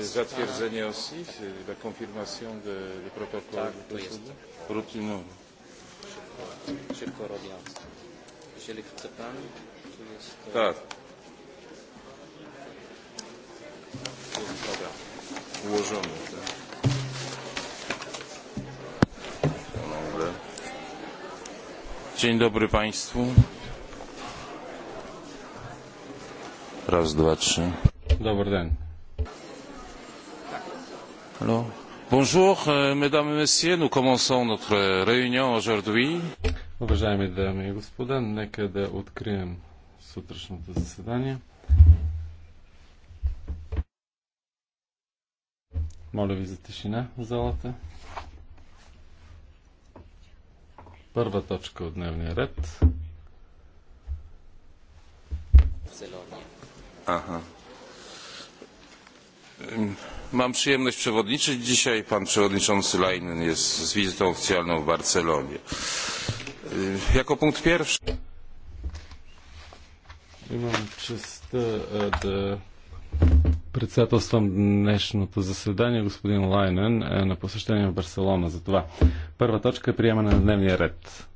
zatwierdzenie osi, la confirmation des protocole Tak, to jest. Szybko Jeżeli chce pan, to jest... Tak. Dobra. Ułożony, tak. Dzień dobry Państwu. Raz, dwa, trzy. Dobry dzień. Bonjour, euh, mesdames et messieurs, nous commençons notre réunion aujourd'hui. Уважаеми дами и господа, нека да открием сутрешното заседание. Моля ви за тишина в залата. Първа точка от дневния ред. Ага. Mam przyjemność przewodniczyć dzisiaj. Pan przewodniczący Leinen jest z wizytą oficjalną w Barcelonie. Jako punkt pierwszy. Имам честа е, да председателствам днешното заседание. Господин Лайнен е на посещение в Барселона. За това първа точка е приемане на дневния ред.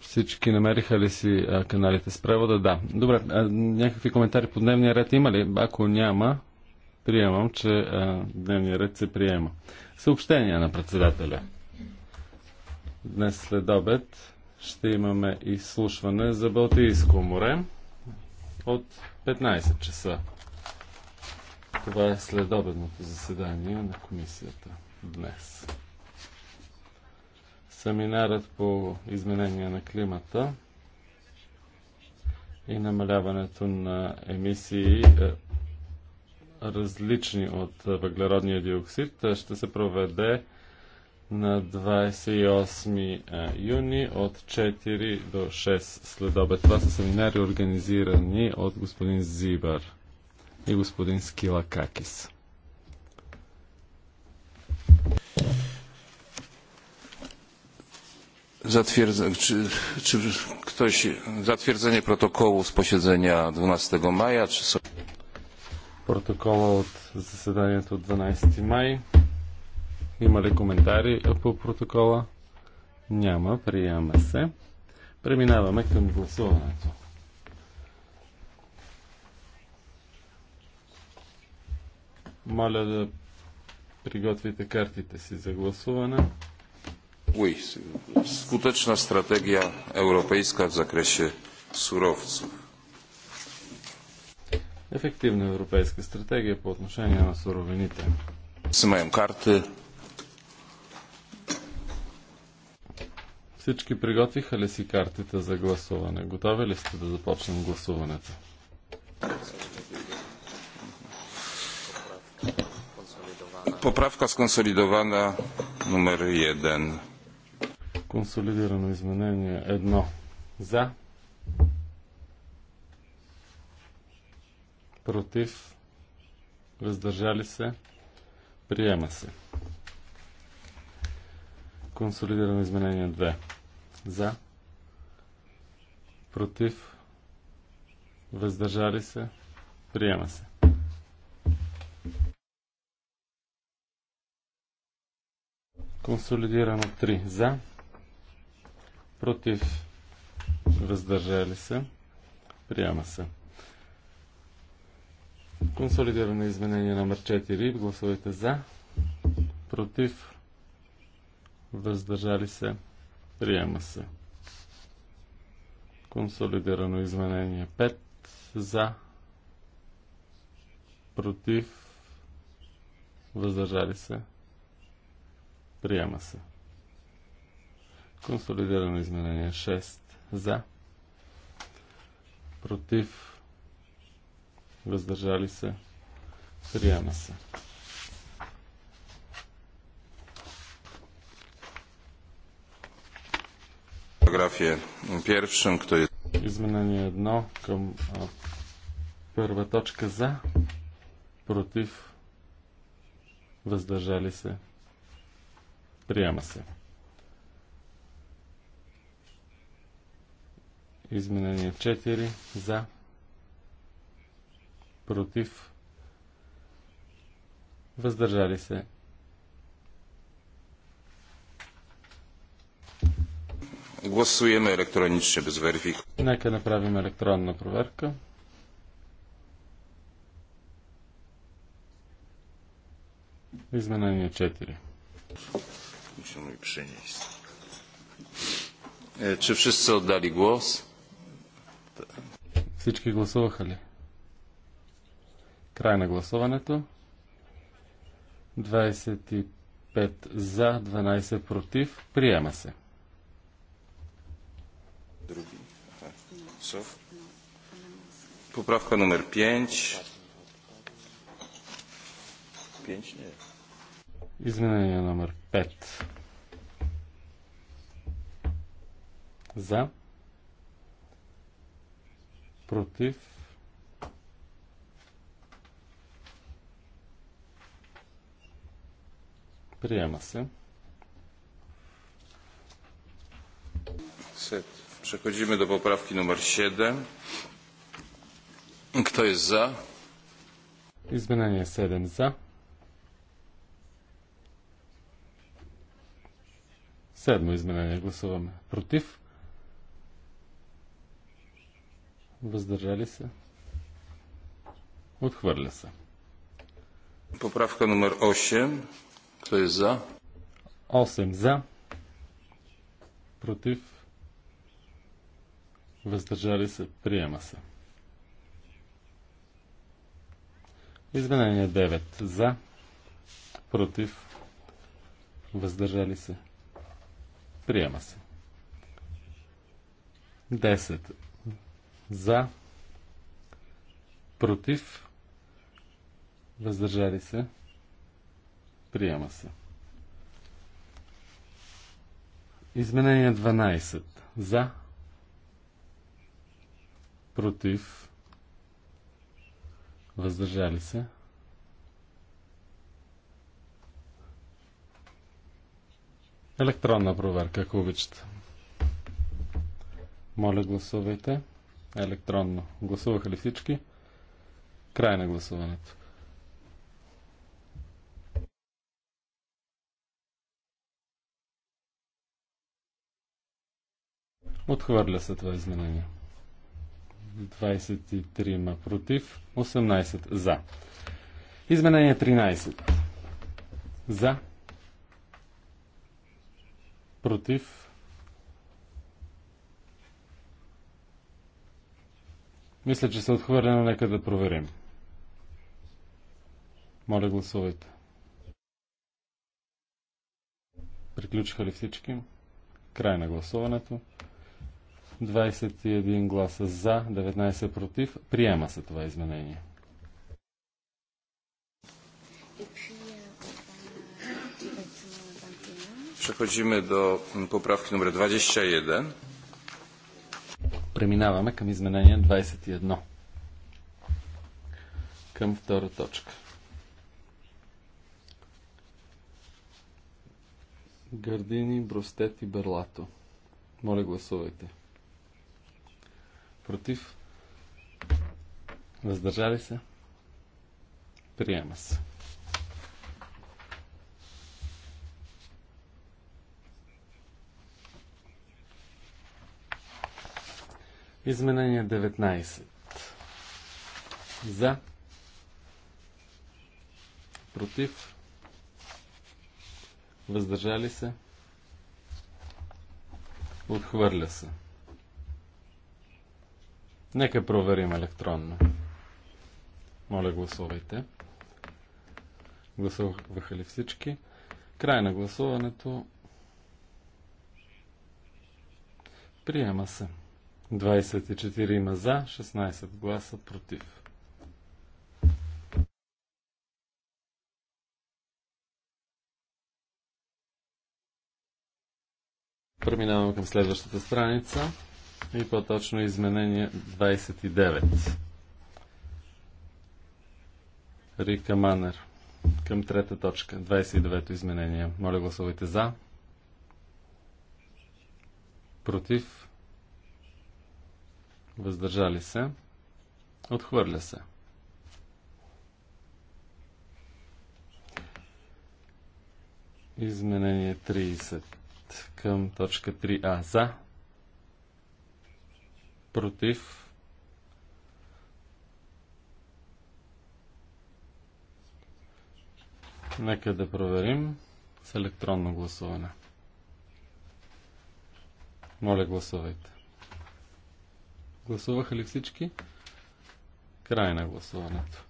Всички намериха ли си каналите с превода? Да. Добре, някакви коментари по дневния ред има ли? Ако няма, приемам, че дневния ред се приема. Съобщение на председателя. Днес след обед ще имаме изслушване за Балтийско море от 15 часа. Това е следобедното заседание на комисията днес семинарът по изменение на климата и намаляването на емисии е, различни от въглеродния диоксид ще се проведе на 28 е, юни от 4 до 6 след обед. Това са семинари, организирани от господин Зибър и господин Скилакакис. zatwierdzenie, czy, czy ktoś zatwierdzenie protokołu z posiedzenia 12 maja, czy so... Протокола от заседанието от 12 май. Има ли коментари по протокола? Няма. Приема се. Преминаваме към гласуването. Моля да приготвите картите си за гласуване. Uj, skuteczna strategia europejska w zakresie surowców. Ефективна европейска стратегия по отношение на суровините. Снимаем карти. Всички приготвиха ли си картите за гласуване? Готови ли сте да започнем гласуването? Поправка сконсолидована номер 1. Консолидирано изменение 1 за, против, въздържали се, приема се. Консолидирано изменение 2 за, против, въздържали се, приема се. Консолидирано 3 за, против, въздържали се, приема се. Консолидирано изменение номер 4. Гласувайте за, против, въздържали се, приема се. Консолидирано изменение 5. За, против, въздържали се, приема се. Консолидирано изменение 6 за. Против. Въздържали се. Приема се. Фотография pierwszym, кто е... Изменение 1 към а, първа точка за, против, въздържали се. Приема се. Изменение 4 за. Против. Въздържали се. Гласуваме електронично без верифика. Нека направим електронна проверка. Изменение 4. Е, че всички са отдали głos? Всички гласуваха ли? Край на гласуването. 25 за, 12 против. Приема се. Други. Поправка номер 5. 5 не е. Изменение номер 5. За против, приема се. Przechodzimy do poprawki numer 7. Kto jest za? Изменение 7 за. 7 изменение гласуваме. Против? въздържали се, отхвърля се. Поправка номер 8, кто е за? 8 за, против, въздържали се, приема се. Изменение 9 за, против, въздържали се, приема се. 10 за, против, въздържали се, приема се. Изменение 12. За, против, въздържали се. Електронна проверка, ако обичате. Моля, гласувайте електронно. Гласуваха ли всички? Край на гласуването. Отхвърля се това изменение. 23 ма против, 18 за. Изменение 13. За. Против. Мисля, че се отхвърлено. Нека да проверим. Моля, гласувайте. Приключиха ли всички? Край на гласуването. 21 гласа за, 19 против. Приема се това изменение. Przechodzimy do poprawki numer 21. Преминаваме към изменение 21. Към втора точка. Гърдини, Бростет и Берлато. Моля, гласувайте. Против? Въздържали се? Приема се. Изменение 19. За. Против. Въздържали се. Отхвърля се. Нека проверим електронно. Моля, гласувайте. Гласуваха ли всички? Край на гласуването. Приема се. 24 има за, 16 гласа против. Преминаваме към следващата страница и по-точно изменение 29. Рика Манер. Към трета точка, 29-то изменение. Моля гласувайте за. Против въздържали се, отхвърля се. Изменение 30 към точка 3а за, против, Нека да проверим с електронно гласуване. Моля, гласувайте. Гласуваха ли всички? Край на гласуването.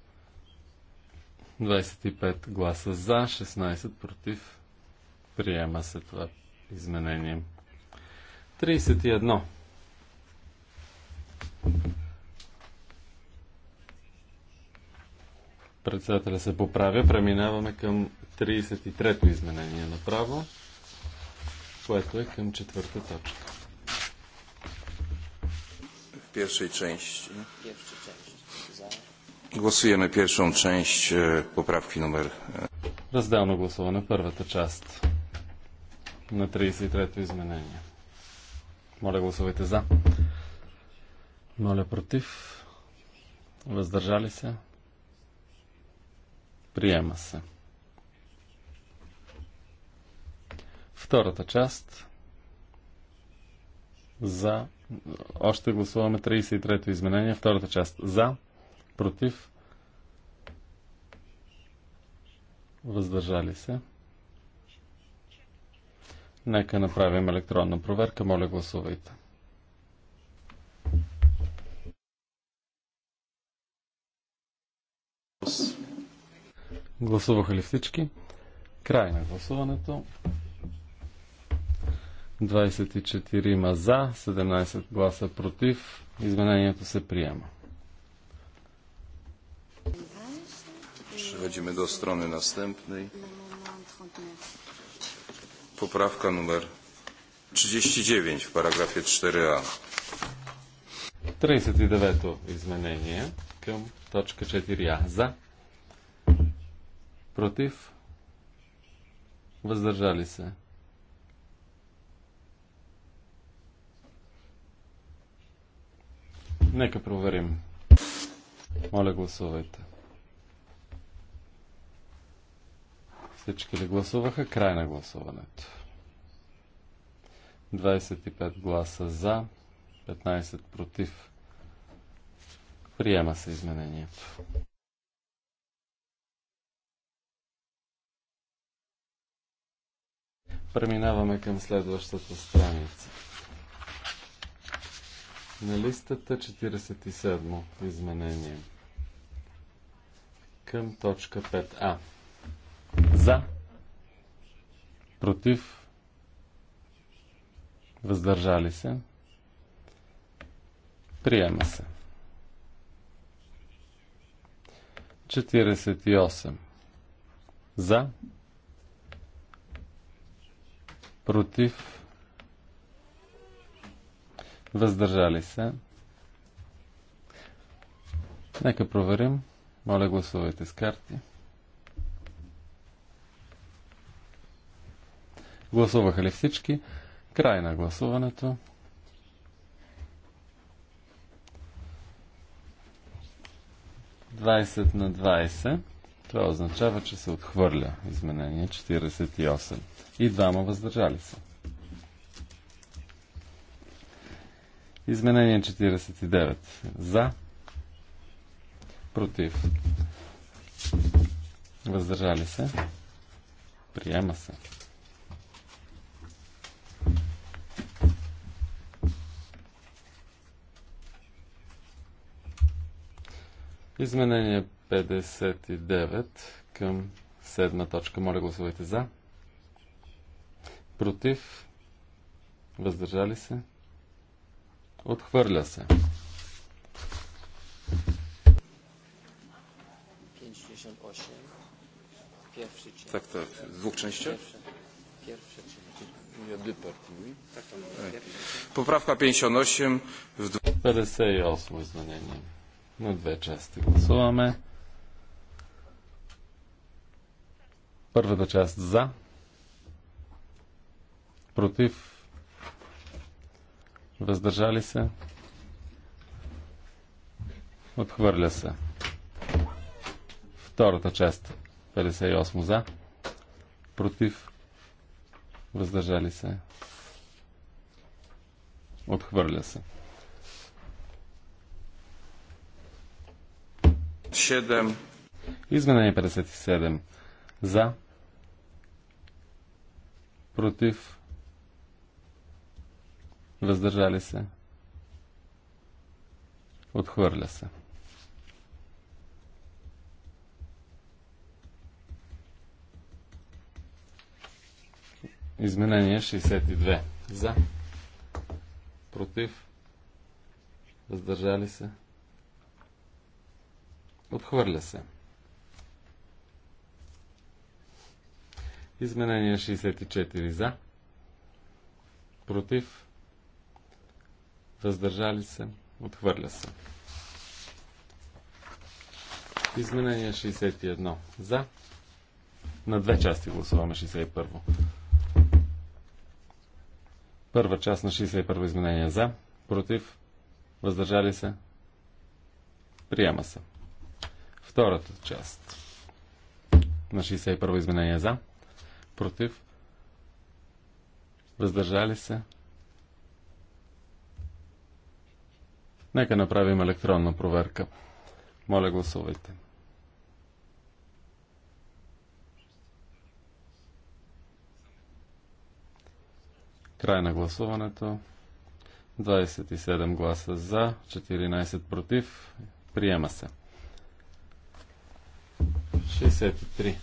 25 гласа за, 16 против. Приема се това изменение. 31. Председателя се поправя. Преминаваме към 33-то изменение направо, което е към четвърта точка pierwszej części. Głosujemy pierwszą część poprawki numer... Rozdano głosowane pierwsze te część na 33 zmienienie. Mole głosujcie za. Mole przeciw. Воздържали се? Приема се. Втората część за. Още гласуваме 33-то изменение, втората част. За, против, въздържали се. Нека направим електронна проверка. Моля, гласувайте. Гласуваха ли всички? Край на гласуването. 24 ма за, 17 гласа против. Изменението се приема. Przechodzimy do strony następnej. Poprawka numer 39 w paragrafie 4a. 39-то изменение към точка 4а. За. Против. Въздържали се. Нека проверим. Моля, гласувайте. Всички ли гласуваха? Край на гласуването. 25 гласа за, 15 против. Приема се изменението. Преминаваме към следващата страница на листата 47 изменение към точка 5а. За, против, въздържали се, приема се. 48. За, против, въздържали се. Нека проверим. Моля, гласувайте с карти. Гласуваха ли всички? Край на гласуването. Двадесет на 20. Това означава, че се отхвърля изменение 48. И двама въздържали се. Изменение 49. За. Против. Въздържали се. Приема се. Изменение 59 към седма точка. Моля гласувайте за. Против. Въздържали се. Отхвърля се. Tak, tak. W dwóch częściach? Poprawka 58 w 58 zmienienie. Na dwie części głosujemy. Първата част за, против Въздържали се? Отхвърля се. Втората част. 58 за. Против. Въздържали се. Отхвърля се. 7. Изменение 57. За. Против. Въздържали се. Отхвърля се. Изменение 62. За. Против. Въздържали се. Отхвърля се. Изменение 64 за. Против въздържали се, отхвърля се. Изменение 61. За. На две части гласуваме 61. Първа част на 61 изменение за, против, въздържали се, приема се. Втората част на 61 изменение за, против, въздържали се, Нека направим електронна проверка. Моля, гласувайте. Край на гласуването. 27 гласа за, 14 против. Приема се. 63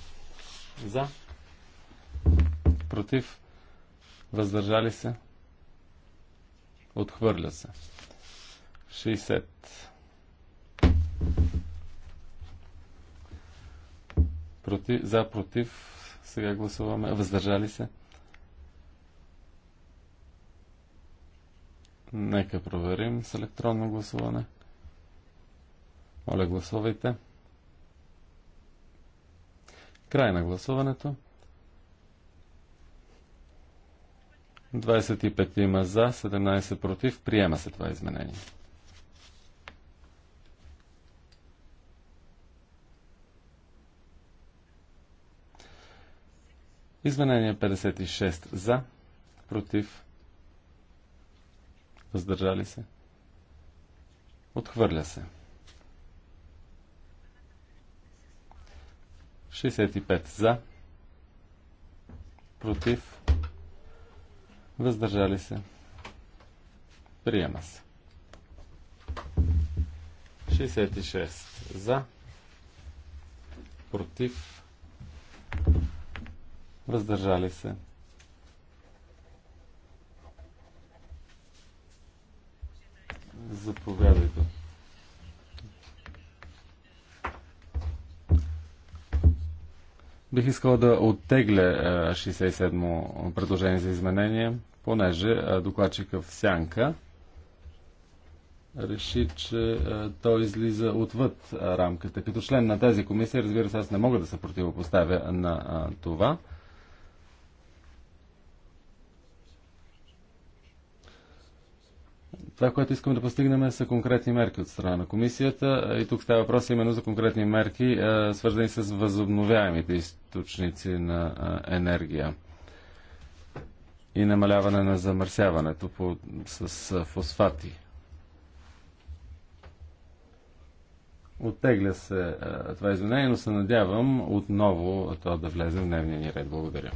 за, против, въздържали се, отхвърля се. 60. Против, за, против. Сега гласуваме. Въздържали се. Нека проверим с електронно гласуване. Моля, гласувайте. Край на гласуването. 25 има за, 17 против. Приема се това изменение. Изменение 56 за, против, въздържали се, отхвърля се. 65 за, против, въздържали се, приема се. 66 за, против, Въздържали се. Заповядайте. Бих искал да оттегля 67 е, мо предложение за изменение, понеже е, докладчика в сянка реши, че е, той излиза отвъд рамката. Като член на тази комисия, разбира се, аз не мога да се противопоставя на това. това, което искаме да постигнем са конкретни мерки от страна на комисията. И тук става въпрос именно за конкретни мерки, свързани с възобновяемите източници на енергия и намаляване на замърсяването по, с фосфати. Оттегля се това извинение, но се надявам отново това да влезе в дневния ни ред. Благодаря.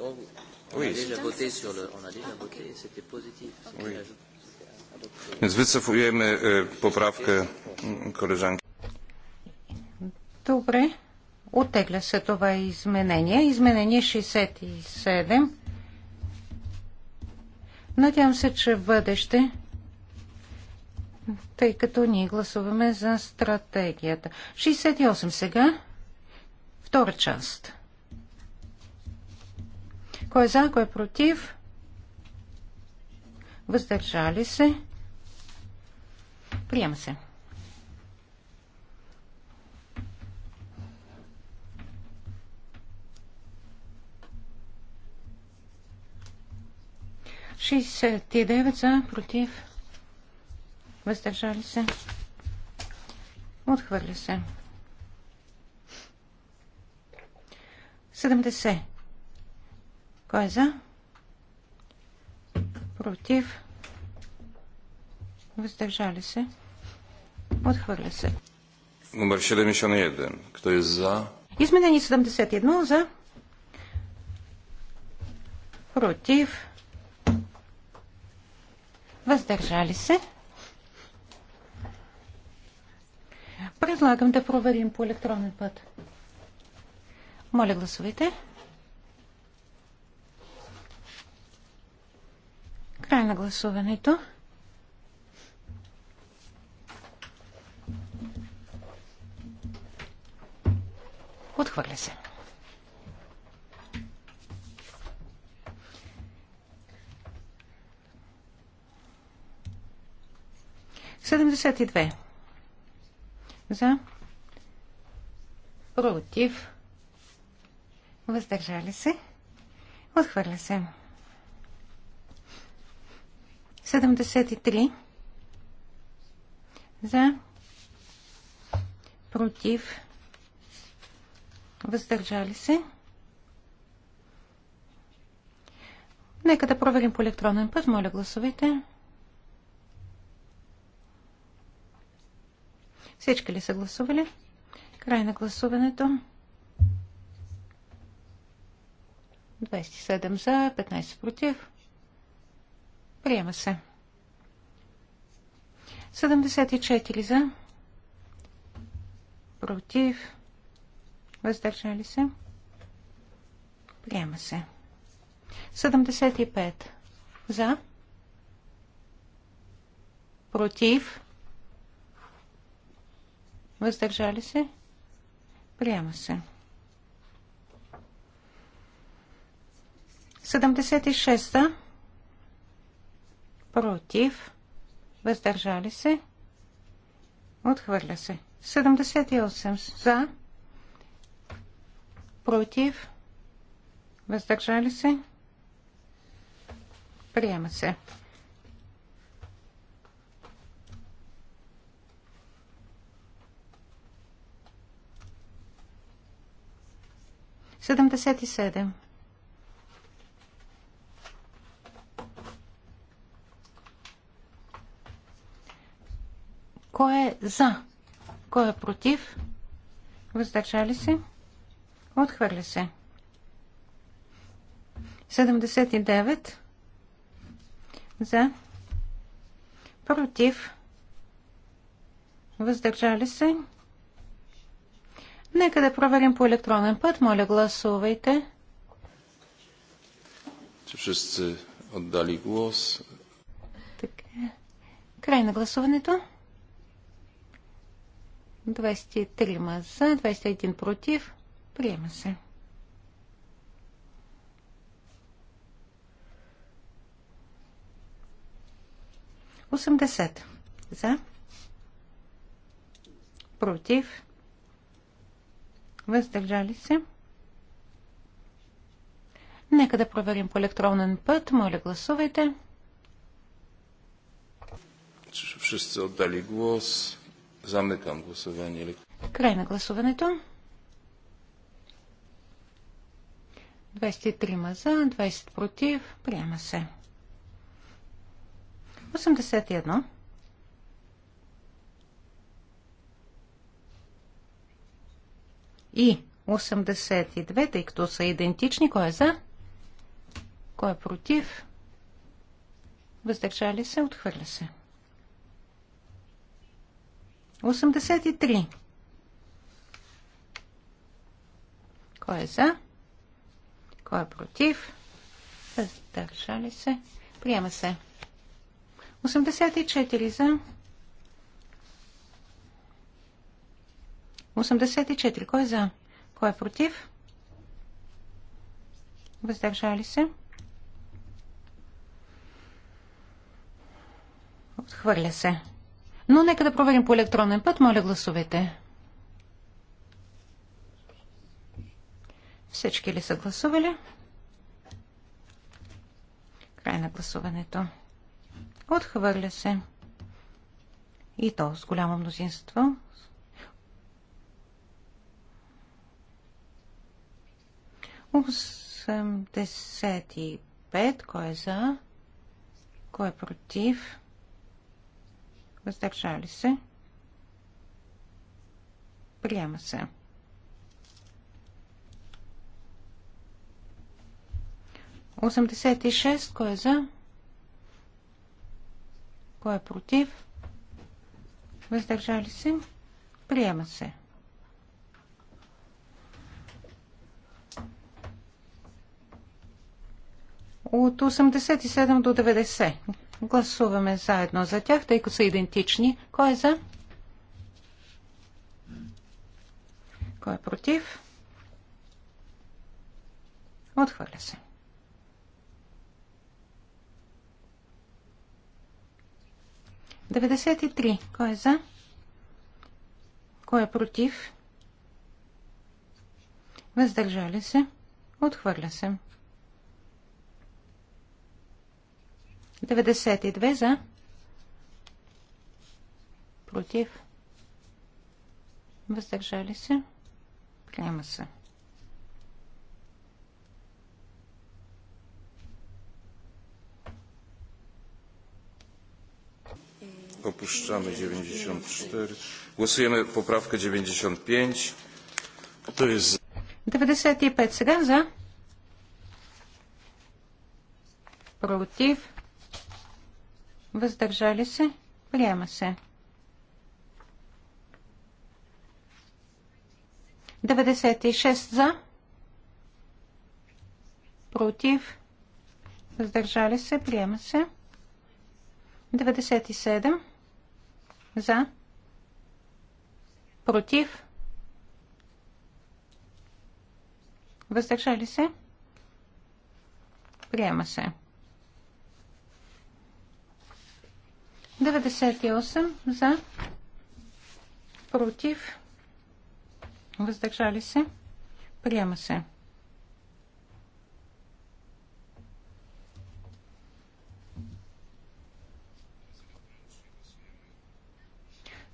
Oh oui. On, on oui. a déjà voté sur le. On a déjà ah, voté. Okay. C'était positif. Oui. Wycofujemy poprawkę koleżanki. Добре. Отегля се това изменение. Изменение 67. Надявам се, че в бъдеще, тъй като ние гласуваме за стратегията. 68 сега. Втора част. Кой е за, кой е против? Въздържали се. Приема се. Шестдесет и девет за, против. Въздържали се. Отхвърля се. Седемдесет. Кой е за? Против? Въздържали се? Отхвърля се. Номер 71. Кто е за? Изменени 71 за. Против? Въздържали се? Предлагам да проверим по електронен път. Моля, гласувайте. Край на гласуването. Отхвърля се. Седемдесет и две. За. Против. Въздържали се. Отхвърля се. 73 за, против, въздържали се. Нека да проверим по електронен път. Моля, гласувайте. Всички ли са гласували? Край на гласуването. 27 за, 15 против. Приема се. 74 за. Против. Въздържали се. Приема се. 75 за. Против. Въздържали се. Приема се. 76 за против, въздържали се, отхвърля се. 78 за, против, въздържали се, приема се. Седемдесет и седем. Кой е за? Кой е против? Въздържали се? Отхвърля се. 79 за против въздържали се. Нека да проверим по електронен път. Моля, гласувайте. Че wszyscy отдали глас. Така. Е. Край на гласуването. 23 за, 21 против. Приема се. Осемдесет за, против, въздържали се. Нека да проверим по електронен път. Моля, гласувайте. Wszyscy отдали głos. Замекам гласуване. Край на гласуването. 23 за, 20 против. Приема се. 81. И 82, тъй като са идентични. Кой е за? Кой е против? Въздържали се? Отхвърля се. 83. Кой е за? Кой е против? Въздържали се. Приема се. 84 за. 84. Кой е за? Кой е против? Въздържали се. Отхвърля се. Но нека да проверим по електронен път. Моля, гласувайте. Всички ли са гласували? Край на гласуването. Отхвърля се. И то с голямо мнозинство. Осемдесет и пет. Кой е за? Кой е против? въздържали се, приема се. Осемдесет и шест, кой е за? Кой е против? Въздържали се? Приема се. От 87 до 90. Гласуваме заедно за тях, тъй като са идентични. Кой е за? Кой е против? Отхвърля се. Деветдесет и три. Кой е за? Кой е против? Въздържали се. Отхвърля се. 92 за. Против. Въздържали се. Приема се. Opuszczamy 94. Głosujemy poprawkę 95. Kto jest za? 95 сега за. Против. Въздържали се? Приема се. 96 за. Против. Въздържали се. Приема се. 97 за. Против. Въздържали се. Приема се. 98 за, против, въздържали се, приема се.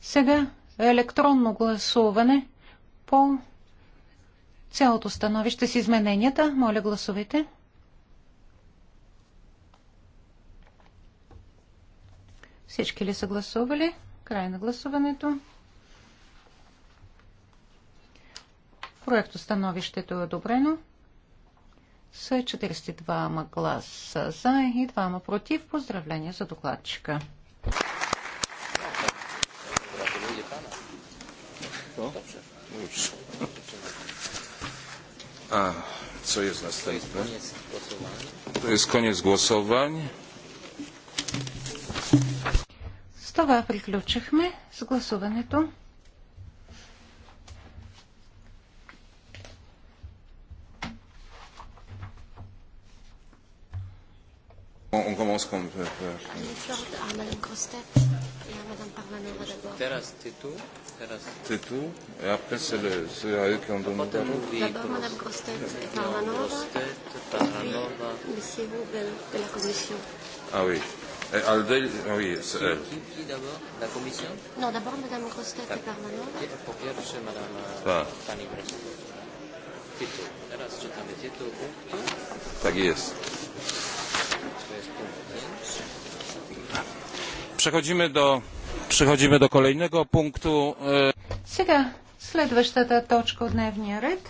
Сега електронно гласуване по цялото становище с измененията. Моля гласувайте. Всички ли са гласували? Край на гласуването. Проекто становището е одобрено с 42 гласа за и 2 против. Поздравления за докладчика. A, co jest następne? To jest koniec głosowań. това приключихме с гласуването. On commence comme on peut. Madame Grostet et Madame Parvanova d'abord. Teraz Tetou. Tetou. Et après, c'est à eux qui ont donné la D'abord Madame Grostet et Parvanova. Grostet, Parvanova. Monsieur Houbel de la Commission. Ah oui. Alde, oui. Qui, qui, qui d'abord La commission Non, d'abord Mme Rostet et par maintenant. Pour bien monsieur Madame Fanny Grostet. Tito. Teraz czytamy tytuł punktu. Tak jest. Przechodzimy do, przechodzimy do kolejnego punktu. Сега следващата точка от дневния ред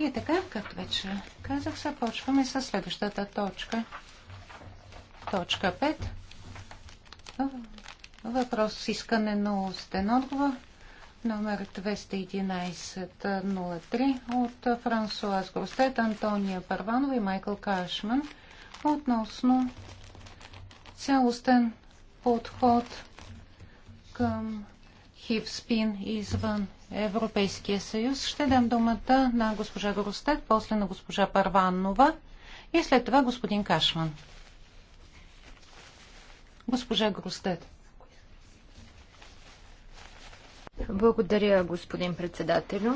И така, както вече казах, започваме с следващата точка. Точка 5. Въпрос с искане на устен отговор номер 211-03 от Франсуаз Гростет, Антония Първанова и Майкъл Кашман относно цялостен подход към хив спин извън Европейския съюз. Ще дам думата на госпожа Горостет, после на госпожа Парванова и след това господин Кашман. Госпожа Горостет. Благодаря, господин председателю.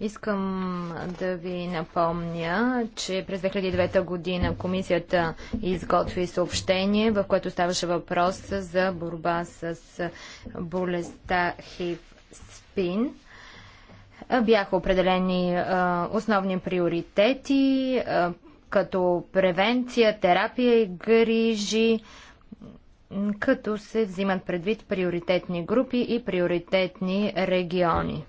Искам да ви напомня, че през 2009 година комисията изготви съобщение, в което ставаше въпрос за борба с болестта HIV-СПИН. Бяха определени основни приоритети, като превенция, терапия и грижи, като се взимат предвид приоритетни групи и приоритетни региони.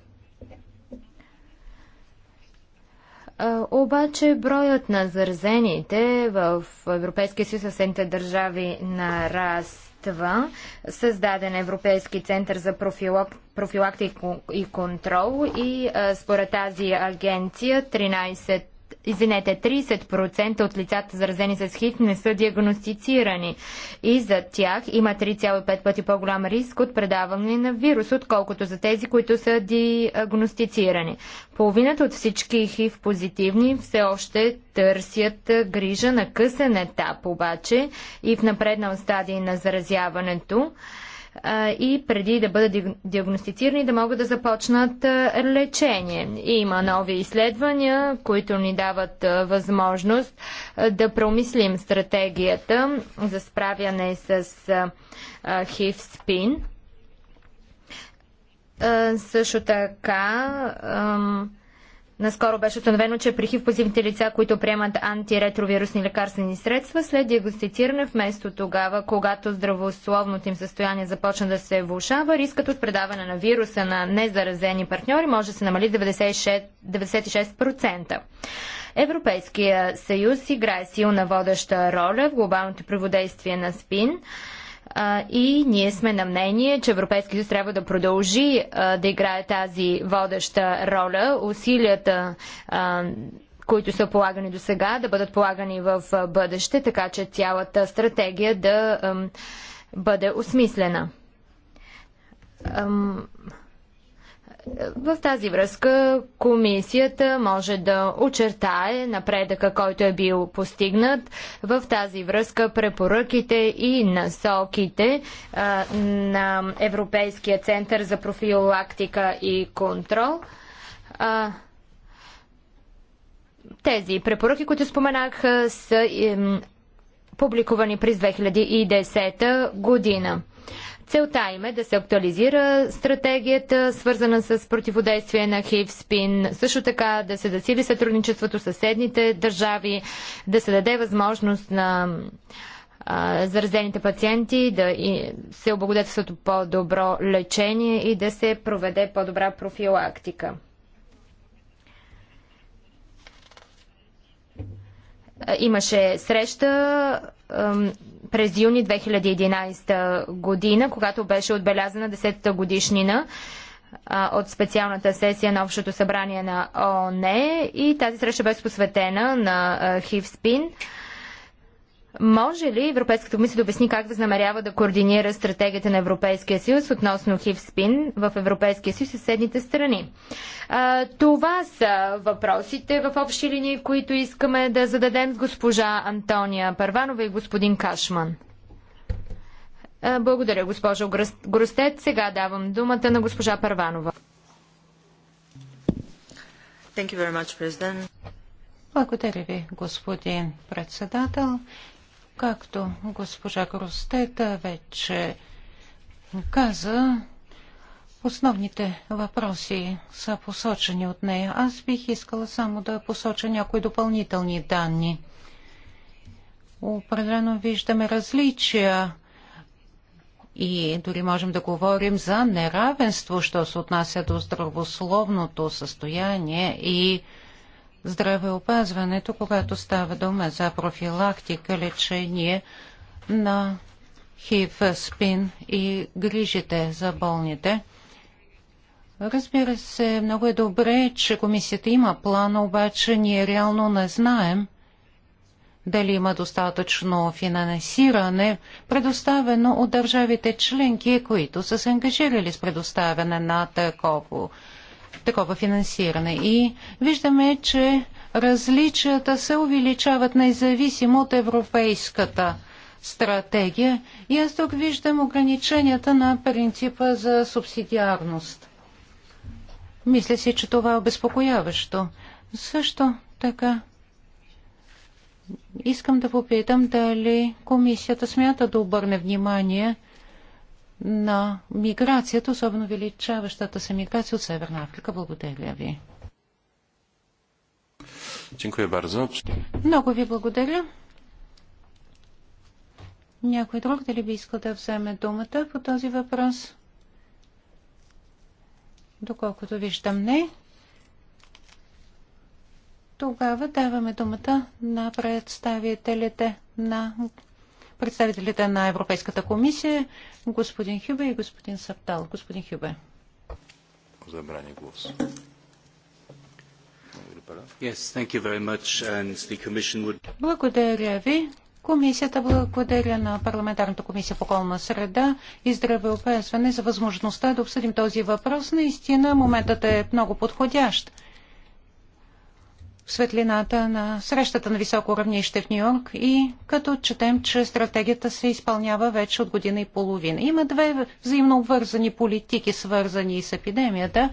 Обаче броят на заразените в Европейския съюз съседните държави нараства. Създаден е Европейски център за профилактика и контрол и според тази агенция 13 Извинете, 30% от лицата заразени с ХИВ не са диагностицирани и за тях има 3,5 пъти по-голям риск от предаване на вирус, отколкото за тези, които са диагностицирани. Половината от всички ХИВ позитивни все още търсят грижа на късен етап обаче и в напреднал стадий на заразяването и преди да бъдат диагностицирани да могат да започнат лечение. Има нови изследвания, които ни дават възможност да промислим стратегията за справяне с HIV-спин. Също така Наскоро беше установено, че при хив позивните лица, които приемат антиретровирусни лекарствени средства, след диагностициране вместо тогава, когато здравословното им състояние започна да се влушава, рискът от предаване на вируса на незаразени партньори може да се намали 96%. 96%. Европейския съюз играе силна водеща роля в глобалното преводействие на СПИН. А, и ние сме на мнение, че Европейския съюз трябва да продължи а, да играе тази водеща роля. Усилията а, които са полагани до сега, да бъдат полагани в бъдеще, така че цялата стратегия да бъде осмислена. В тази връзка комисията може да очертае напредъка, който е бил постигнат. В тази връзка препоръките и насоките на Европейския център за профилактика и контрол. тези препоръки, които споменах, са публикувани през 2010 година. Целта им е да се актуализира стратегията, свързана с противодействие на HIV, СПИН, също така да се засили сътрудничеството с съседните държави, да се даде възможност на заразените пациенти да се облагодетелстват по-добро лечение и да се проведе по-добра профилактика. Е, имаше среща през юни 2011 година, когато беше отбелязана 10-та годишнина от специалната сесия на Общото събрание на ООН е. и тази среща беше посветена на ХИВ-СПИН. Може ли Европейската комисия да обясни как възнамерява да координира стратегията на Европейския съюз относно СПИН в Европейския съюз и съседните страни? А, това са въпросите в общи линии, които искаме да зададем с госпожа Антония Парванова и господин Кашман. А, благодаря, госпожо Гростет. Сега давам думата на госпожа Парванова. Thank you very much, President. Благодаря ви, господин председател. Както госпожа Гростета вече каза, основните въпроси са посочени от нея. Аз бих искала само да посоча някои допълнителни данни. Определено виждаме различия и дори можем да говорим за неравенство, що се отнася до здравословното състояние и здравеопазването, когато става дума за профилактика, лечение на хив, спин и грижите за болните. Разбира се, много е добре, че комисията има план, обаче ние реално не знаем дали има достатъчно финансиране, предоставено от държавите членки, които са се ангажирали с предоставяне на такова такова финансиране. И виждаме, че различията се увеличават независимо от европейската стратегия. И аз тук виждам ограниченията на принципа за субсидиарност. Мисля си, че това е обезпокояващо. Също така искам да попитам дали комисията смята да обърне внимание – на миграцията, особено величаващата се миграция от Северна Африка. Благодаря ви. Много ви благодаря. Някой друг дали би искал да вземе думата по този въпрос? Доколкото виждам не. Тогава даваме думата на представителите на представителите на Европейската комисия, господин Хюбе и господин Саптал. Господин Хюбе. Забрани глас. Благодаря ви. Комисията благодаря на Парламентарната комисия по околна среда и здравеопазване за възможността да обсъдим този въпрос. Наистина моментът е много подходящ в светлината на срещата на високо равнище в Нью-Йорк и като четем, че стратегията се изпълнява вече от година и половина. Има две взаимно обвързани политики, свързани с епидемията.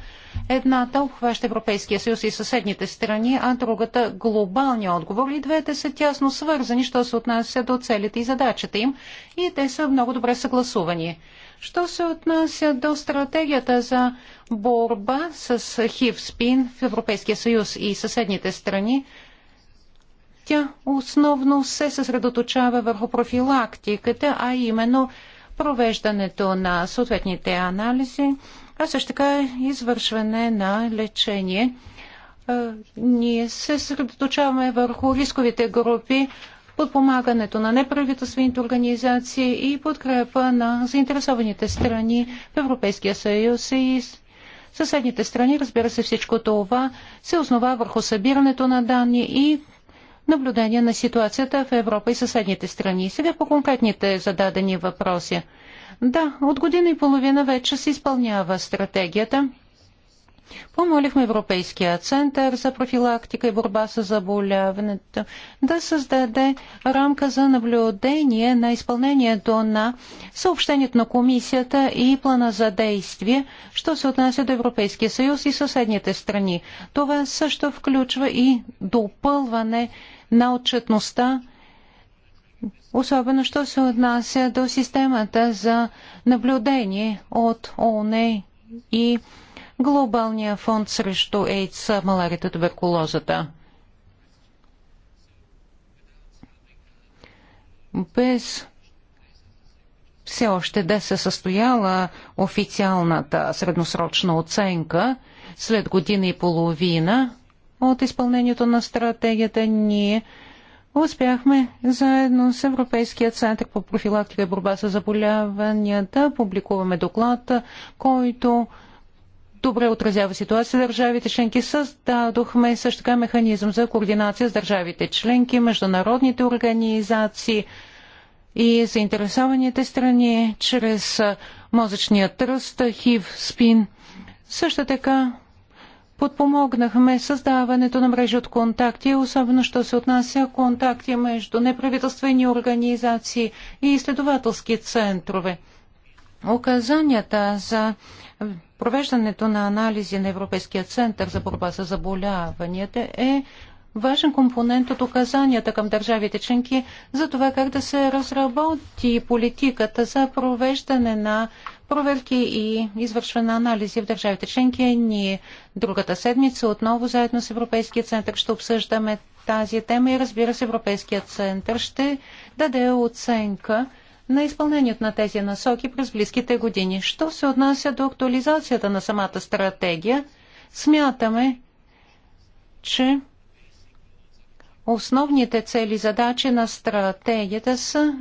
Едната обхваща Европейския съюз и съседните страни, а другата – глобалния отговор. И двете са тясно свързани, що се отнася до целите и задачата им и те са много добре съгласувани. Що се отнася до стратегията за борба с хив спин в Европейския съюз и съседните страни, тя основно се съсредоточава върху профилактиката, а именно провеждането на съответните анализи, а също така извършване на лечение. Е, ние се съсредоточаваме върху рисковите групи, подпомагането на неправителствените организации и подкрепа на заинтересованите страни в Европейския съюз и съседните страни. Разбира се, всичко това се основа върху събирането на данни и наблюдение на ситуацията в Европа и съседните страни. Сега по конкретните зададени въпроси. Да, от година и половина вече се изпълнява стратегията. Помолихме Европейския център за профилактика и борба с заболяването да създаде рамка за наблюдение на изпълнението на съобщението на комисията и плана за действие, що се отнася до Европейския съюз и съседните страни. Това също включва и допълване на отчетността особено що се отнася до системата за наблюдение от ОНЕ и Глобалния фонд срещу AIDS, маларията, туберкулозата. Без все още да се състояла официалната средносрочна оценка след година и половина от изпълнението на стратегията ние успяхме заедно с Европейския център по профилактика и борба с заболяванията да публикуваме доклад, който добре отразява ситуация в държавите членки. Създадохме също така механизъм за координация с държавите членки, международните организации и заинтересованите страни чрез мозъчния тръст, хив, спин. Също така подпомогнахме създаването на мрежи от контакти, особено що се отнася контакти между неправителствени организации и изследователски центрове. Указанията за Провеждането на анализи на Европейския център за борба с заболяванията е важен компонент от указанията към държавите членки за това как да се разработи политиката за провеждане на проверки и извършване на анализи в държавите членки. Ние другата седмица отново заедно с Европейския център ще обсъждаме тази тема и разбира се Европейския център ще даде оценка на изпълнението на тези насоки през близките години. Що се отнася до актуализацията на самата стратегия, смятаме, че основните цели и задачи на стратегията са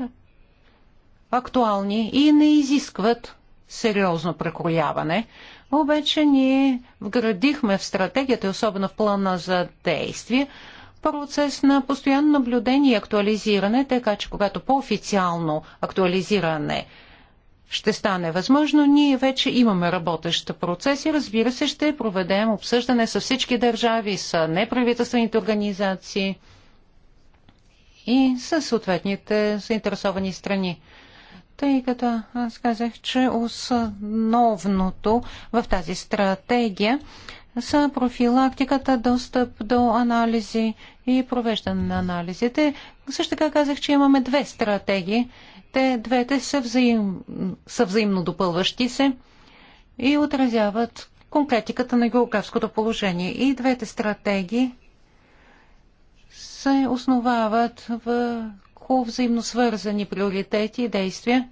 актуални и не изискват сериозно прекрояване. Обаче ние вградихме в стратегията, особено в плана за действие, процес на постоянно наблюдение и актуализиране, така че когато по-официално актуализиране ще стане възможно, ние вече имаме работещ процес и разбира се ще проведем обсъждане с всички държави, с неправителствените организации и с съответните заинтересовани страни. Тъй като аз казах, че основното в тази стратегия са профилактиката, достъп до анализи и провеждане на анализите. Също така казах, че имаме две стратегии. Те двете са, взаим... са взаимно допълващи се и отразяват конкретиката на географското положение. И двете стратегии се основават в взаимно свързани приоритети и действия.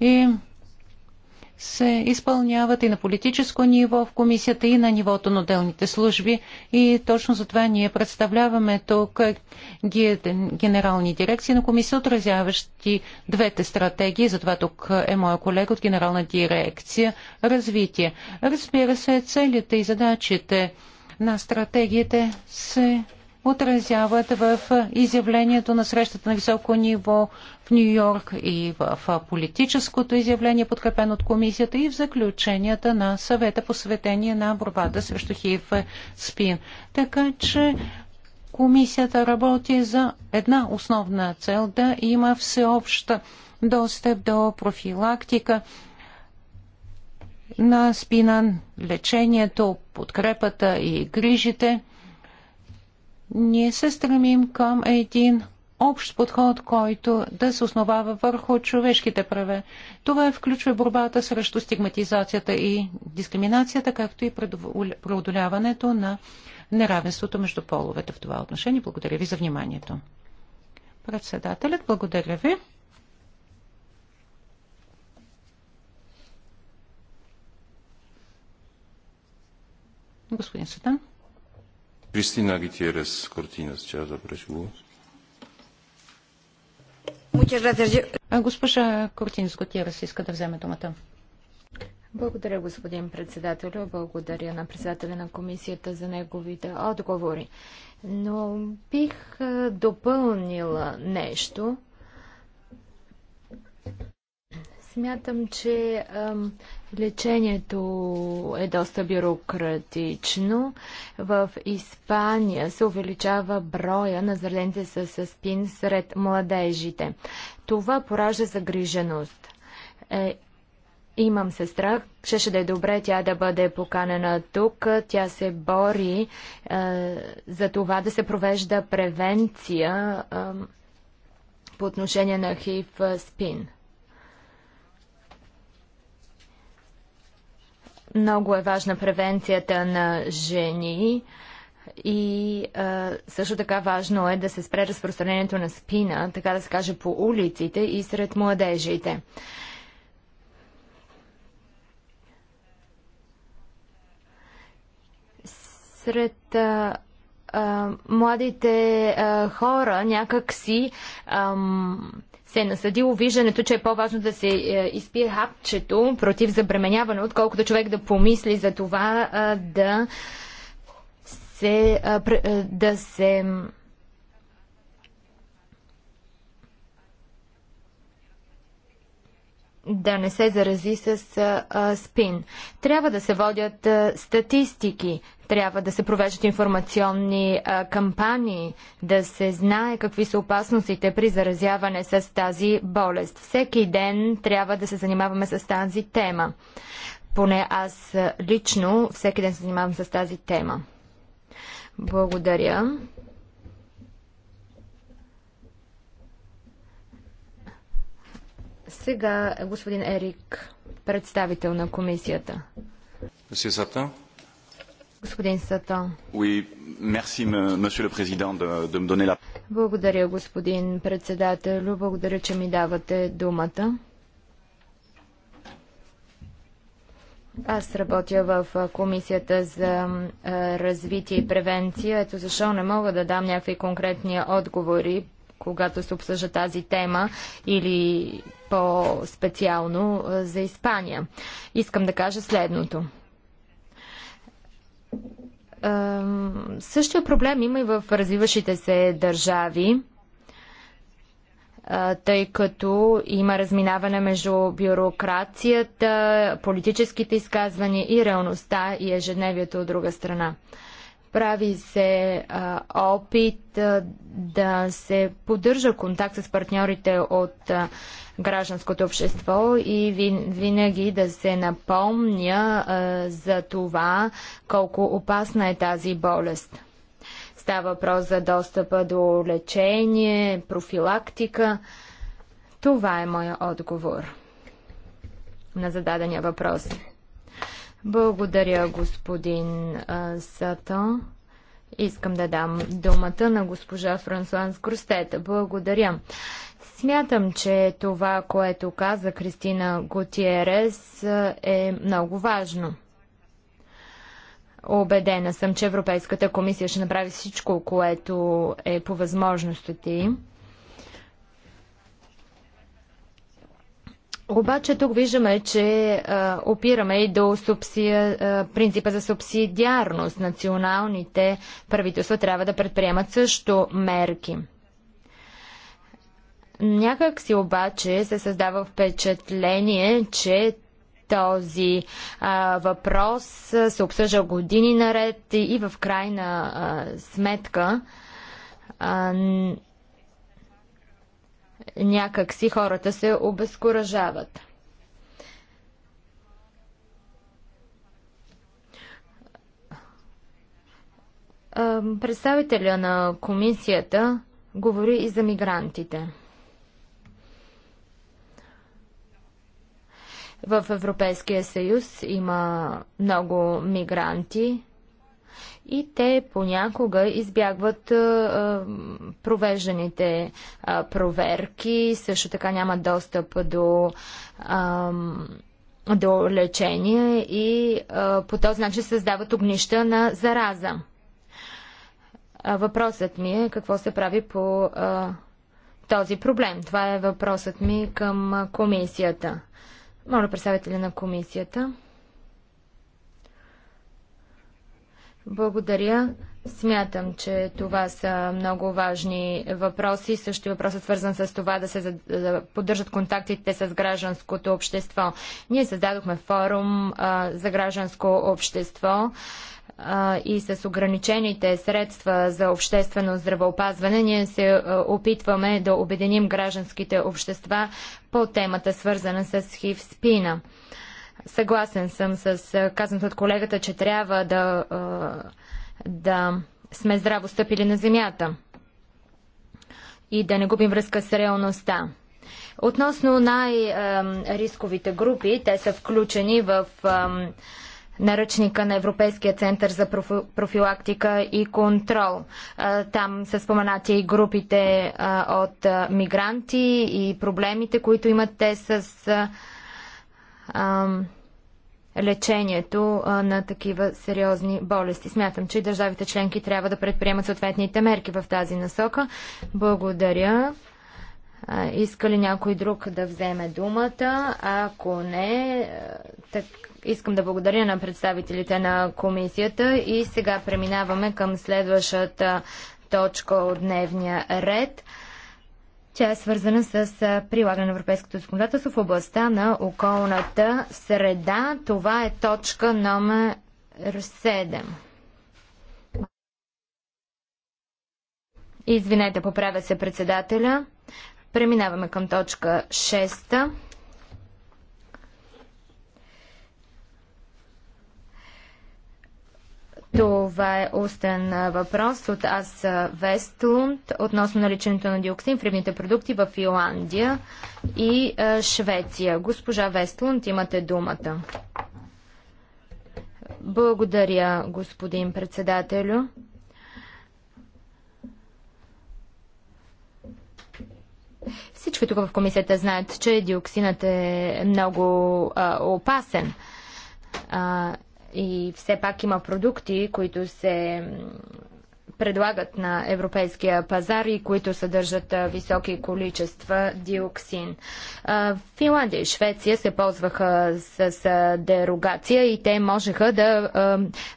И се изпълняват и на политическо ниво в комисията и на нивото на отделните служби. И точно за това ние представляваме тук генерални дирекции на комисия, отразяващи двете стратегии. Затова тук е моя колега от генерална дирекция развитие. Разбира се, целите и задачите на стратегиите се отразяват в изявлението на срещата на високо ниво в Нью Йорк и в политическото изявление, подкрепено от комисията и в заключенията на съвета посветение на борбата срещу ХИВ СПИН. Така че комисията работи за една основна цел да има всеобща достъп до профилактика на спина, лечението, подкрепата и грижите – ние се стремим към един общ подход, който да се основава върху човешките праве. Това е включва борбата срещу стигматизацията и дискриминацията, както и преодоляването на неравенството между половете в това отношение. Благодаря ви за вниманието. Председателят, благодаря ви. Господин Сатан. Госпожа Кортинс Готиерес иска да вземе думата. Благодаря, господин председател, Благодаря на председателя на комисията за неговите отговори. Но бих допълнила нещо. Смятам, че ам, лечението е доста бюрократично. В Испания се увеличава броя на заразените с спин сред младежите. Това поражда загриженост. Е, имам сестра. Щеше да е добре тя да бъде поканена тук. Тя се бори е, за това да се провежда превенция е, по отношение на хив спин. Много е важна превенцията на жени и а, също така важно е да се спре разпространението на спина, така да се каже, по улиците и сред младежите. Сред а, а, младите а, хора някак си се е насъдило виждането, че е по-важно да се е, изпие хапчето против забременяване, отколкото човек да помисли за това да се, да се да не се зарази с а, спин. Трябва да се водят а, статистики, трябва да се провеждат информационни а, кампании, да се знае какви са опасностите при заразяване с тази болест. Всеки ден трябва да се занимаваме с тази тема. Поне аз лично всеки ден се занимавам с тази тема. Благодаря. Сега господин Ерик, представител на комисията. Monsieur Satan. Господин Сатан. Oui, merci, monsieur le président, de, de me donner la... Благодаря, господин председател. Благодаря, че ми давате думата. Аз работя в Комисията за развитие и превенция. Ето защо не мога да дам някакви конкретни отговори когато се обсъжда тази тема или по-специално за Испания. Искам да кажа следното. Същия проблем има и в развиващите се държави тъй като има разминаване между бюрокрацията, политическите изказвания и реалността и ежедневието от друга страна. Прави се а, опит а, да се поддържа контакт с партньорите от а, гражданското общество и вин, винаги да се напомня а, за това колко опасна е тази болест. Става въпрос за достъпа до лечение, профилактика. Това е моя отговор на зададения въпрос. Благодаря, господин Сато. Искам да дам думата на госпожа Франсуанс Крустета. Благодаря. Смятам, че това, което каза Кристина Готиерес е много важно. Обедена съм, че Европейската комисия ще направи всичко, което е по възможностите им. Обаче тук виждаме, че а, опираме и до субсия, а, принципа за субсидиарност. Националните правителства трябва да предприемат също мерки. Някак си обаче се създава впечатление, че този а, въпрос се обсъжда години наред и, и в крайна а, сметка а, някак си хората се обезкуражават. Представителя на комисията говори и за мигрантите. В Европейския съюз има много мигранти, и те понякога избягват а, провежданите а, проверки, също така нямат достъп до, а, до лечение и а, по този начин създават огнища на зараза. А, въпросът ми е какво се прави по а, този проблем. Това е въпросът ми към комисията. Моля представители на комисията. Благодаря. Смятам, че това са много важни въпроси. Също и въпросът е свързан с това да се поддържат контактите с гражданското общество. Ние създадохме форум а, за гражданско общество а, и с ограничените средства за обществено здравеопазване ние се а, опитваме да обединим гражданските общества по темата свързана с хив-спина. Съгласен съм с казаното от колегата, че трябва да, да сме здраво стъпили на земята и да не губим връзка с реалността. Относно най-рисковите групи, те са включени в наръчника на Европейския център за профилактика и контрол. Там са споменати и групите от мигранти и проблемите, които имат те с лечението на такива сериозни болести. Смятам, че и държавите членки трябва да предприемат съответните мерки в тази насока. Благодаря. Иска ли някой друг да вземе думата? Ако не, так, искам да благодаря на представителите на комисията и сега преминаваме към следващата точка от дневния ред. Тя е свързана с прилагане на европейското законодателство в областта на околната среда. Това е точка номер 7. Извинете, поправя се председателя. Преминаваме към точка 6. Това е устен въпрос от Аз Вестлунд относно наличието на диоксин в рибните продукти в Финландия и Швеция. Госпожа Вестлунд, имате думата. Благодаря, господин председателю. Всички тук в комисията знаят, че диоксинът е много а, опасен. А, и все пак има продукти, които се предлагат на европейския пазар и които съдържат високи количества диоксин. Финландия и Швеция се ползваха с дерогация и те можеха да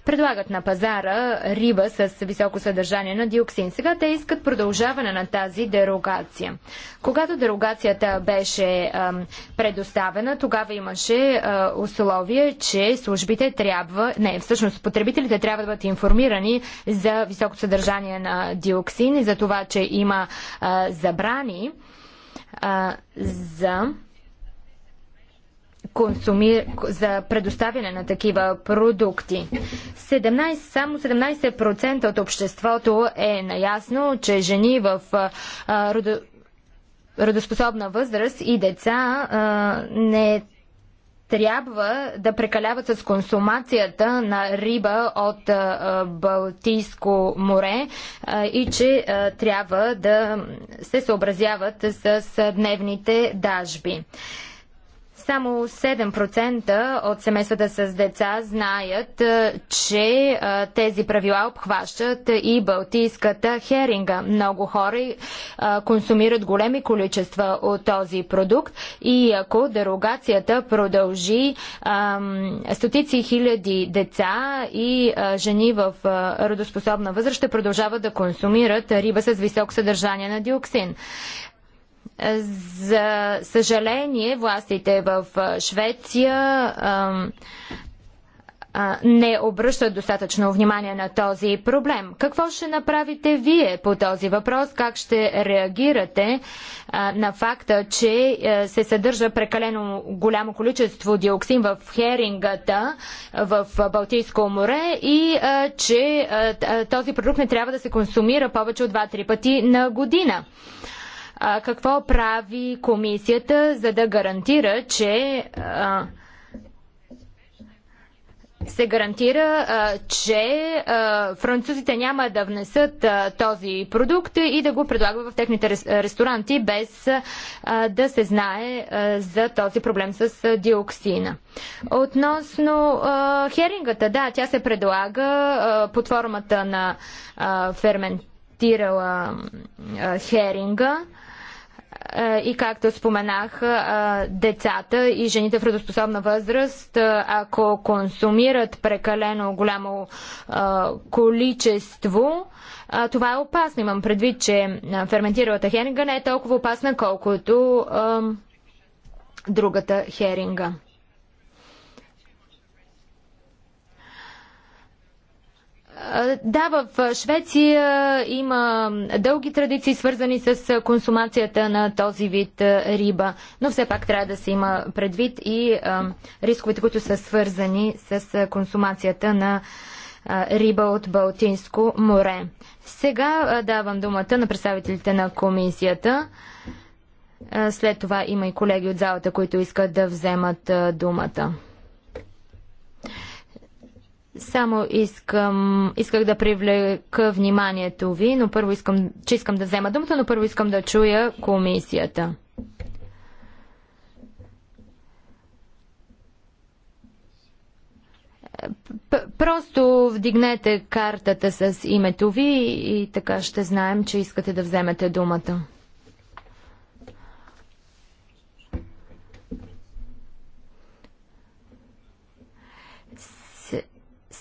предлагат на пазара риба с високо съдържание на диоксин. Сега те искат продължаване на тази дерогация. Когато дерогацията беше предоставена, тогава имаше условие, че службите трябва, не, всъщност потребителите трябва да бъдат информирани за високо съдържание съдържание на диоксин и за това, че има а, забрани а, за консуми... за предоставяне на такива продукти. 17, само 17% от обществото е наясно, че жени в а, родоспособна възраст и деца а, не трябва да прекаляват с консумацията на риба от Балтийско море и че трябва да се съобразяват с дневните дажби. Само 7% от семействата с деца знаят, е, че е, тези правила обхващат и балтийската херинга. Много хора е, консумират големи количества от този продукт и ако дерогацията продължи, стотици хиляди деца и жени в родоспособна възраст ще продължават да консумират риба с високо съдържание на диоксин. За съжаление, властите в Швеция не обръщат достатъчно внимание на този проблем. Какво ще направите вие по този въпрос? Как ще реагирате на факта, че се съдържа прекалено голямо количество диоксин в херингата в Балтийско море и че този продукт не трябва да се консумира повече от 2-3 пъти на година? А, какво прави комисията, за да гарантира, че а, се гарантира, а, че а, французите няма да внесат а, този продукт и да го предлагат в техните ресторанти, без а, да се знае а, за този проблем с а, диоксина. Относно а, херингата, да, тя се предлага а, под формата на а, фермент инспектирала херинга и както споменах, децата и жените в родоспособна възраст, ако консумират прекалено голямо количество, това е опасно. Имам предвид, че ферментиралата херинга не е толкова опасна, колкото другата херинга. Да, в Швеция има дълги традиции, свързани с консумацията на този вид риба, но все пак трябва да се има предвид и рисковете, които са свързани с консумацията на риба от Балтийско море. Сега давам думата на представителите на комисията. След това има и колеги от залата, които искат да вземат думата. Само искам, исках да привлека вниманието ви, но първо искам, че искам да взема думата, но първо искам да чуя комисията. П просто вдигнете картата с името ви и така ще знаем, че искате да вземете думата.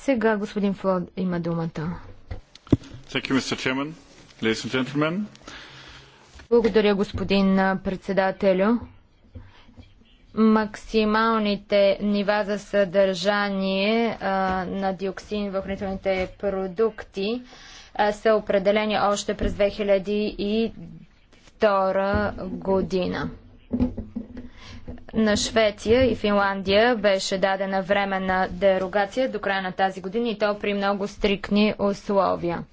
Сега господин Флод има думата. Благодаря, господин председателю. Максималните нива за съдържание а, на диоксин в хранителните продукти а, са определени още през 2002 година. На Швеция и Финландия беше дадена временна дерогация до края на тази година и то при много стрикни условия.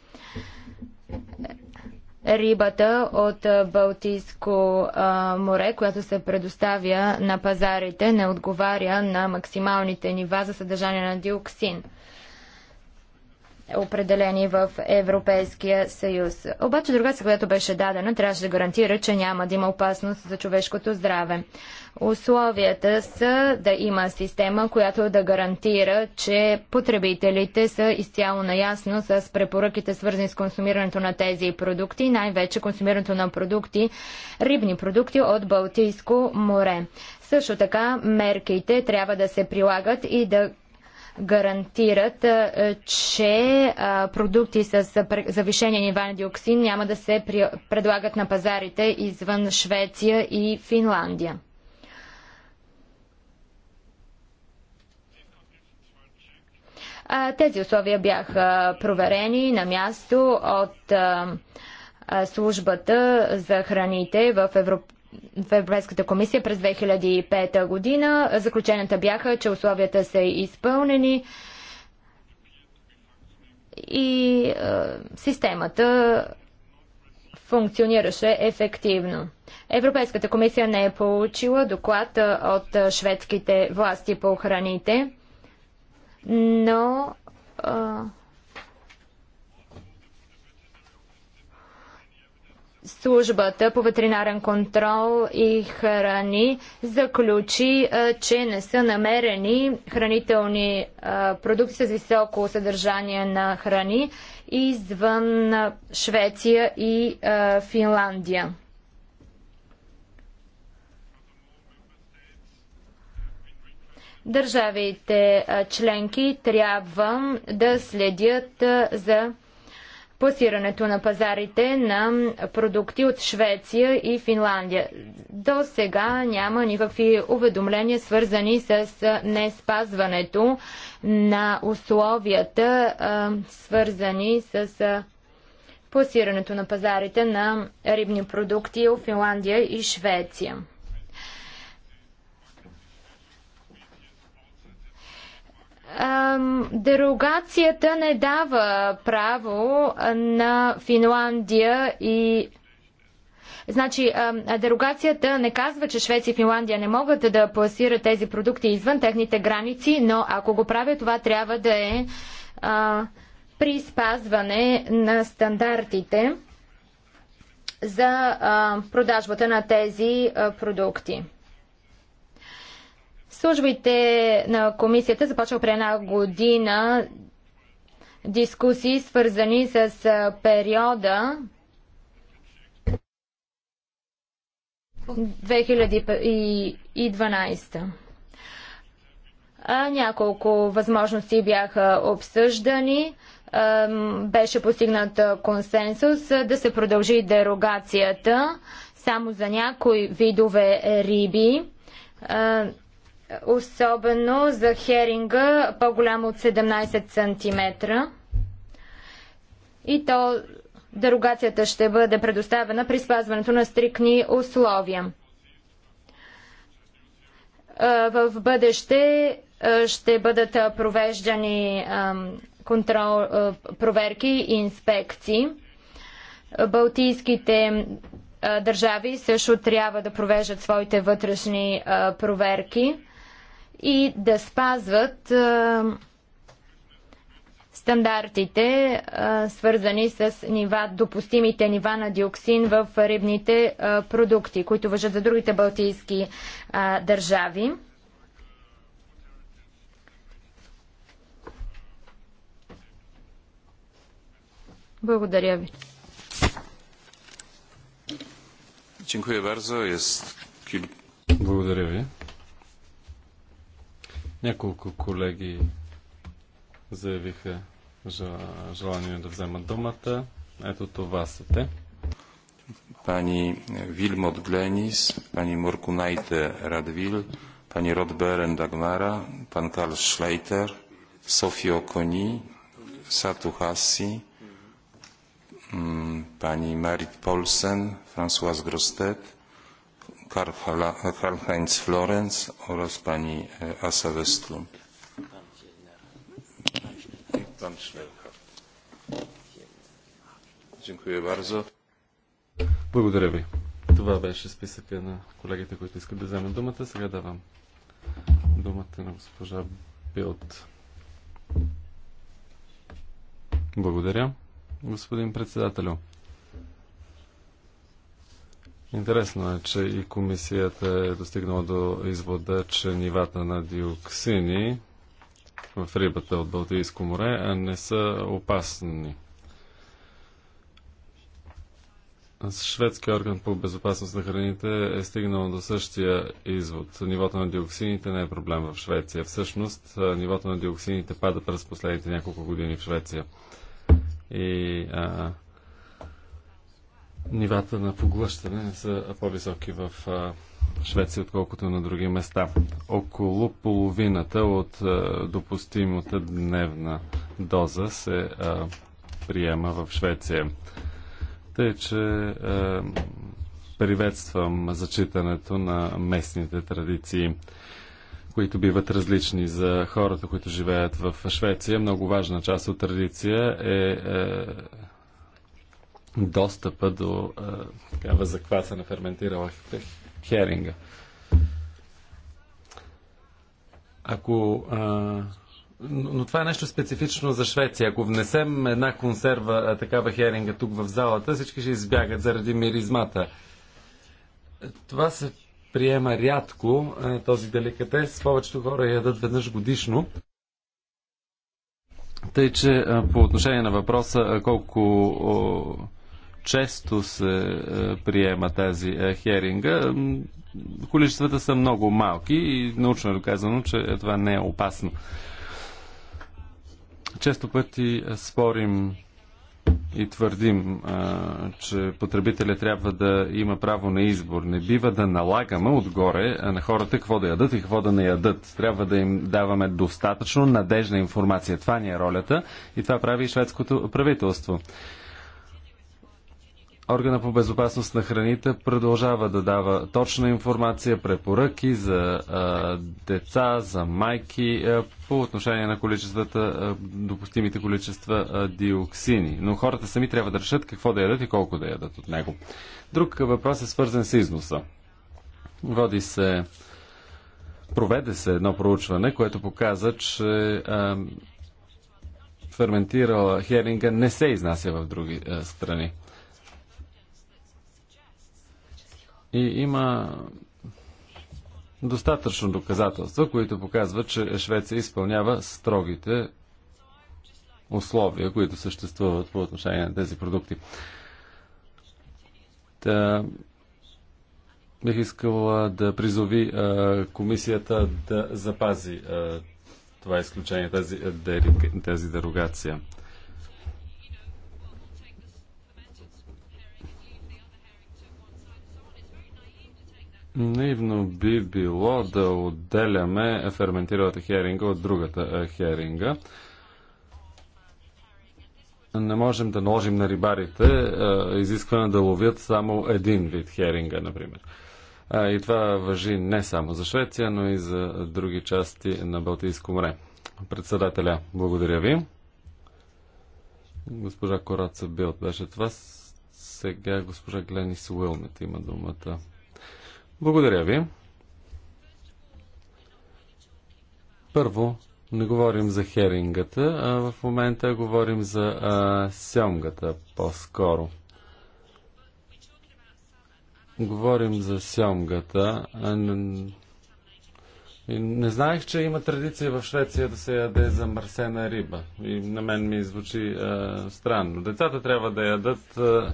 Рибата от Балтийско море, която се предоставя на пазарите, не отговаря на максималните нива за съдържание на диоксин определени в Европейския съюз. Обаче другата, която беше дадена, трябваше да гарантира, че няма да има опасност за човешкото здраве. Условията са да има система, която да гарантира, че потребителите са изцяло наясно с препоръките, свързани с консумирането на тези продукти, най-вече консумирането на продукти, рибни продукти от Балтийско море. Също така мерките трябва да се прилагат и да гарантират, че продукти с завишение нива на диоксин няма да се предлагат на пазарите извън Швеция и Финландия. Тези условия бяха проверени на място от службата за храните в Европа в Европейската комисия през 2005 година. Заключенията бяха, че условията са изпълнени и е, системата функционираше ефективно. Европейската комисия не е получила доклад от шведските власти по храните но а, службата по ветеринарен контрол и храни заключи, а, че не са намерени хранителни а, продукти с високо съдържание на храни извън Швеция и Финландия. Държавите членки трябва да следят за пласирането на пазарите на продукти от Швеция и Финландия. До сега няма никакви уведомления, свързани с неспазването на условията, свързани с пласирането на пазарите на рибни продукти от Финландия и Швеция. дерогацията не дава право на Финландия и Значи, дерогацията не казва, че Швеция и Финландия не могат да пласират тези продукти извън техните граници, но ако го правят, това трябва да е а, при спазване на стандартите за а, продажбата на тези а, продукти. Службите на комисията започва при една година дискусии, свързани с периода 2012. Няколко възможности бяха обсъждани. Беше постигнат консенсус да се продължи дерогацията само за някои видове риби особено за херинга по голямо от 17 см. И то дерогацията ще бъде предоставена при спазването на стрикни условия. В бъдеще ще бъдат провеждани контрол, проверки и инспекции. Балтийските държави също трябва да провеждат своите вътрешни проверки и да спазват а, стандартите, а, свързани с нива, допустимите нива на диоксин в рибните а, продукти, които въжат за другите балтийски държави. Благодаря ви. Благодаря ви. Няколко колеги заявиха желание да вземат думата. Ето това са те. Pani Wilmot Glenis, pani Morkunajte Radwil, pani Rodberen Dagmara, pan Karl Schleiter, Sofio Okoni, Satu Hassi, pani Marit Polsen, Françoise Grostet, Karl-Heinz Florenz oraz pani e, Asa Pan Dziękuję bardzo. Благодаря ви. Това беше списъка на колегите, които искат да вземат думата. Сега давам думата на госпожа Билт. Благодаря, господин председателю. Интересно е, че и комисията е достигнала до извода, че нивата на диоксини в рибата от Балтийско море не са опасни. Шведския орган по безопасност на храните е стигнал до същия извод. Нивото на диоксините не е проблем в Швеция. Всъщност, нивото на диоксините пада през последните няколко години в Швеция. И а, нивата на поглъщане са по-високи в Швеция, отколкото на други места. Около половината от допустимата дневна доза се приема в Швеция. Тъй, че приветствам зачитането на местните традиции които биват различни за хората, които живеят в Швеция. Много важна част от традиция е, е достъпа до такава закваса на ферментирала херинга. Ако а, но това е нещо специфично за Швеция. Ако внесем една консерва, такава херинга тук в залата, всички ще избягат заради миризмата. Това се приема рядко, този деликатес. Повечето хора ядат веднъж годишно. Тъй, че по отношение на въпроса колко често се е, приема тази е, херинга. Количествата са много малки и научно е доказано, че това не е опасно. Често пъти спорим и твърдим, е, че потребителя трябва да има право на избор. Не бива да налагаме отгоре на хората какво да ядат и какво да не ядат. Трябва да им даваме достатъчно надежна информация. Това ни е ролята и това прави и шведското правителство. Органа по безопасност на храните продължава да дава точна информация, препоръки за а, деца, за майки а, по отношение на количествата, а, допустимите количества а, диоксини. Но хората сами трябва да решат какво да ядат и колко да ядат от него. Друг въпрос е свързан с износа. Води се. Проведе се едно проучване, което показа, че. А, ферментирала херинга не се изнася в други а, страни. И има достатъчно доказателства, които показват, че Швеция изпълнява строгите условия, които съществуват по отношение на тези продукти. Та, бих искал да призови а, комисията да запази а, това изключение, тази, тази дерогация. Наивно би било да отделяме ферментиралата херинга от другата е, херинга. Не можем да наложим на рибарите е, изискване да ловят само един вид херинга, например. И това въжи не само за Швеция, но и за други части на Балтийско море. Председателя, благодаря ви. Госпожа Кораца Билт беше това. Сега госпожа Гленис Уилмет има думата. Благодаря ви. Първо, не говорим за херингата, а в момента говорим за а, сьомгата по-скоро. Говорим за сьомгата. А, не, не знаех, че има традиция в Швеция да се яде замърсена риба. И на мен ми звучи а, странно. Децата трябва да ядат а,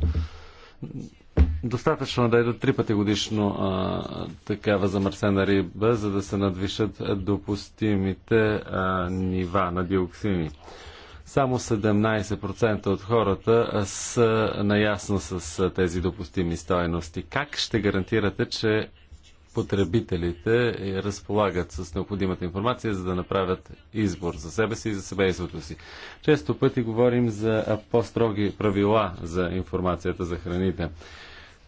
Достатъчно да е до три пъти годишно а, такава замърсена риба, за да се надвишат допустимите а, нива на диоксини. Само 17% от хората са наясно с тези допустими стоености. Как ще гарантирате, че потребителите разполагат с необходимата информация, за да направят избор за себе си и за семейството си. Често пъти говорим за по-строги правила за информацията за храните.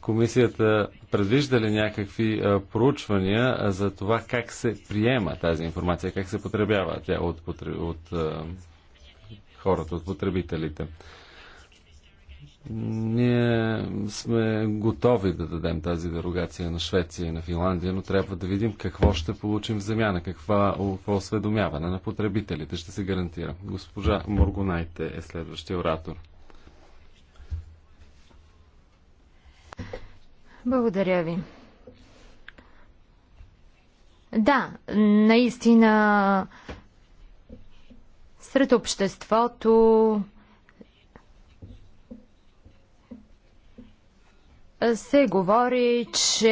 Комисията предвижда ли някакви проучвания за това как се приема тази информация, как се потребява тя от, от хората, от потребителите? Ние сме готови да дадем тази дерогация на Швеция и на Финландия, но трябва да видим какво ще получим в земяна, каква, осведомяване на потребителите ще се гарантира. Госпожа Моргонайте е следващия оратор. Благодаря ви. Да, наистина сред обществото се говори, че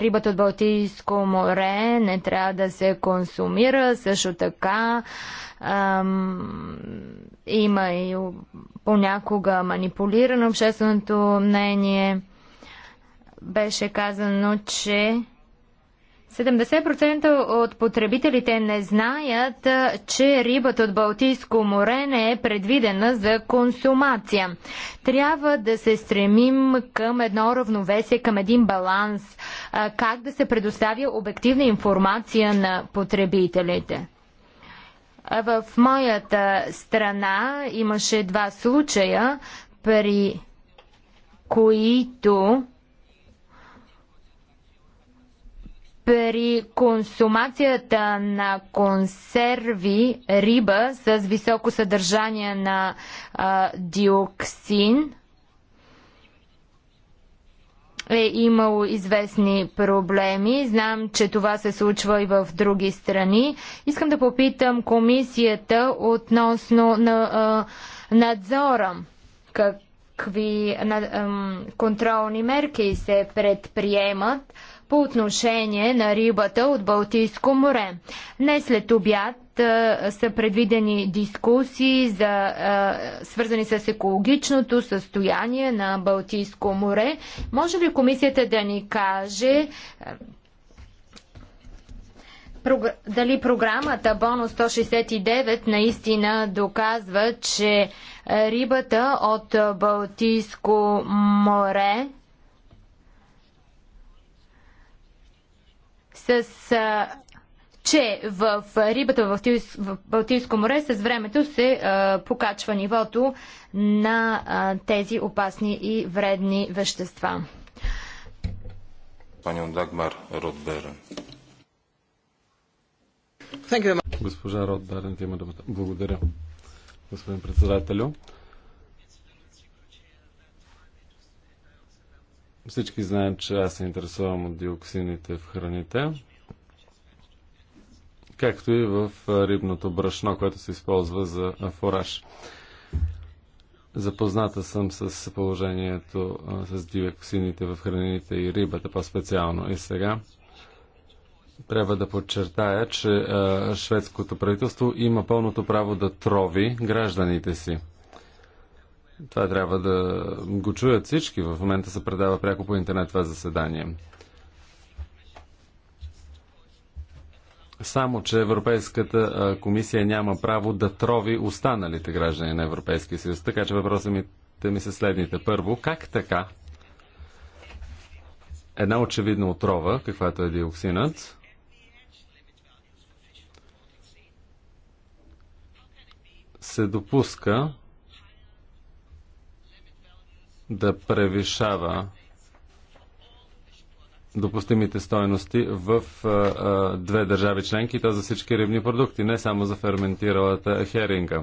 рибата от Балтийско море не трябва да се консумира. Също така има и понякога манипулирано общественото мнение. Беше казано, че 70% от потребителите не знаят, че рибата от Балтийско море не е предвидена за консумация. Трябва да се стремим към едно равновесие, към един баланс, как да се предоставя обективна информация на потребителите. В моята страна имаше два случая, при които при консумацията на консерви риба с високо съдържание на а, диоксин е имало известни проблеми. Знам, че това се случва и в други страни. Искам да попитам комисията относно на, а, надзора. Какви на, а, контролни мерки се предприемат? по отношение на рибата от Балтийско море. Днес след обяд са предвидени дискусии, за, свързани с екологичното състояние на Балтийско море. Може ли комисията да ни каже дали програмата Бонус 169 наистина доказва, че рибата от Балтийско море с че в рибата в Балтийско море с времето се а, покачва нивото на а, тези опасни и вредни вещества. Панион Дагмар Ротберен. Госпожа Ротберен, има думата. Благодаря, господин председателю. Всички знаем, че аз се интересувам от диоксините в храните, както и в рибното брашно, което се използва за фораж. Запозната съм с положението с диоксините в храните и рибата по-специално. И сега трябва да подчертая, че шведското правителство има пълното право да трови гражданите си. Това трябва да го чуят всички. В момента се предава пряко по интернет това заседание. Само, че Европейската комисия няма право да трови останалите граждани на Европейския съюз. Така че въпросът ми, ми са следните. Първо, как така една очевидна отрова, каквато е диоксинът, се допуска да превишава допустимите стоености в а, а, две държави членки, то за всички рибни продукти, не само за ферментиралата херинга.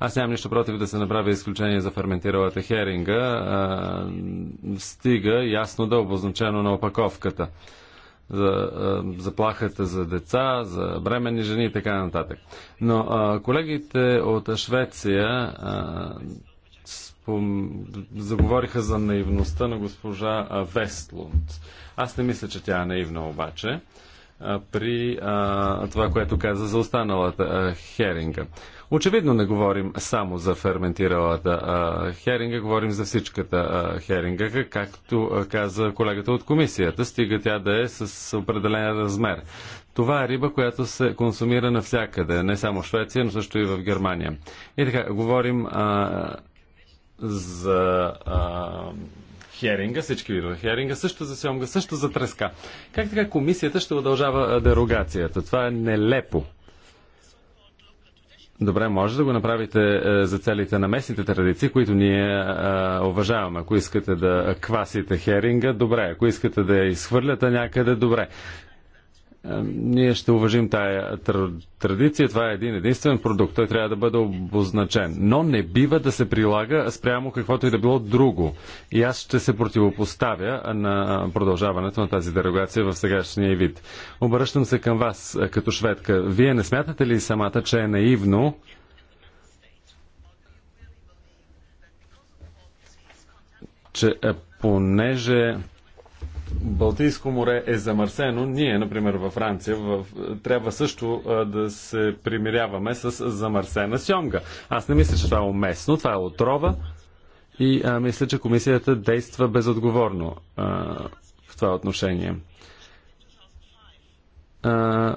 Аз нямам нищо против да се направи изключение за ферментиралата херинга, а, стига ясно да е обозначено на опаковката за заплахата за деца, за бремени жени и така нататък. Но а, колегите от Швеция а, заговориха за наивността на госпожа Вестлунд. Аз не мисля, че тя е наивна обаче при а, това, което каза за останалата а, херинга. Очевидно не говорим само за ферментиралата а, херинга, говорим за всичката а, херинга, както а, каза колегата от комисията. Стига тя да е с определен размер. Това е риба, която се консумира навсякъде, не само в Швеция, но също и в Германия. И така, говорим а, за а, херинга, всички видове херинга, също за сьомга, също за треска. Как така комисията ще удължава дерогацията? Това е нелепо. Добре, може да го направите за целите на местните традиции, които ние е, уважаваме. Ако искате да квасите херинга, добре. Ако искате да я изхвърляте някъде, добре. Е, ние ще уважим тая традиция. Това е един единствен продукт. Той трябва да бъде обозначен. Но не бива да се прилага спрямо каквото и да било друго. И аз ще се противопоставя на продължаването на тази дерогация в сегашния вид. Обръщам се към вас е, като шведка. Вие не смятате ли самата, че е наивно че е, понеже Балтийско море е замърсено, ние, например, във Франция, в... трябва също а, да се примиряваме с замърсена сьомга. Аз не мисля, че това е уместно, това е отрова и а, мисля, че комисията действа безотговорно а, в това отношение. А,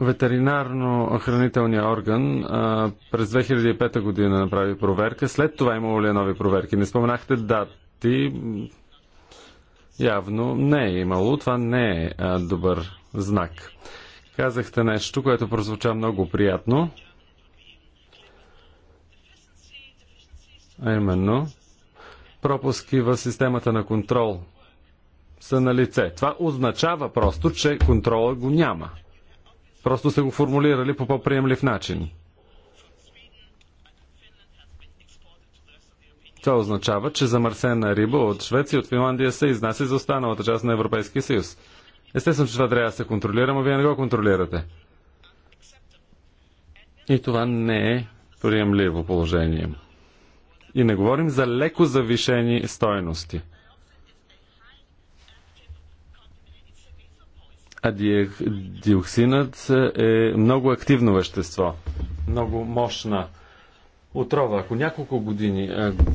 ветеринарно охранителният орган а, през 2005 година направи проверка. След това имало ли е нови проверки? Не споменахте дати явно не е имало. Това не е а, добър знак. Казахте нещо, което прозвуча много приятно. А именно, пропуски в системата на контрол са на лице. Това означава просто, че контрола го няма. Просто са го формулирали по по-приемлив начин. Това означава, че замърсена риба от Швеция и от Финландия се изнася за останалата част на Европейския съюз. Естествено, че това трябва да се контролира, но вие не го контролирате. И това не е приемливо положение. И не говорим за леко завишени стойности. А диоксинът е много активно вещество, много мощна отрова. Ако няколко години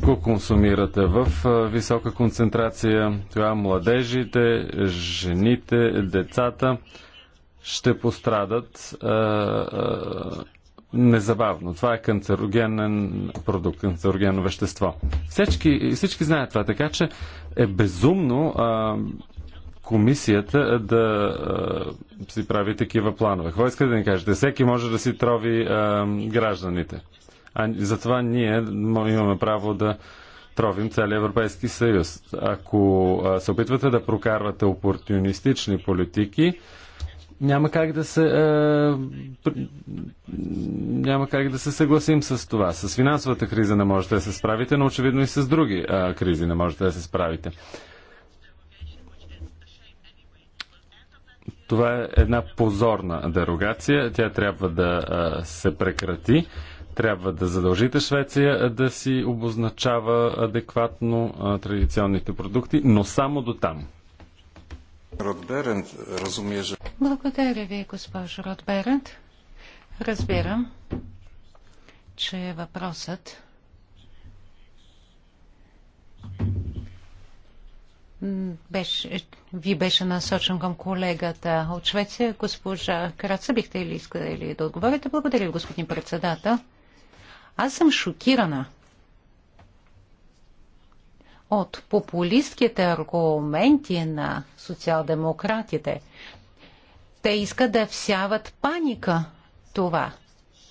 го консумирате в висока концентрация, това младежите, жените, децата ще пострадат незабавно. Това е канцерогенен продукт, канцерогенно вещество. Всички, всички знаят това, така че е безумно а, комисията да а, си прави такива планове. Какво искате да ни кажете? Всеки може да си трови а, гражданите. А затова ние имаме право да тровим целия Европейски съюз. Ако се опитвате да прокарвате опортунистични политики, няма как да се. Е, няма как да се съгласим с това. С финансовата криза не можете да се справите, но очевидно и с други е, кризи не можете да се справите. Това е една позорна дерогация. Тя трябва да е, се прекрати. Трябва да задължите Швеция да си обозначава адекватно традиционните продукти, но само до там. Ротберент, Благодаря ви, госпожо Ротберент. Разбирам, че въпросът беше, ви беше насочен към колегата от Швеция, госпожа Краца. Бихте ли искали да отговорите? Благодаря ви, господин председател. Аз съм шокирана от популистските аргументи на социал-демократите. Те искат да всяват паника това.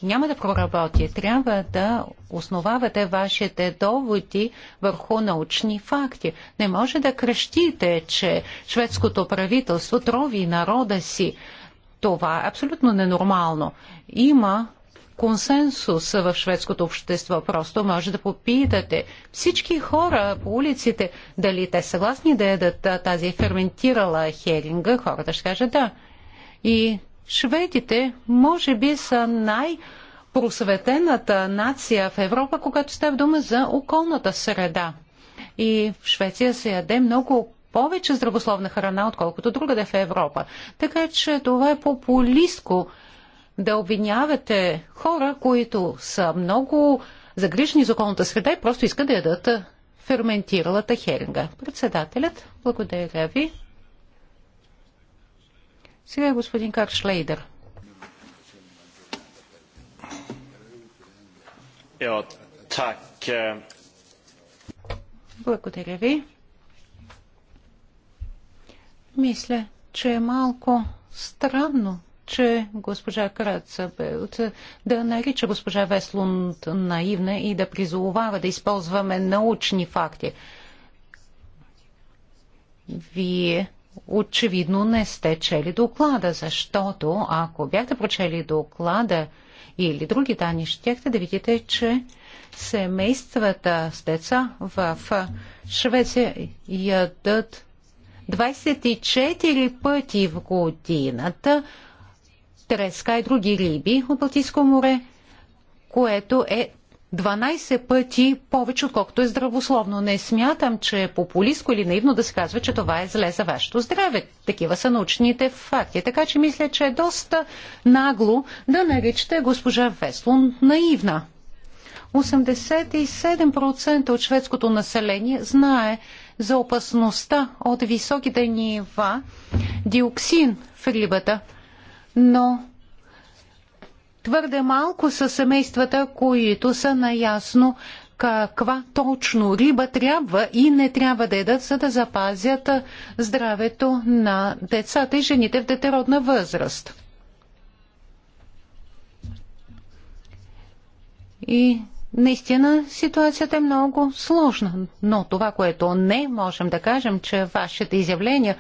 Няма да проработи. Трябва да основавате вашите доводи върху научни факти. Не може да крещите, че шведското правителство трови народа си. Това е абсолютно ненормално. Има консенсус в шведското общество. Просто може да попитате всички хора по улиците дали те съгласни да ядат тази ферментирала херинга. Хората ще кажат да. И шведите може би са най- просветената нация в Европа, когато става дума за околната среда. И в Швеция се яде много повече здравословна храна, отколкото другаде в Европа. Така че това е популистко да обвинявате хора, които са много загрижени за околната среда и просто искат да ядат ферментиралата херинга. Председателят, благодаря ви. Сега е господин Каршлейдер. Е, е. Благодаря ви. Мисля, че е малко странно че госпожа Крацабелт да нарича госпожа Веслунд наивна и да призовава да използваме научни факти. Вие очевидно не сте чели доклада, защото ако бяхте прочели доклада или други данни, щяхте да видите, че семействата с деца в Швеция ядат 24 пъти в годината треска и други риби от Балтийско море, което е 12 пъти повече, отколкото е здравословно. Не смятам, че е популистко или наивно да се казва, че това е зле за вашето здраве. Такива са научните факти. Така че мисля, че е доста нагло да наричате госпожа Веслун наивна. 87% от шведското население знае за опасността от високите нива диоксин в рибата – но твърде малко са семействата, които са наясно каква точно риба трябва и не трябва да едат, за да запазят здравето на децата и жените в детеродна възраст. И наистина ситуацията е много сложна, но това, което не можем да кажем, че вашето изявление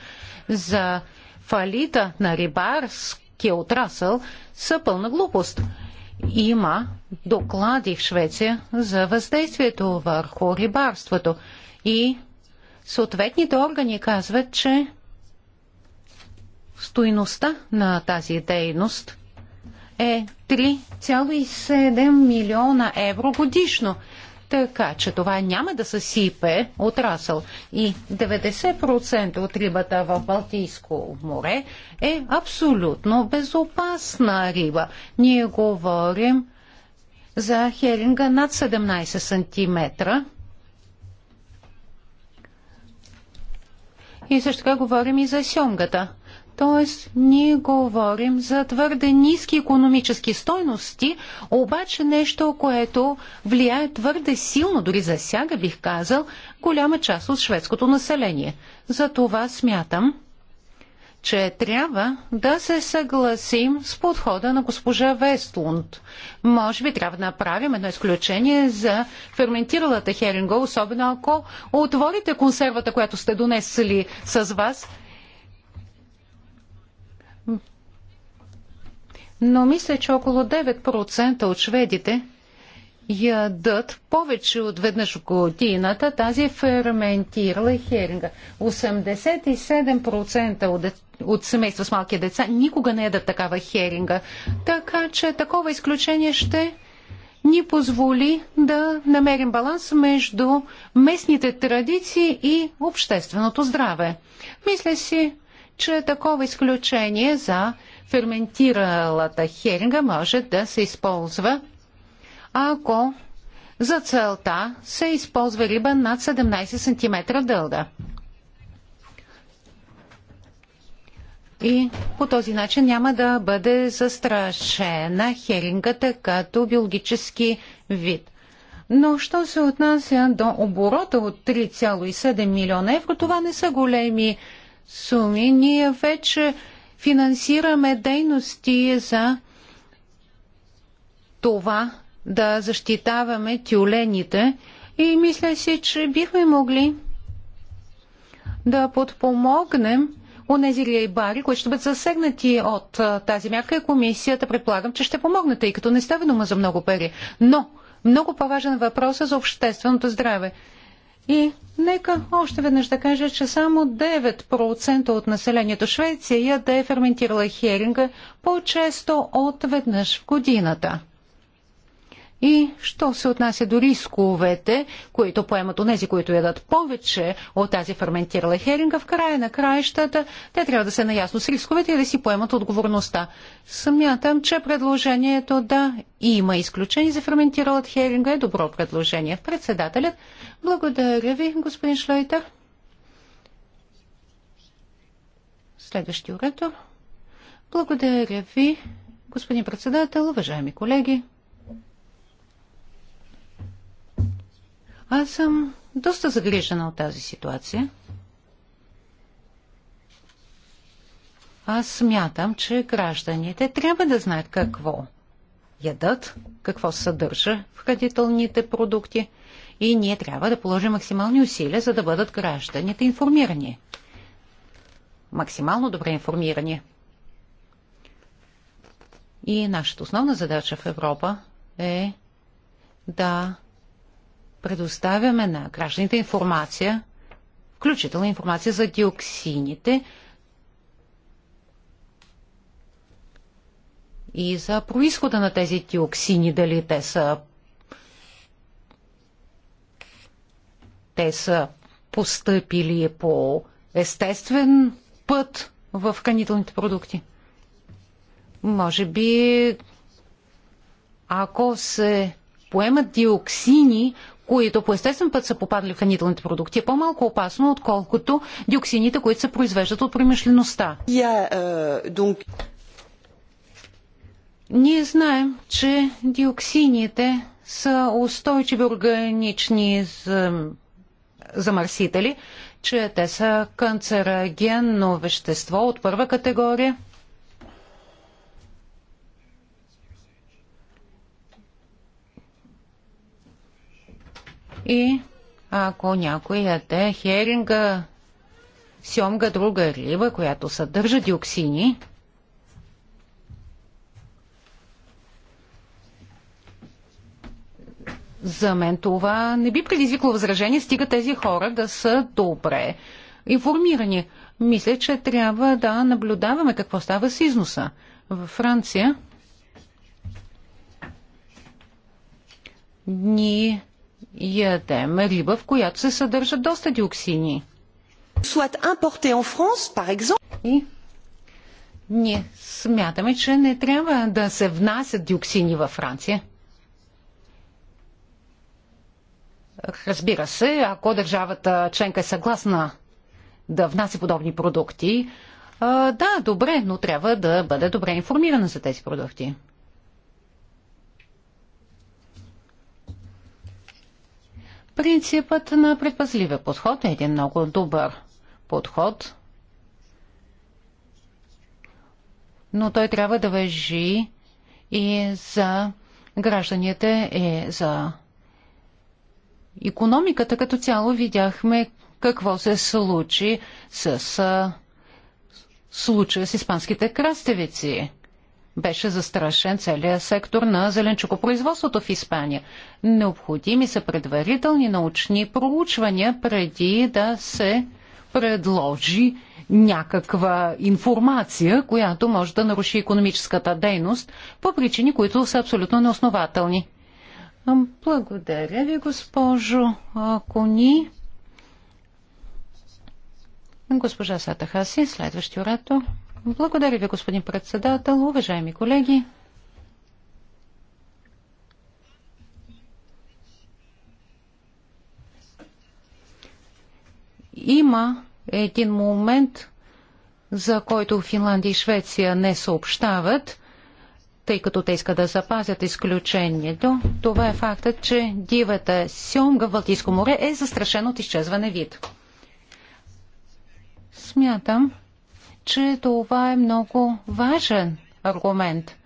за фалита на рибарско тия отрасъл са пълна глупост. Има доклади в Швеция за въздействието върху рибарството и съответните органи казват, че стоиността на тази дейност е 3,7 милиона евро годишно така че това няма да се сипе отрасъл. И 90% от рибата в Балтийско море е абсолютно безопасна риба. Ние говорим за херинга над 17 см. И също така говорим и за сьомгата. Тоест, ние говорим за твърде ниски економически стойности, обаче нещо, което влияе твърде силно, дори засяга, бих казал, голяма част от шведското население. За това смятам, че трябва да се съгласим с подхода на госпожа Вестлунд. Може би трябва да направим едно изключение за ферментиралата херинга, особено ако отворите консервата, която сте донесли с вас но мисля, че около 9% от шведите ядат повече от веднъж годината тази ферментирала херинга. 87% от, от семейства с малки деца никога не ядат такава херинга. Така че такова изключение ще ни позволи да намерим баланс между местните традиции и общественото здраве. Мисля си, че такова изключение за ферментиралата херинга може да се използва, ако за целта се използва риба над 17 см дълга. И по този начин няма да бъде застрашена херингата като биологически вид. Но що се отнася до оборота от 3,7 милиона евро, това не са големи суми. Ние вече финансираме дейности за това да защитаваме тюлените и мисля си, че бихме могли да подпомогнем онези рибари, които ще бъдат засегнати от тази мярка и комисията предполагам, че ще помогнат, тъй като не става дума за много пари. Но много по-важен въпрос е за общественото здраве. И нека още веднъж да кажа, че само 9% от населението Швеция яде е ферментирала херинга по-често от веднъж в годината. И що се отнася до рисковете, които поемат онези, които ядат повече от тази ферментирала херинга, в края на краищата те трябва да се наясно с рисковете и да си поемат отговорността. Смятам, че предложението да има изключение за ферментиралът херинга е добро предложение. Председателят благодаря ви, господин Шлейтер. Следващия оратор. Благодаря ви, господин председател, уважаеми колеги. Аз съм доста загрижена от тази ситуация. Аз смятам, че гражданите трябва да знаят какво ядат, какво съдържа в хранителните продукти – и ние трябва да положим максимални усилия, за да бъдат гражданите информирани. Максимално добре информирани. И нашата основна задача в Европа е да предоставяме на гражданите информация, включително информация за диоксините и за происхода на тези диоксини, дали те са Те са постъпили по естествен път в хранителните продукти. Може би, ако се поемат диоксини, които по естествен път са попадали в хранителните продукти, е по-малко опасно, отколкото диоксините, които се произвеждат от промишлеността. Yeah, uh, е, Ние знаем, че диоксините са устойчиви органични замърсители, че те са канцерогенно вещество от първа категория. И ако някой яде херинга, сьомга, друга риба, която съдържа диоксини, За мен това не би предизвикло възражение, стига тези хора да са добре информирани. Мисля, че трябва да наблюдаваме какво става с износа. Във Франция ние ядем риба, в която се съдържат доста диоксини. И ние смятаме, че не трябва да се внасят диоксини във Франция. Разбира се, ако държавата членка е съгласна да внася подобни продукти, а, да, добре, но трябва да бъде добре информирана за тези продукти. Принципът на предпазливия подход е един много добър подход, но той трябва да въжи и за гражданите, и за економиката като цяло видяхме какво се случи с случая с испанските краставици. Беше застрашен целият сектор на зеленчукопроизводството в Испания. Необходими са предварителни научни проучвания преди да се предложи някаква информация, която може да наруши економическата дейност по причини, които са абсолютно неоснователни. Благодаря ви, госпожо Кони. Госпожа Сатахаси, следващи оратор. Благодаря ви, господин председател, уважаеми колеги. Има един момент, за който Финландия и Швеция не съобщават – тъй като те искат да запазят изключението, това е фактът, че дивата сьомга в Балтийско море е застрашен от изчезване вид. Смятам, че това е много важен аргумент.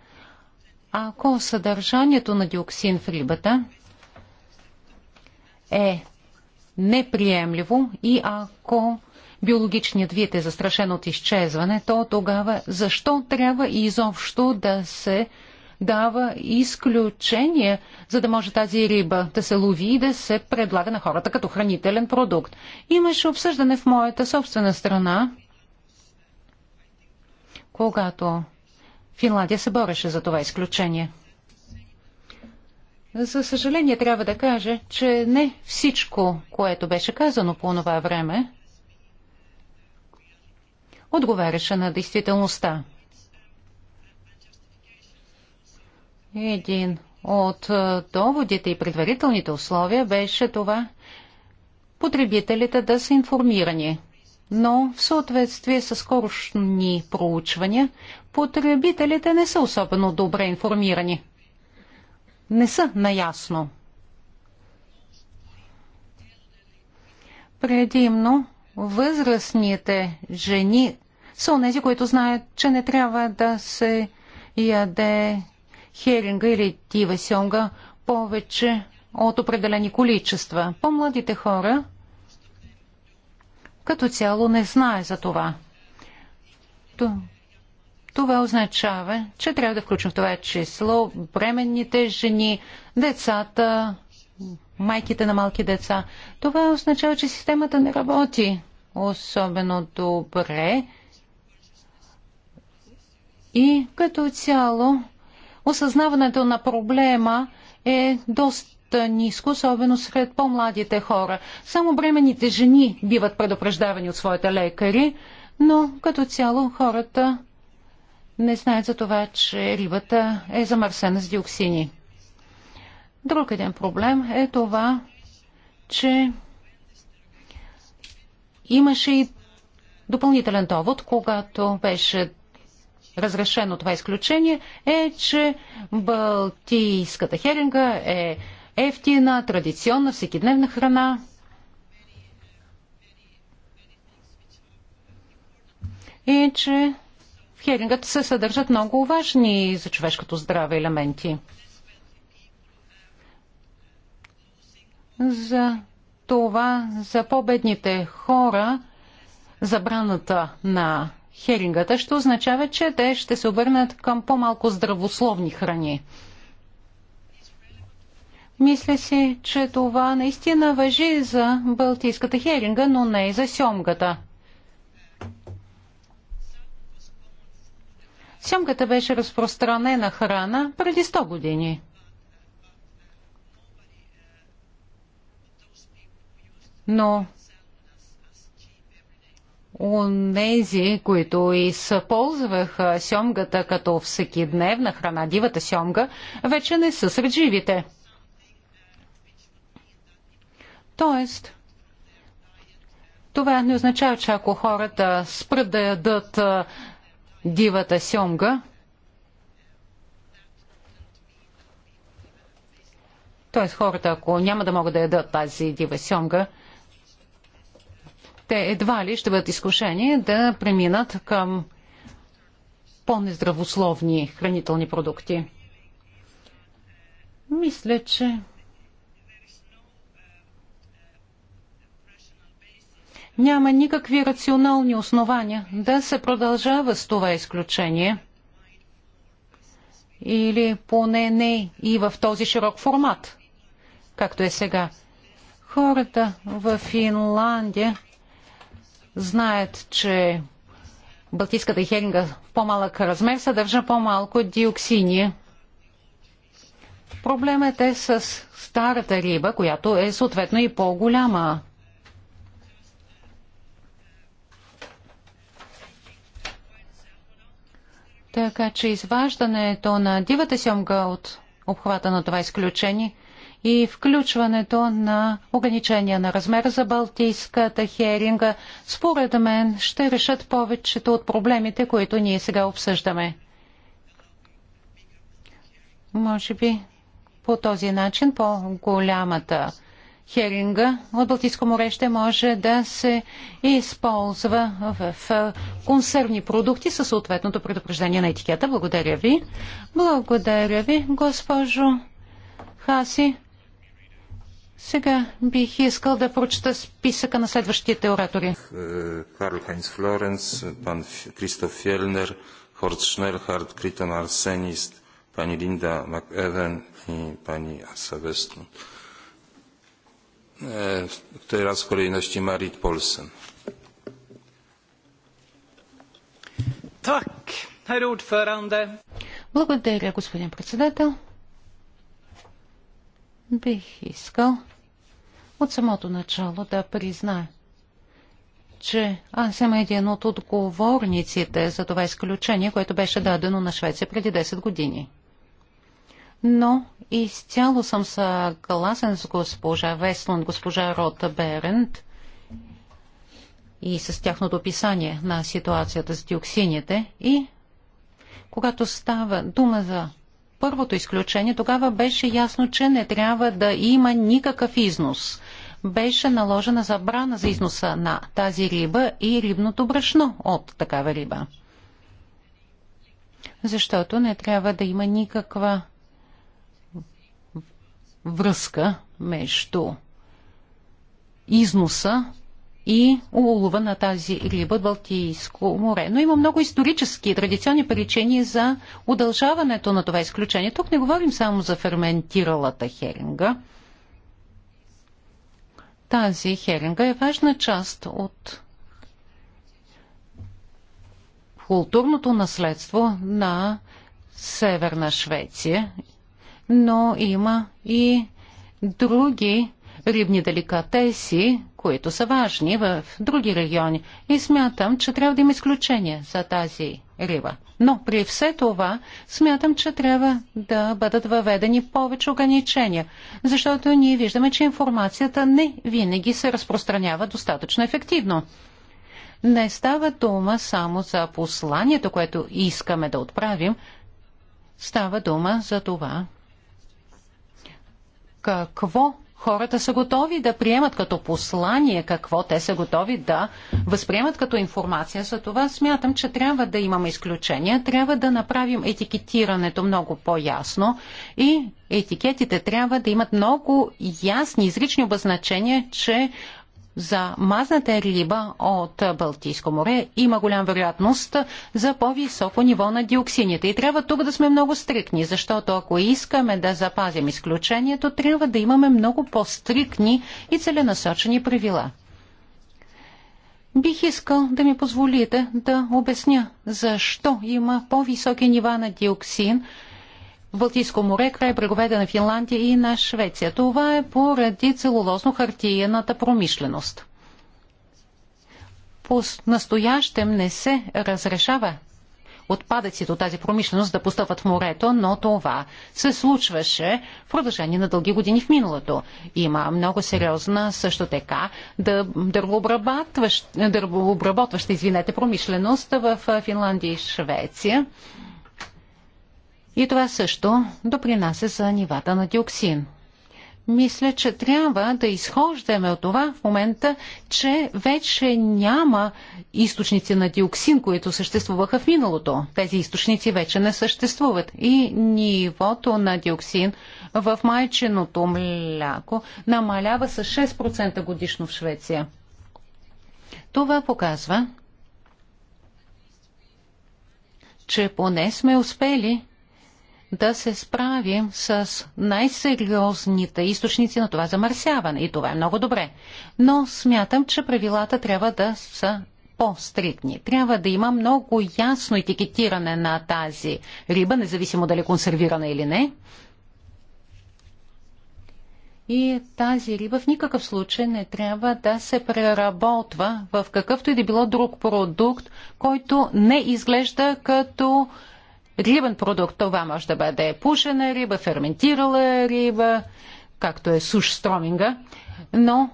Ако съдържанието на диоксин в рибата е неприемливо и ако биологичният вид е застрашен от изчезване, то тогава защо трябва изобщо да се дава изключение, за да може тази риба да се лови и да се предлага на хората като хранителен продукт. Имаше обсъждане в моята собствена страна, когато Финландия се бореше за това изключение. За съжаление трябва да кажа, че не всичко, което беше казано по това време, отговаряше на действителността. Един от доводите и предварителните условия беше това потребителите да са информирани. Но в съответствие с скорошни проучвания, потребителите не са особено добре информирани. Не са наясно. Предимно възрастните жени са онези, които знаят, че не трябва да се яде херинга или тива сьонга повече от определени количества. По-младите хора като цяло не знае за това. Това означава, че трябва да включим в това число бременните жени, децата, майките на малки деца. Това означава, че системата не работи особено добре. И като цяло осъзнаването на проблема е доста ниско, особено сред по-младите хора. Само бременните жени биват предупреждавани от своите лекари, но като цяло хората не знаят за това, че рибата е замърсена с диоксини. Друг един проблем е това, че Имаше и допълнителен довод, когато беше разрешено това изключение, е, че балтийската херинга е ефтина, традиционна, всекидневна храна. И че в херингът се съдържат много важни за човешкото здраве елементи. За това за по-бедните хора забраната на херингата ще означава, че те ще се обърнат към по-малко здравословни храни. Мисля си, че това наистина въжи за балтийската херинга, но не и за сьомгата. Сьомгата беше разпространена храна преди 100 години. но Онези, които използваха сьомгата като всекидневна храна, дивата сьомга, вече не са сред живите. Тоест, това не означава, че ако хората спрат да ядат дивата сьомга, т.е. хората, ако няма да могат да ядат тази дива сьомга, те едва ли ще бъдат изкушени да преминат към по-нездравословни хранителни продукти. Мисля, че няма никакви рационални основания да се продължава с това изключение или поне не и в този широк формат, както е сега. Хората в Финландия знаят, че Балтийската херинга в по-малък размер съдържа по-малко диоксини. Проблемът е с старата риба, която е съответно и по-голяма. Така че изваждането на дивата сьомга от обхвата на това изключение – и включването на ограничения на размер за Балтийската херинга, според мен ще решат повечето от проблемите, които ние сега обсъждаме. Може би по този начин по-голямата херинга от Балтийско море ще може да се използва в консервни продукти със съответното предупреждение на етикета. Благодаря ви. Благодаря ви, госпожо Хаси. Сега бих искал да прочета списъка на следващите оратори. Е, Карл Хайнц Флоренс, пан Кристоф Фелнер, Хорт Шнелхард, Критан Арсенист, пани Линда МакЕвен и пани Asa Westlund. Teraz w kolejności Marit Polsen. Tak, Благодаря, господин председател. Бих искал от самото начало да призная, че аз съм един от отговорниците за това изключение, което беше дадено на Швеция преди 10 години. Но изцяло съм съгласен с госпожа Веслан, госпожа Рота Берент и с тяхното описание на ситуацията с диоксините и когато става дума за първото изключение, тогава беше ясно, че не трябва да има никакъв износ. Беше наложена забрана за износа на тази риба и рибното брашно от такава риба. Защото не трябва да има никаква връзка между износа и улова на тази риба в Балтийско море. Но има много исторически и традиционни причини за удължаването на това изключение. Тук не говорим само за ферментиралата херинга. Тази херинга е важна част от културното наследство на Северна Швеция, но има и други рибни деликатеси, които са важни в други региони. И смятам, че трябва да има изключение за тази риба. Но при все това смятам, че трябва да бъдат въведени повече ограничения, защото ние виждаме, че информацията не винаги се разпространява достатъчно ефективно. Не става дума само за посланието, което искаме да отправим, става дума за това какво хората са готови да приемат като послание, какво те са готови да възприемат като информация. За това смятам, че трябва да имаме изключения, трябва да направим етикетирането много по-ясно и етикетите трябва да имат много ясни, изрични обозначения, че за мазната риба от Балтийско море има голяма вероятност за по-високо ниво на диоксините. И трябва тук да сме много стрикни, защото ако искаме да запазим изключението, трябва да имаме много по-стрикни и целенасочени правила. Бих искал да ми позволите да обясня защо има по-високи нива на диоксин – в Балтийско море край бреговете на Финландия и на Швеция. Това е поради целулозно-хартиената промишленост. По настоящем не се разрешава отпадъците от тази промишленост да постъпват в морето, но това се случваше в продължение на дълги години в миналото. Има много сериозна също така дървообработваща, извинете, промишленост в Финландия и Швеция. И това също допринася за нивата на диоксин. Мисля, че трябва да изхождаме от това в момента, че вече няма източници на диоксин, които съществуваха в миналото. Тези източници вече не съществуват. И нивото на диоксин в майченото мляко намалява с 6% годишно в Швеция. Това показва, че поне сме успели да се справим с най-сериозните източници на това замърсяване. И това е много добре. Но смятам, че правилата трябва да са по стритни Трябва да има много ясно етикетиране на тази риба, независимо дали е консервирана или не. И тази риба в никакъв случай не трябва да се преработва в какъвто и да било друг продукт, който не изглежда като рибен продукт. Това може да бъде пушена риба, ферментирала риба, както е суш строминга, но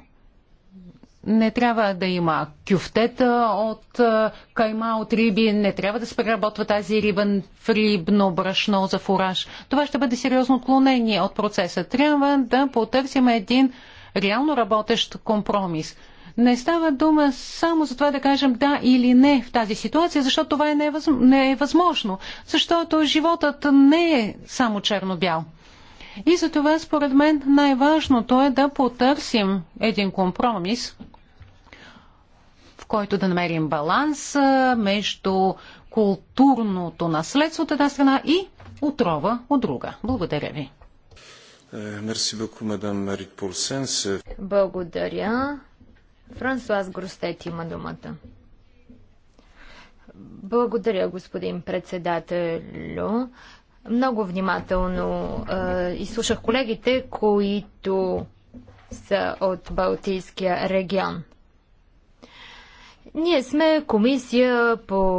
не трябва да има кюфтета от кайма от риби, не трябва да се преработва тази риба в рибно брашно за фураж. Това ще бъде сериозно отклонение от процеса. Трябва да потърсим един реално работещ компромис – не става дума само за това да кажем да или не в тази ситуация, защото това е невъзможно, е защото животът не е само черно-бял. И за това, според мен, най-важното е да потърсим един компромис, в който да намерим баланс между културното наследство от една страна и отрова от друга. Благодаря ви. Е, Благодаря. Франсуаз Гростет има думата. Благодаря, господин председателю. Много внимателно е, изслушах колегите, които са от Балтийския регион. Ние сме комисия по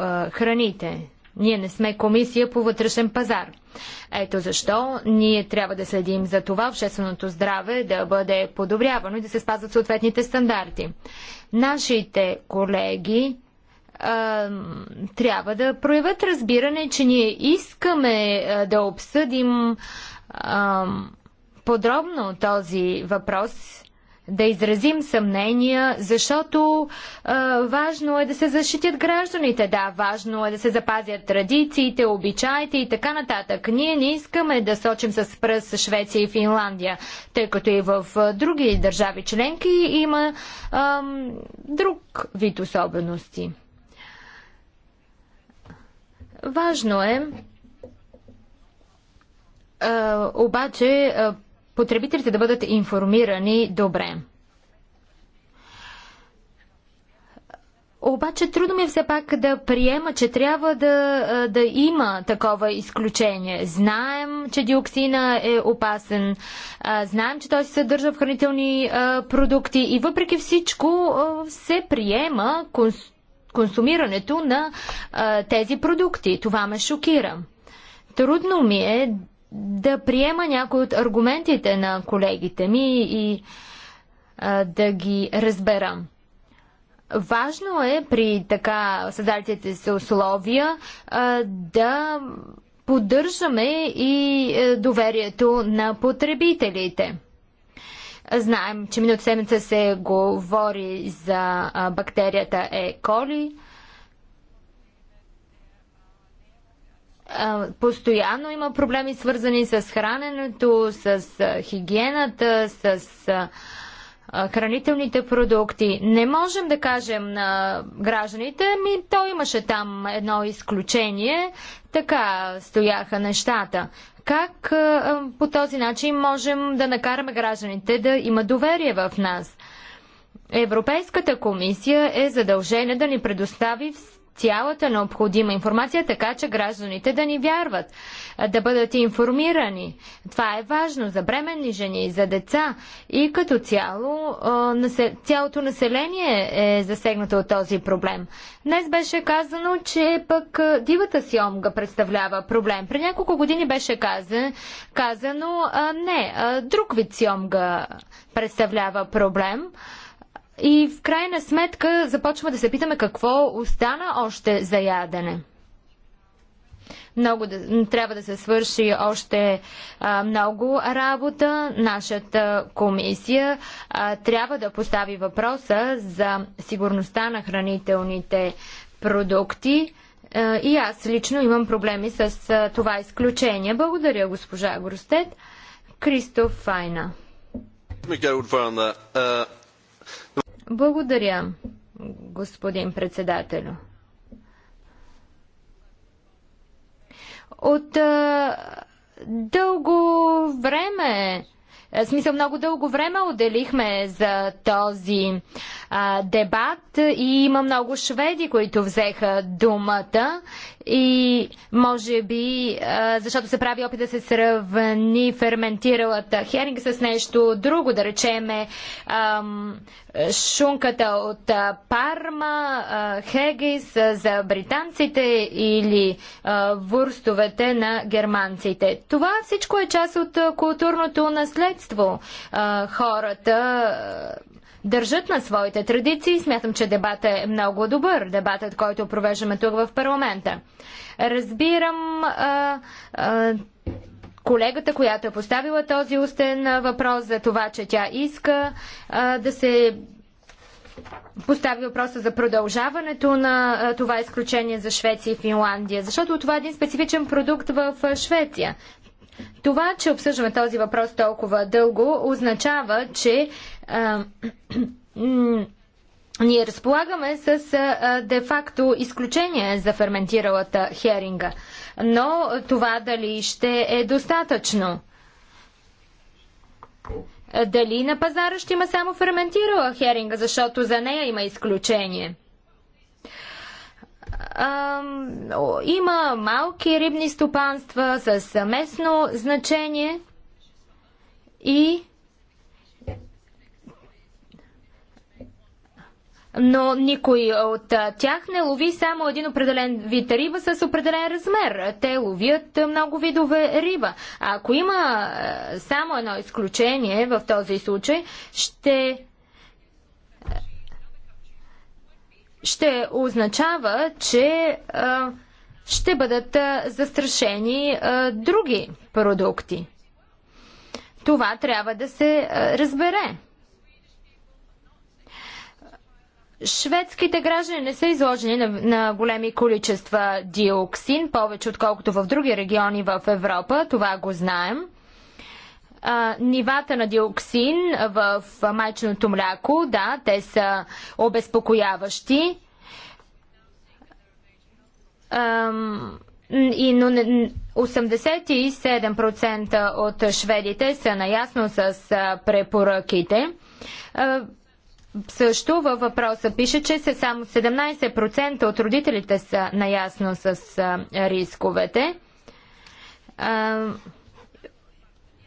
е, храните. Ние не сме комисия по вътрешен пазар. Ето защо ние трябва да следим за това общественото здраве да бъде подобрявано и да се спазват съответните стандарти. Нашите колеги а, трябва да проявят разбиране, че ние искаме а, да обсъдим а, подробно този въпрос да изразим съмнения, защото е, важно е да се защитят гражданите. Да, важно е да се запазят традициите, обичаите и така нататък. Ние не искаме да сочим с пръст Швеция и Финландия, тъй като и в други държави членки има е, друг вид особености. Важно е обаче потребителите да бъдат информирани добре. Обаче трудно ми е все пак да приема, че трябва да, да има такова изключение. Знаем, че диоксина е опасен, знаем, че той се съдържа в хранителни продукти и въпреки всичко се приема конс, консумирането на тези продукти. Това ме шокира. Трудно ми е да приема някои от аргументите на колегите ми и а, да ги разбера. Важно е при така създалите се условия а, да поддържаме и е, доверието на потребителите. Знаем, че миналата седмица се говори за бактерията Е. коли. постоянно има проблеми свързани с храненето, с хигиената, с хранителните продукти. Не можем да кажем на гражданите, ми то имаше там едно изключение, така стояха нещата. Как по този начин можем да накараме гражданите да има доверие в нас? Европейската комисия е задължена да ни предостави цялата необходима информация, така че гражданите да ни вярват, да бъдат информирани. Това е важно за бременни жени, за деца и като цяло цялото население е засегнато от този проблем. Днес беше казано, че пък дивата сиомга представлява проблем. При няколко години беше казано, не, друг вид сиомга представлява проблем. И в крайна сметка започваме да се питаме какво остана още за ядене. Много да, трябва да се свърши още а, много работа. Нашата комисия а, трябва да постави въпроса за сигурността на хранителните продукти. А, и аз лично имам проблеми с а, това изключение. Благодаря, госпожа Гростет. Кристоф Файна. Благодаря, господин председателю. От а, дълго време в смисъл много дълго време отделихме за този а, дебат и има много шведи, които взеха думата и може би, а, защото се прави опит да се сравни ферментиралата херинг с нещо друго, да речеме ам, шунката от Парма, Хегис за британците или вурстовете на германците. Това всичко е част от културното наследство. Хората държат на своите традиции. Смятам, че дебатът е много добър, дебатът, който провеждаме тук в парламента. Разбирам а, а, колегата, която е поставила този устен въпрос за това, че тя иска а, да се постави въпроса за продължаването на а, това изключение за Швеция и Финландия, защото това е един специфичен продукт в а, Швеция. Това, че обсъждаме този въпрос толкова дълго, означава, че а, Ние разполагаме с де-факто изключение за ферментиралата херинга, но това дали ще е достатъчно? Дали на пазара ще има само ферментирала херинга, защото за нея има изключение? Има малки рибни стопанства с местно значение и но никой от тях не лови само един определен вид риба с определен размер. Те ловят много видове риба. А ако има само едно изключение в този случай, ще ще означава, че ще бъдат застрашени други продукти. Това трябва да се разбере. Шведските граждани не са изложени на, на големи количества диоксин, повече отколкото в други региони в Европа, това го знаем. А, нивата на диоксин в майченото мляко, да, те са обезпокояващи. Ам, и, но 87% от шведите са наясно с препоръките. Също във въпроса пише, че се само 17% от родителите са наясно с рисковете. А,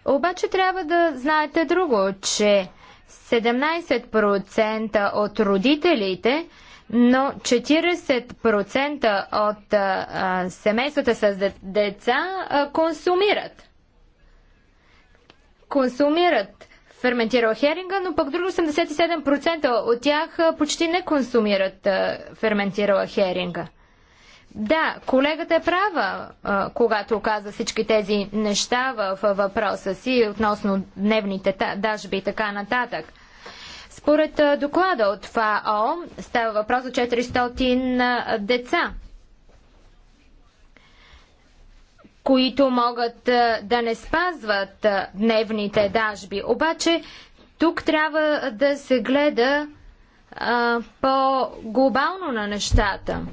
обаче трябва да знаете друго, че 17% от родителите, но 40% от а, семействата с деца а, консумират. Консумират ферментирал херинга, но пък други 87% от тях почти не консумират ферментирала херинга. Да, колегата е права, когато каза всички тези неща в въпроса си относно дневните дажби и така нататък. Според доклада от ФАО става въпрос за 400 деца. които могат да не спазват дневните дажби. Обаче тук трябва да се гледа по-глобално на нещата.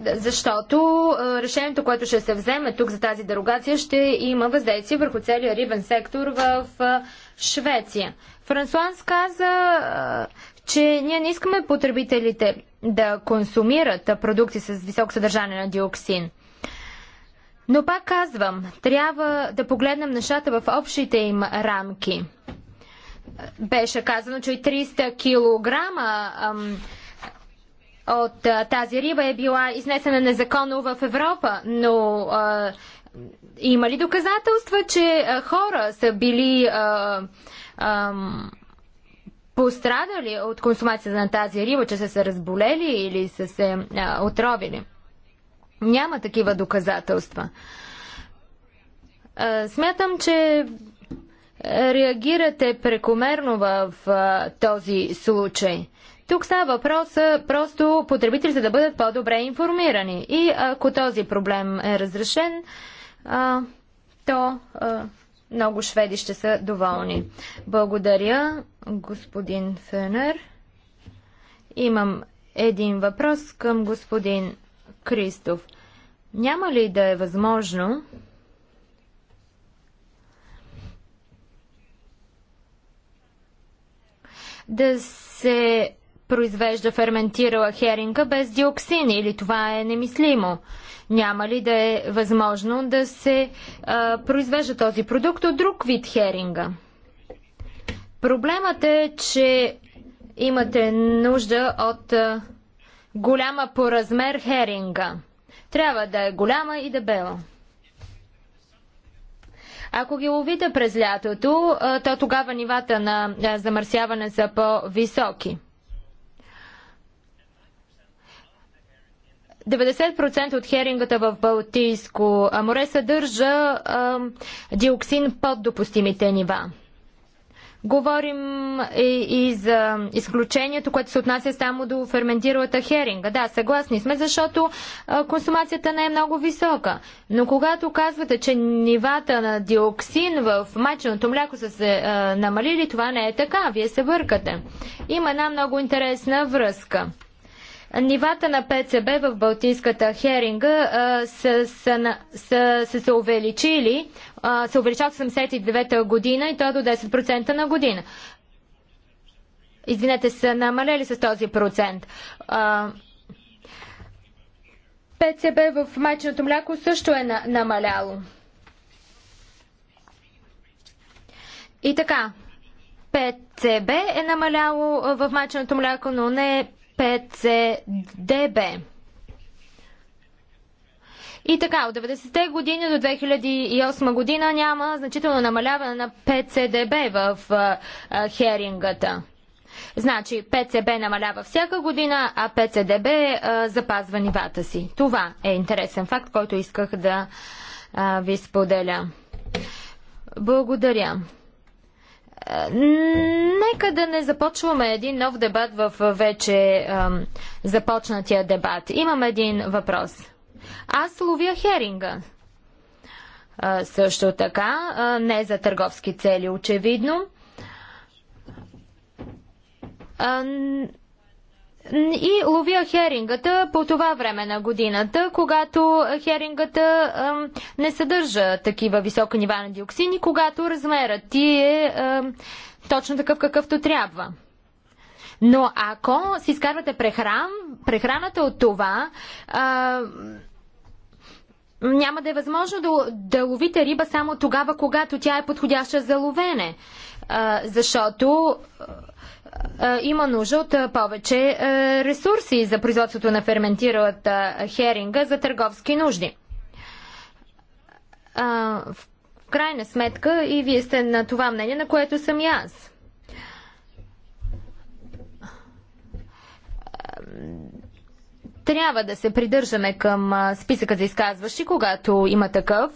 Защото решението, което ще се вземе тук за тази дерогация, ще има въздействие върху целия рибен сектор в Швеция. Франсуанс каза, че ние не искаме потребителите да консумират продукти с високо съдържание на диоксин. Но пак казвам, трябва да погледнем нещата в общите им рамки. Беше казано, че и 300 килограма ам, от а, тази риба е била изнесена незаконно в Европа, но а, има ли доказателства, че а, хора са били а, ам, пострадали от консумацията на тази риба, че са се разболели или са се а, отровили. Няма такива доказателства. А, смятам, че реагирате прекомерно в а, този случай. Тук става въпрос просто потребителите да бъдат по-добре информирани. И ако този проблем е разрешен, а, то а, много шведи ще са доволни. Благодаря, господин Фенер. Имам един въпрос към господин Кристоф. Няма ли да е възможно да се произвежда ферментирала херинга без диоксин или това е немислимо? Няма ли да е възможно да се а, произвежда този продукт от друг вид херинга? Проблемът е, че имате нужда от а, голяма по размер херинга. Трябва да е голяма и дебела. Ако ги ловите през лятото, то тогава нивата на замърсяване са по-високи. 90% от херингата в Балтийско море съдържа а, диоксин под допустимите нива. Говорим и, и за изключението, което се отнася само до ферментиралата херинга. Да, съгласни сме, защото а, консумацията не е много висока. Но когато казвате, че нивата на диоксин в майченото мляко са се а, намалили, това не е така. Вие се въркате. Има една много интересна връзка. Нивата на ПЦБ в Балтийската херинга а, са, са, на, са, са се увеличили, а, се увеличават в 79-та година и то е до 10% на година. Извинете, са намалели с този процент. А, ПЦБ в майченото мляко също е на, намаляло. И така, ПЦБ е намаляло в майченото мляко, но не ПЦДБ. И така, от 90-те години до 2008 година няма значително намаляване на ПЦДБ в а, херингата. Значи ПЦБ намалява всяка година, а ПЦДБ а, запазва нивата си. Това е интересен факт, който исках да а, ви споделя. Благодаря. Нека да не започваме един нов дебат в вече ам, започнатия дебат. Имам един въпрос. Аз ловя херинга. А, също така, а, не за търговски цели, очевидно. А, и ловя херингата по това време на годината, когато херингата ам, не съдържа такива високи нива на диоксини, когато размерът ти е ам, точно такъв какъвто трябва. Но ако си изкарвате прехран, прехраната от това, а, няма да е възможно да, да ловите риба само тогава, когато тя е подходяща за ловене. А, защото е, има нужда от е, повече е, ресурси за производството на ферментиралата херинга за търговски нужди. В крайна сметка и вие сте на това мнение, на което съм и аз. Трябва да се придържаме към списъка за изказващи, когато има такъв,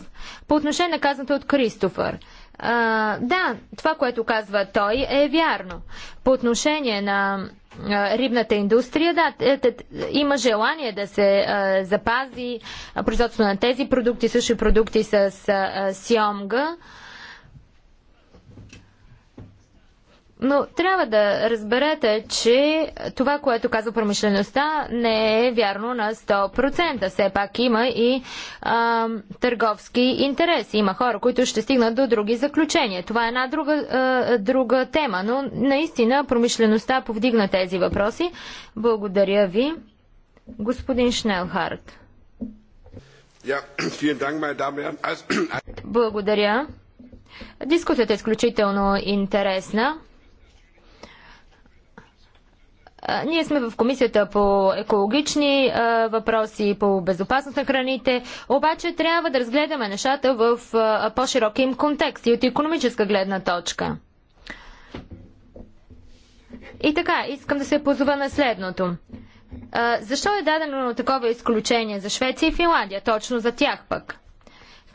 по отношение на казаното от Кристофър – а, да, това, което казва той, е вярно. По отношение на рибната индустрия, да, е, е, има желание да се а, запази производството на тези продукти, също продукти с а, сьомга. А, Но трябва да разберете, че това, което казва промишлеността, не е вярно на 100%. Все пак има и а, търговски интереси. Има хора, които ще стигнат до други заключения. Това е една друга, а, друга тема, но наистина промишлеността повдигна тези въпроси. Благодаря ви, господин Шнелхарт. Благодаря. Дискусията е изключително интересна. Ние сме в комисията по екологични въпроси, по безопасност на храните, обаче трябва да разгледаме нещата в по-широк им контекст и от економическа гледна точка. И така, искам да се позова на следното. Защо е дадено такова изключение за Швеция и Финландия, точно за тях пък?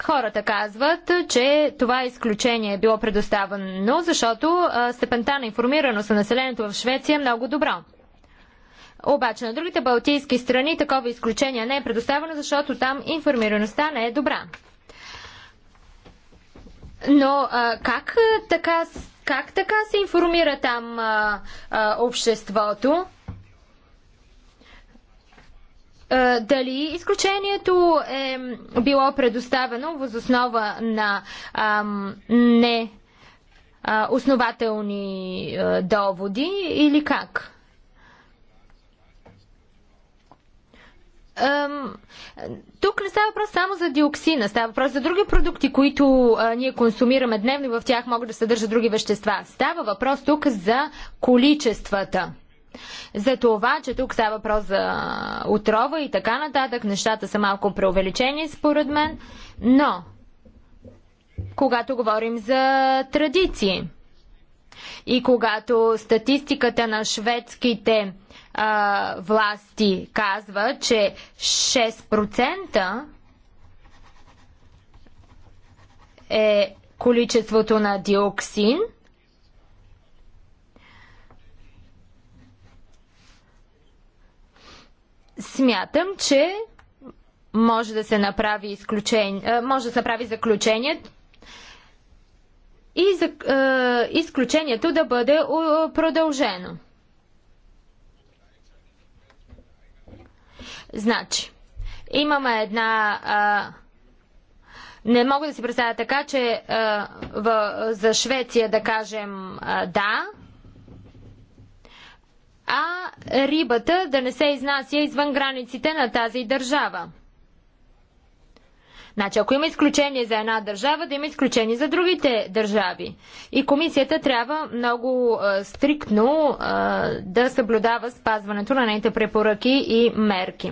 Хората казват, че това изключение е било предоставено, защото степента на информираност на населението в Швеция е много добро. Обаче на другите балтийски страни такова изключение не е предоставено, защото там информираността не е добра. Но а, как, така, как така се информира там а, а, обществото? А, дали изключението е било предоставено възоснова на а, не а, основателни а, доводи или как? тук не става въпрос само за диоксина, става въпрос за други продукти, които а, ние консумираме дневно и в тях могат да съдържат други вещества. Става въпрос тук за количествата. За това, че тук става въпрос за отрова и така нататък, нещата са малко преувеличени според мен, но когато говорим за традиции, и когато статистиката на шведските а, власти казва, че 6% е количеството на диоксин, смятам, че може да се направи изключение, може да се направи заключение, и за, е, изключението да бъде продължено. Значи, имаме една. А, не мога да си представя така, че а, в, за Швеция да кажем а, да, а рибата да не се изнася извън границите на тази държава. Значи, ако има изключение за една държава, да има изключение за другите държави. И комисията трябва много а, стриктно а, да съблюдава спазването на нейните препоръки и мерки.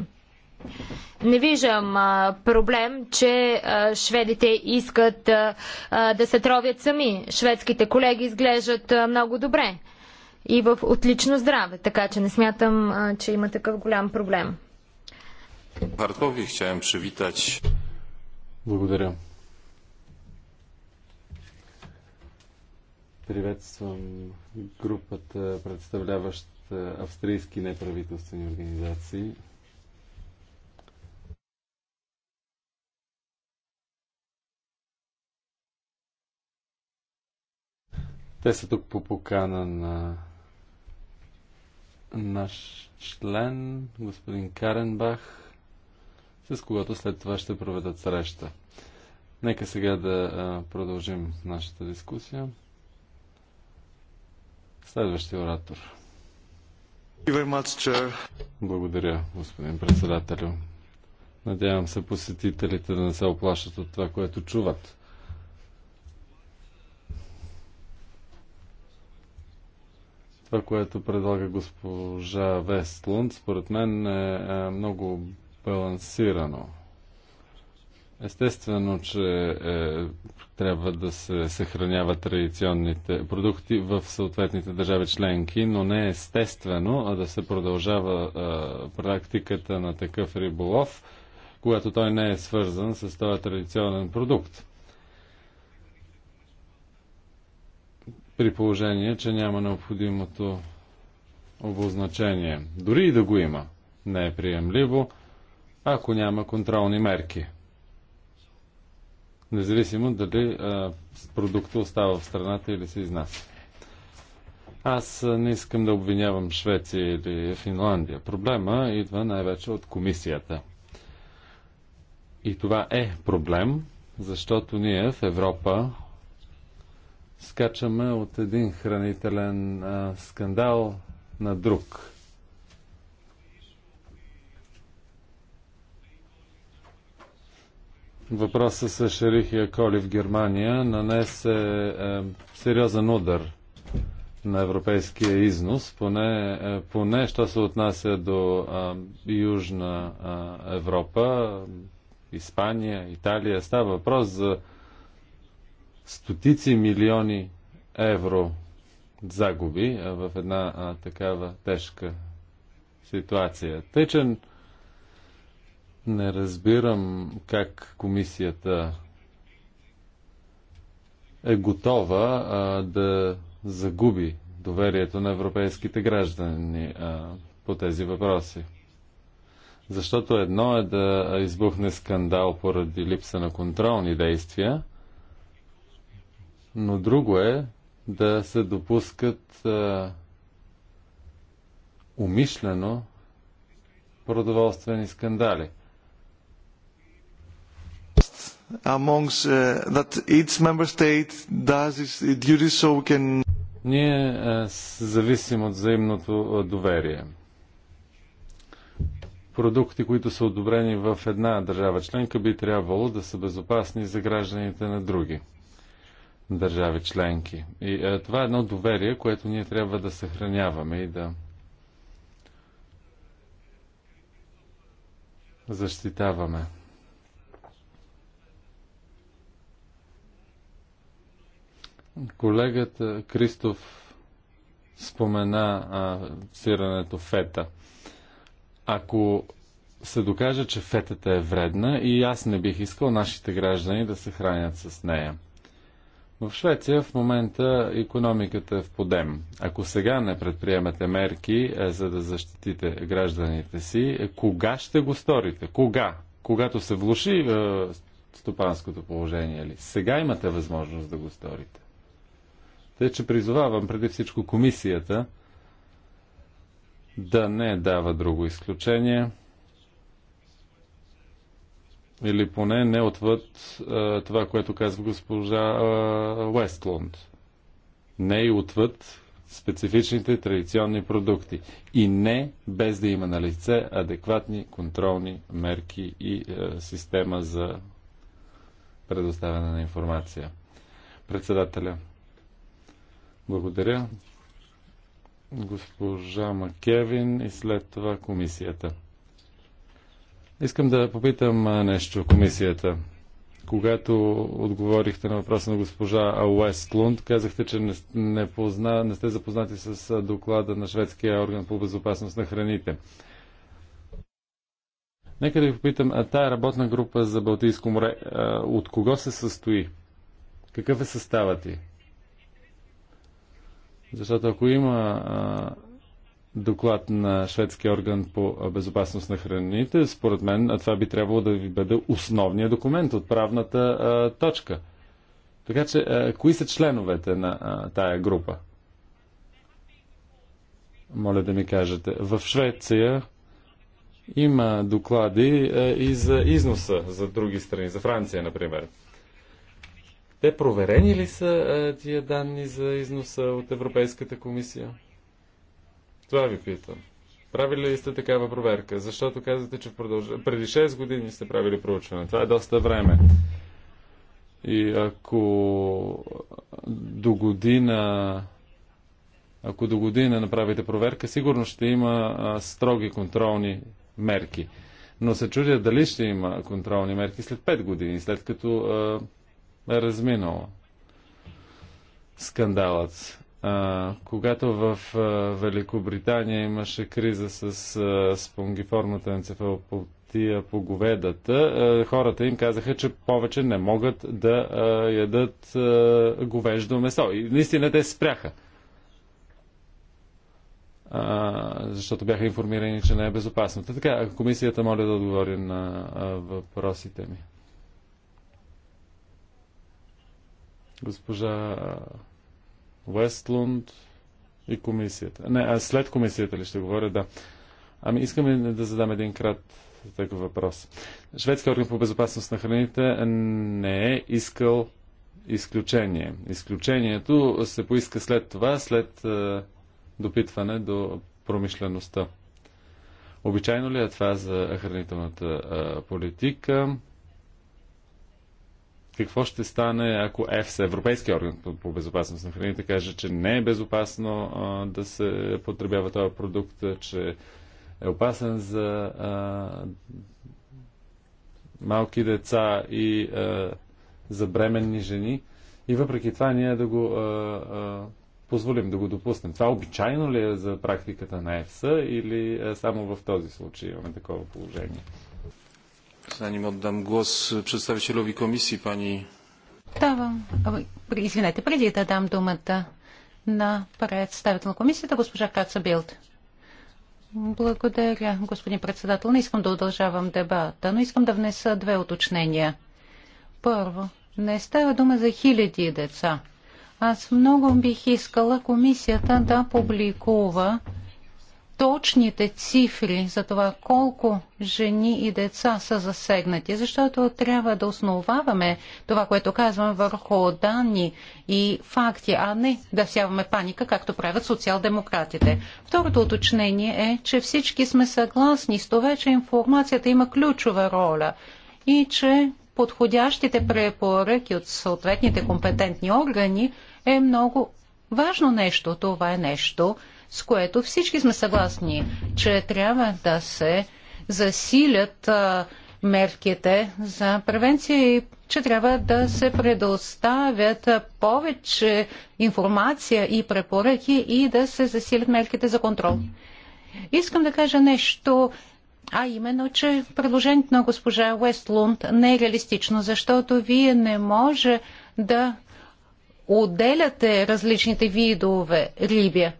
Не виждам а, проблем, че а, шведите искат а, а, да се тровят сами. Шведските колеги изглеждат а, много добре и в отлично здраве, така че не смятам, а, че има такъв голям проблем. Wartowi chciałem przywitać. Благодаря. Приветствам групата, представляваща австрийски неправителствени организации. Те са тук по покана на наш член, господин Каренбах с когато след това ще проведат среща. Нека сега да продължим нашата дискусия. Следващия оратор. Благодаря, господин председателю. Надявам се посетителите да не се оплашат от това, което чуват. Това, което предлага госпожа Вестлунд, според мен е, е много балансирано. Естествено, че е, трябва да се съхраняват традиционните продукти в съответните държави членки, но не е естествено да се продължава е, практиката на такъв риболов, когато той не е свързан с този традиционен продукт. При положение, че няма необходимото обозначение. Дори и да го има, не е приемливо ако няма контролни мерки. Независимо дали продукта остава в страната или се изнася. Аз не искам да обвинявам Швеция или Финландия. Проблема идва най-вече от комисията. И това е проблем, защото ние в Европа скачаме от един хранителен скандал на друг. въпроса с Шерихия Коли в Германия нанесе е, сериозен удар на европейския износ, поне, е, поне що се отнася до е, Южна е, Европа, Испания, Италия. Става въпрос за стотици милиони евро загуби е, в една а, е, такава тежка ситуация. Тъй, че не разбирам как комисията е готова а, да загуби доверието на европейските граждани а, по тези въпроси. Защото едно е да избухне скандал поради липса на контролни действия, но друго е да се допускат а, умишлено продоволствени скандали – amongst uh, that each member state does its duty so we can ние е, зависим от взаимното е, доверие. Продукти, които са одобрени в една държава членка, би трябвало да са безопасни за гражданите на други държави членки. И е, това е едно доверие, което ние трябва да съхраняваме и да защитаваме. Колегата Кристоф спомена а, сирането фета. Ако се докаже, че фетата е вредна и аз не бих искал нашите граждани да се хранят с нея. В Швеция в момента економиката е в подем. Ако сега не предприемете мерки е, за да защитите гражданите си, е, кога ще го сторите? Кога? Когато се влуши е, стопанското положение ли? Сега имате възможност да го сторите. Тъй, че призовавам преди всичко комисията да не дава друго изключение или поне не отвъд а, това, което казва госпожа а, Уестлунд. Не и отвъд специфичните традиционни продукти. И не без да има на лице адекватни контролни мерки и а, система за предоставяне на информация. Председателя. Благодаря. Госпожа Макевин и след това комисията. Искам да попитам нещо комисията. Когато отговорихте на въпроса на госпожа Уестлунд, казахте, че не, не, позна, не сте запознати с доклада на шведския орган по безопасност на храните. Нека да ви попитам, а тая работна група за Балтийско море, от кого се състои? Какъв е съставът ти? Защото ако има а, доклад на шведския орган по безопасност на храните, според мен това би трябвало да ви бъде основният документ от правната а, точка. Така че, а, кои са членовете на а, тая група? Моля да ми кажете. В Швеция има доклади а, и за износа за други страни, за Франция, например. Те проверени ли са а, тия данни за износа от Европейската комисия? Това ви питам. Правили ли сте такава проверка? Защото казвате, че продълж... преди 6 години сте правили проучване. Това е доста време. И ако до година ако до година направите проверка, сигурно ще има а, строги контролни мерки. Но се чудя дали ще има контролни мерки след 5 години, след като а, разминало скандалът. А, когато в а, Великобритания имаше криза с а, спонгиформата енцефалопатия по говедата, а, хората им казаха, че повече не могат да а, ядат а, говеждо месо. И наистина те спряха. А, защото бяха информирани, че не е безопасно. Така, комисията моля да отговори на а, въпросите ми. госпожа Вестлунд и комисията. Не, а след комисията ли ще говоря, да. Ами искаме да задам един крат такъв въпрос. Шведския орган по безопасност на храните не е искал изключение. Изключението се поиска след това, след е, допитване до промишлеността. Обичайно ли е това за хранителната е, политика? какво ще стане, ако ЕФСА, Европейския орган по безопасност на храните, каже, че не е безопасно а, да се потребява този продукт, че е опасен за а, малки деца и а, за бременни жени. И въпреки това ние да го а, а, позволим, да го допуснем. Това обичайно ли е за практиката на ЕФСА или а, само в този случай имаме такова положение? Zanim oddam głos przedstawicielowi komisji, pani... Давам, извинете, преди да дам думата на представител на комисията, госпожа Каца Билд. Благодаря, господин председател. Не искам да удължавам дебата, но искам да внеса две уточнения. Първо, не става дума за хиляди деца. Аз много бих искала комисията да публикува точните цифри за това колко жени и деца са засегнати, защото трябва да основаваме това, което казвам, върху данни и факти, а не да сяваме паника, както правят социал-демократите. Второто уточнение е, че всички сме съгласни с това, че информацията има ключова роля и че подходящите препоръки от съответните компетентни органи е много важно нещо. Това е нещо, с което всички сме съгласни, че трябва да се засилят мерките за превенция и че трябва да се предоставят повече информация и препоръки и да се засилят мерките за контрол. Искам да кажа нещо, а именно, че предложението на госпожа Уестлунд не е реалистично, защото вие не може да отделяте различните видове риби.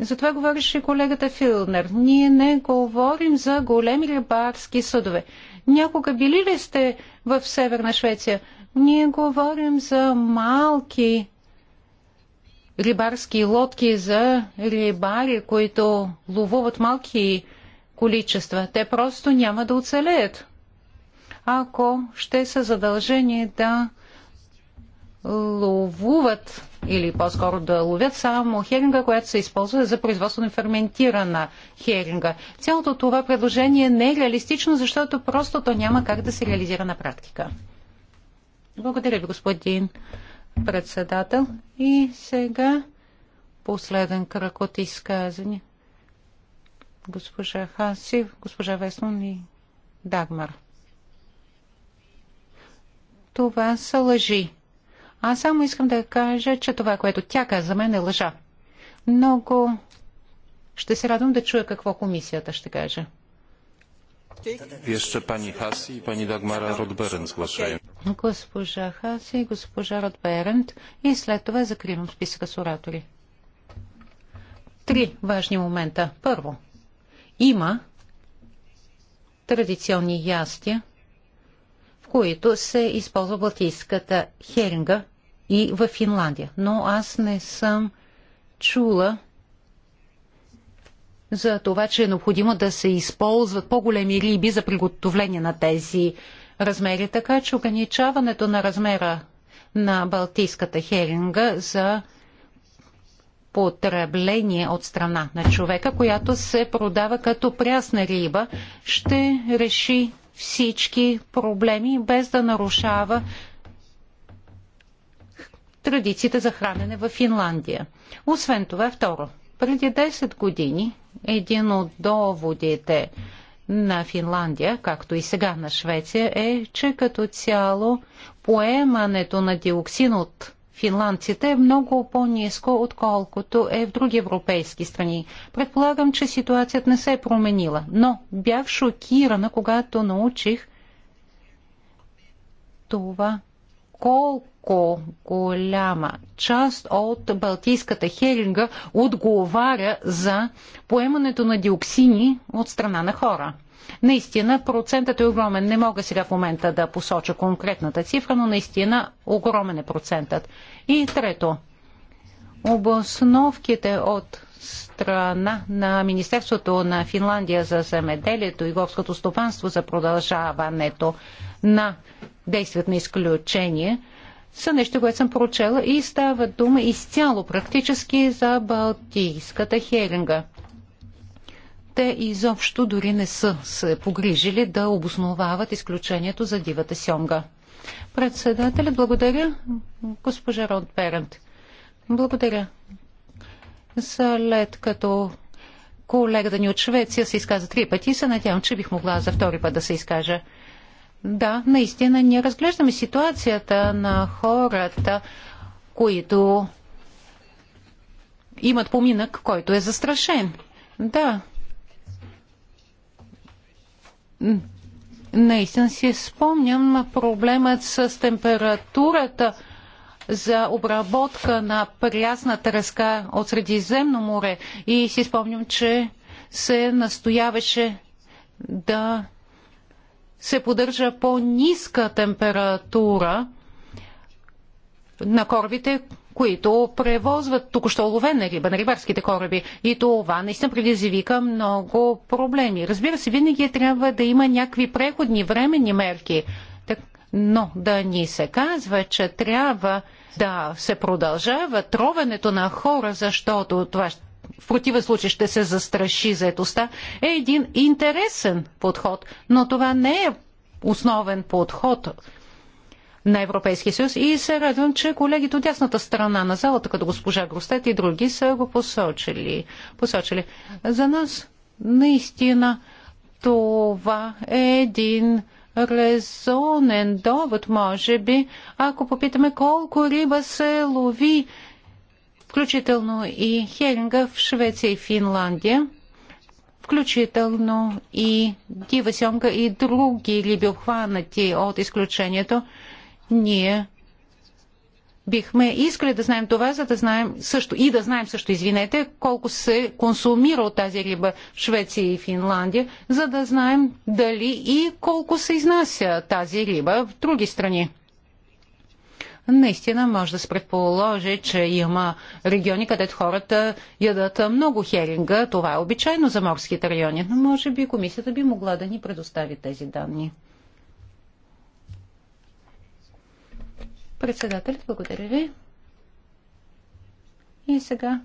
За това и колегата Филнер. Ние не говорим за големи рибарски съдове. Някога били ли сте в Северна Швеция? Ние говорим за малки рибарски лодки, за рибари, които ловуват малки количества. Те просто няма да оцелеят. Ако ще са задължени да ловуват или по-скоро да ловят само херинга, която се използва за производство на ферментирана херинга. Цялото това предложение не е реалистично, защото просто то няма как да се реализира на практика. Благодаря ви, господин председател. И сега последен кръг от изказвания. Госпожа Хасив, госпожа Веслон и Дагмар. Това са лъжи. Аз само искам да кажа, че това, което тя каза за мен е лъжа. Много ще се радвам да чуя какво комисията ще каже. Jeszcze пани Хаси и пани Дагмара Rodberend zgłaszają. Госпожа Хаси и госпожа Родберен, и след това закривам списъка с оратори. Три важни момента. Първо, има традиционни ястия, които се използва балтийската херинга и в Финландия. Но аз не съм чула за това, че е необходимо да се използват по-големи риби за приготовление на тези размери, така че ограничаването на размера на балтийската херинга за потребление от страна на човека, която се продава като прясна риба, ще реши всички проблеми, без да нарушава традициите за хранене в Финландия. Освен това, второ, преди 10 години един от доводите на Финландия, както и сега на Швеция, е, че като цяло поемането на диоксин от финландците е много по-низко, отколкото е в други европейски страни. Предполагам, че ситуацията не се е променила, но бях шокирана, когато научих това колко голяма част от Балтийската херинга отговаря за поемането на диоксини от страна на хора. Наистина процентът е огромен. Не мога сега в момента да посоча конкретната цифра, но наистина огромен е процентът. И трето, обосновките от страна на Министерството на Финландия за земеделието и горското стопанство за продължаването на действат на изключение са нещо, което съм прочела и става дума изцяло практически за Балтийската херинга те изобщо дори не са се погрижили да обосновават изключението за дивата сьомга. Председателя, благодаря. Госпожа Род Перент, Благодаря. След като колегата ни от Швеция се изказа три пъти, се надявам, че бих могла за втори път да се изкажа. Да, наистина, ние разглеждаме ситуацията на хората, които имат поминък, който е застрашен. Да, наистина си спомням проблемът с температурата за обработка на прясна треска от Средиземно море и си спомням, че се настояваше да се поддържа по-ниска температура на корабите, които превозват току-що ловена риба на рибарските кораби. И това наистина предизвика много проблеми. Разбира се, винаги трябва да има някакви преходни временни мерки. но да ни се казва, че трябва да се продължава тровенето на хора, защото това в противен случай ще се застраши заетостта, е един интересен подход, но това не е основен подход на Европейския съюз и се радвам, че колегите от ясната страна на залата, като госпожа Гростет и други, са го посочили. посочили. За нас наистина това е един резонен довод, може би, ако попитаме колко риба се лови, включително и херинга в Швеция и Финландия, включително и дива сьомка и други риби обхванати от изключението – ние бихме искали да знаем това, за да знаем също и да знаем също, извинете, колко се консумира от тази риба в Швеция и Финландия, за да знаем дали и колко се изнася тази риба в други страни. Наистина може да се предположи, че има региони, където хората ядат много херинга. Това е обичайно за морските райони, но може би комисията би могла да ни предостави тези данни. Председателят, благодаря ви. И сега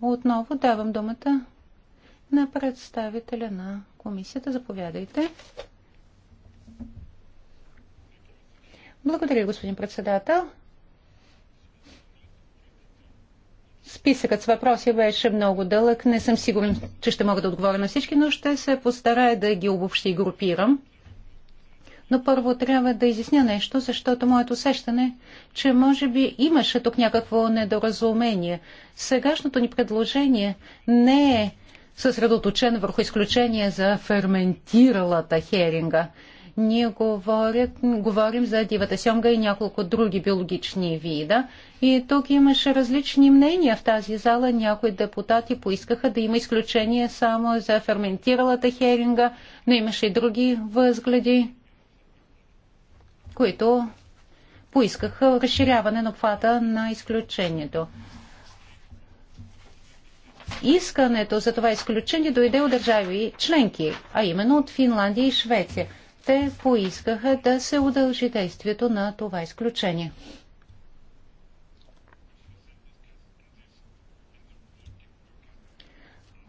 отново давам думата на представителя на комисията. Заповядайте. Благодаря, господин председател. Списъкът с въпроси беше много дълъг. Не съм сигурен, че ще мога да отговоря на всички, но ще се постарая да ги обобщи и групирам. Но първо трябва да изясня нещо, защото моето усещане, че може би имаше тук някакво недоразумение. Сегашното ни предложение не е съсредоточено върху изключение за ферментиралата херинга. Ние говорят, говорим за дивата сьомга и няколко други биологични вида. И тук имаше различни мнения в тази зала. Някои депутати поискаха да има изключение само за ферментиралата херинга, но имаше и други възгледи, които поискаха разширяване на обхвата на изключението. Искането за това изключение дойде от държави членки, а именно от Финландия и Швеция. Те поискаха да се удължи действието на това изключение.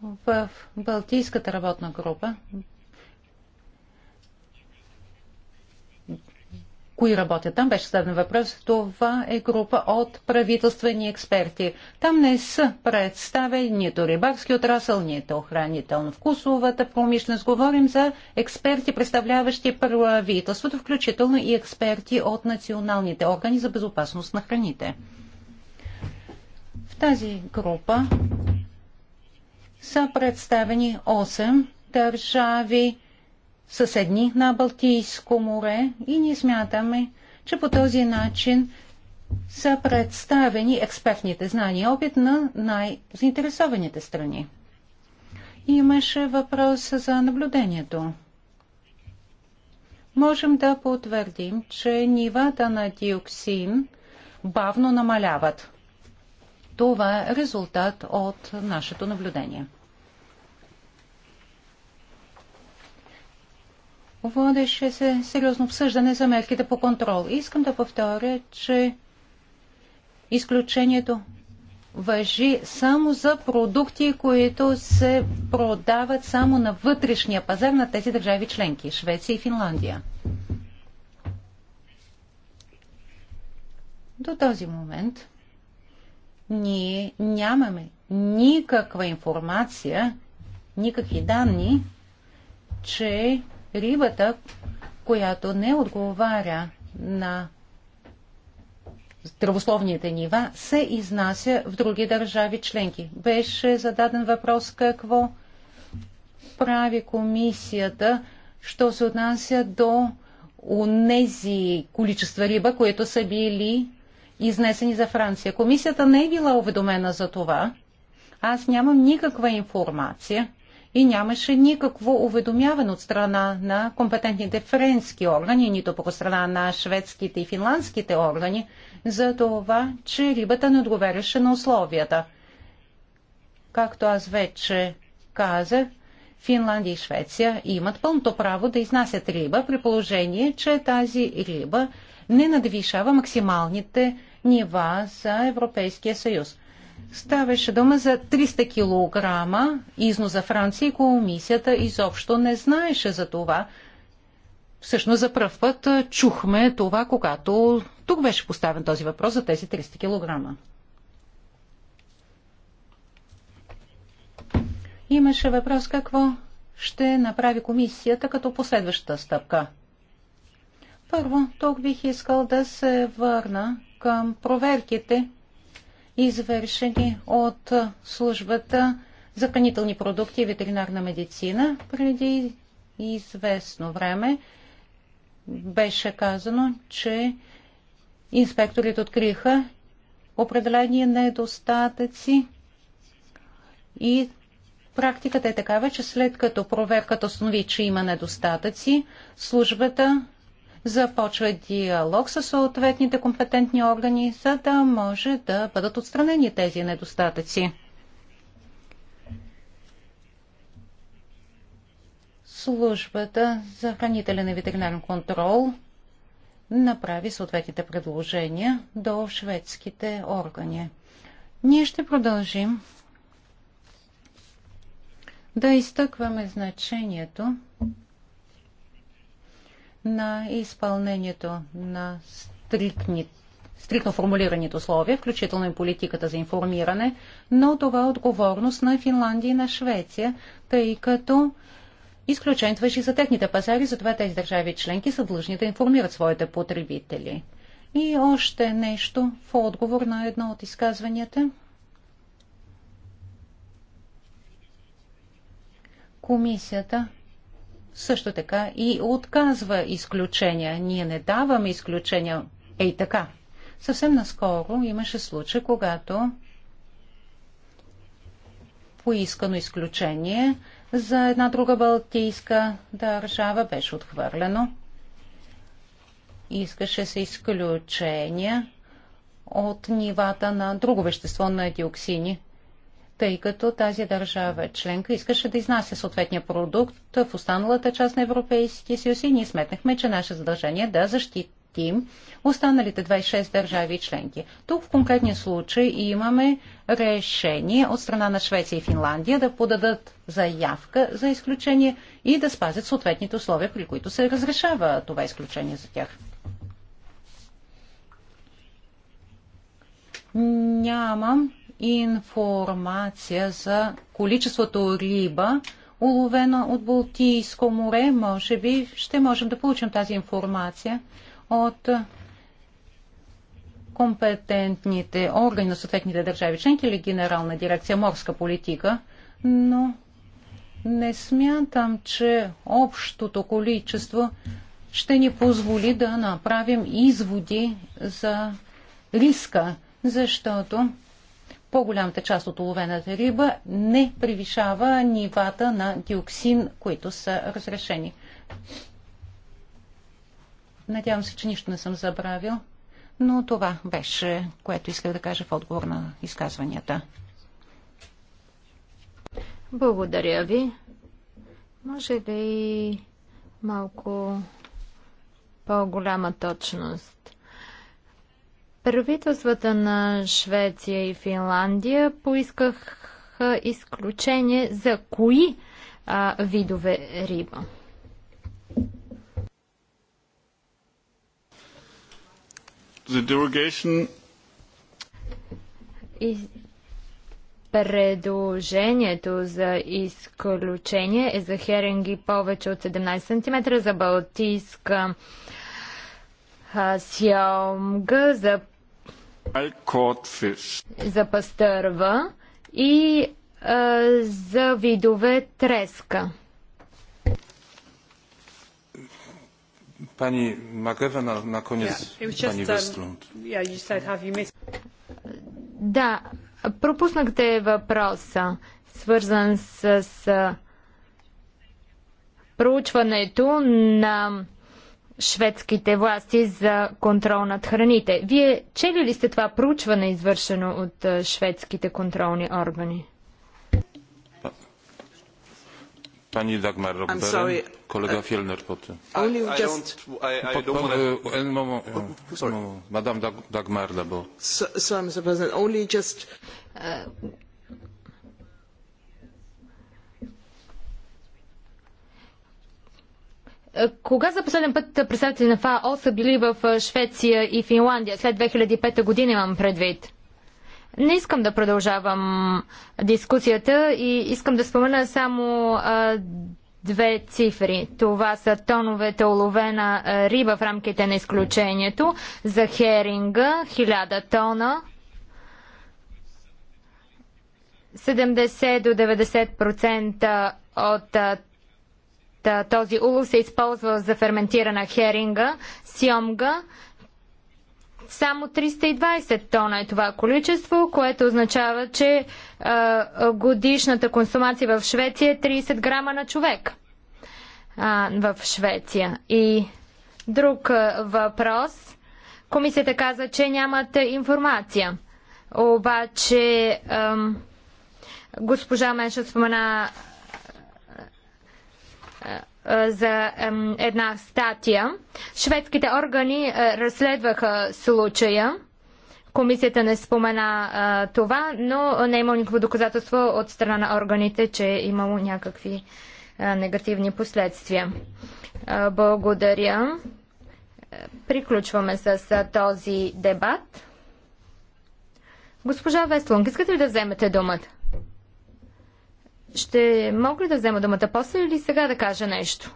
В Балтийската работна група кои работят там, беше следен въпрос. Това е група от правителствени експерти. Там не са представени нито рибарски отрасъл, нито охранително-вкусовата промишленост. Говорим за експерти, представляващи правителството, включително и експерти от националните органи за безопасност на храните. В тази група са представени 8 държави, съседни на Балтийско море и ние смятаме, че по този начин са представени експертните знания и опит на най-заинтересованите страни. Имаше въпрос за наблюдението. Можем да потвърдим, че нивата на диоксин бавно намаляват. Това е резултат от нашето наблюдение. водеше се сериозно обсъждане за мерките по контрол. Искам да повторя, че изключението въжи само за продукти, които се продават само на вътрешния пазар на тези държави членки Швеция и Финландия. До този момент ние нямаме никаква информация, никакви данни, че рибата, която не отговаря на здравословните нива, се изнася в други държави членки. Беше зададен въпрос какво прави комисията, що се отнася до онези количества риба, които са били изнесени за Франция. Комисията не е била уведомена за това. Аз нямам никаква информация и нямаше никакво уведомяване от страна на компетентните френски органи, нито по страна на шведските и финландските органи, за това, че рибата не отговаряше на условията. Както аз вече казах, Финландия и Швеция имат пълното право да изнасят риба при положение, че тази риба не надвишава максималните нива за Европейския съюз. Ставаше дума за 300 кг износ за Франция и комисията изобщо не знаеше за това. Всъщност за първ път чухме това, когато тук беше поставен този въпрос за тези 300 кг. Имаше въпрос какво ще направи комисията като последваща стъпка. Първо, тук бих искал да се върна към проверките извършени от службата за хранителни продукти и ветеринарна медицина. Преди известно време беше казано, че инспекторите откриха определени недостатъци и практиката е такава, че след като проверката установи, че има недостатъци, службата започва диалог с съответните компетентни органи, за да може да бъдат отстранени тези недостатъци. Службата за хранителен и ветеринарен контрол направи съответните предложения до шведските органи. Ние ще продължим да изтъкваме значението на изпълнението на стриктни, стрикно формулираните условия, включително и политиката за информиране, но това е отговорност на Финландия и на Швеция, тъй като изключението за техните пазари, затова тези държави членки са длъжни да информират своите потребители. И още нещо в отговор на едно от изказванията. Комисията също така и отказва изключения. Ние не даваме изключения. Ей така. Съвсем наскоро имаше случай, когато поискано изключение за една друга балтийска държава беше отхвърлено. Искаше се изключение от нивата на друго вещество на диоксини тъй като тази държава членка искаше да изнася съответния продукт в останалата част на Европейския съюз и ние сметнахме, че наше задължение е да защитим останалите 26 държави членки. Тук в конкретния случай имаме решение от страна на Швеция и Финландия да подадат заявка за изключение и да спазят съответните условия, при които се разрешава това изключение за тях. Нямам информация за количеството риба, уловена от Балтийско море. Може би ще можем да получим тази информация от компетентните органи на съответните държави членки или Генерална дирекция морска политика, но не смятам, че общото количество ще ни позволи да направим изводи за риска, защото по-голямата част от уловената риба не превишава нивата на диоксин, които са разрешени. Надявам се, че нищо не съм забравил, но това беше, което исках да кажа в отговор на изказванията. Благодаря ви. Може ли малко по-голяма точност? Правителствата на Швеция и Финландия поискаха изключение за кои а, видове риба. The derogation... И предложението за изключение е за херинги повече от 17 см, за балтийска сьомга, за за пастърва и а, за видове треска. Пани Макева, на, na koniec yeah, Pani Westlund. Um, yeah, missed... Да, пропуснахте въпроса, свързан с, с проучването на шведските власти за контрол над храните. Вие чели ли сте това проучване, извършено от е, шведските контролни органи? Pani Dagmar Rockberen, kolega Fielner potem. Only just... I, I don't want to... Madame Dagmar, bo... So, so, Mr. President, only just... Е, Е, кога за последен път представители на ФАО са били в е, Швеция и Финландия? След 2005 година имам предвид. Не искам да продължавам дискусията и искам да спомена само а, е, две цифри. Това са тоновете оловена риба в рамките на изключението. За херинга 1000 тона. 70 до 90% от този улов се използва за ферментирана херинга, сьомга. Само 320 тона е това количество, което означава, че а, годишната консумация в Швеция е 30 грама на човек а, в Швеция. И друг а, въпрос. Комисията каза, че нямат информация. Обаче а, госпожа Менша спомена е, за една статия. Шведските органи е, разследваха случая. Комисията не спомена а, е, това, но не е никакво доказателство от страна на органите, че е имало някакви а, негативни последствия. А, благодаря. Приключваме с а, този дебат. Госпожа Вестлунг, искате ли да вземете думата? Ще мога ли да взема думата после или сега да кажа нещо?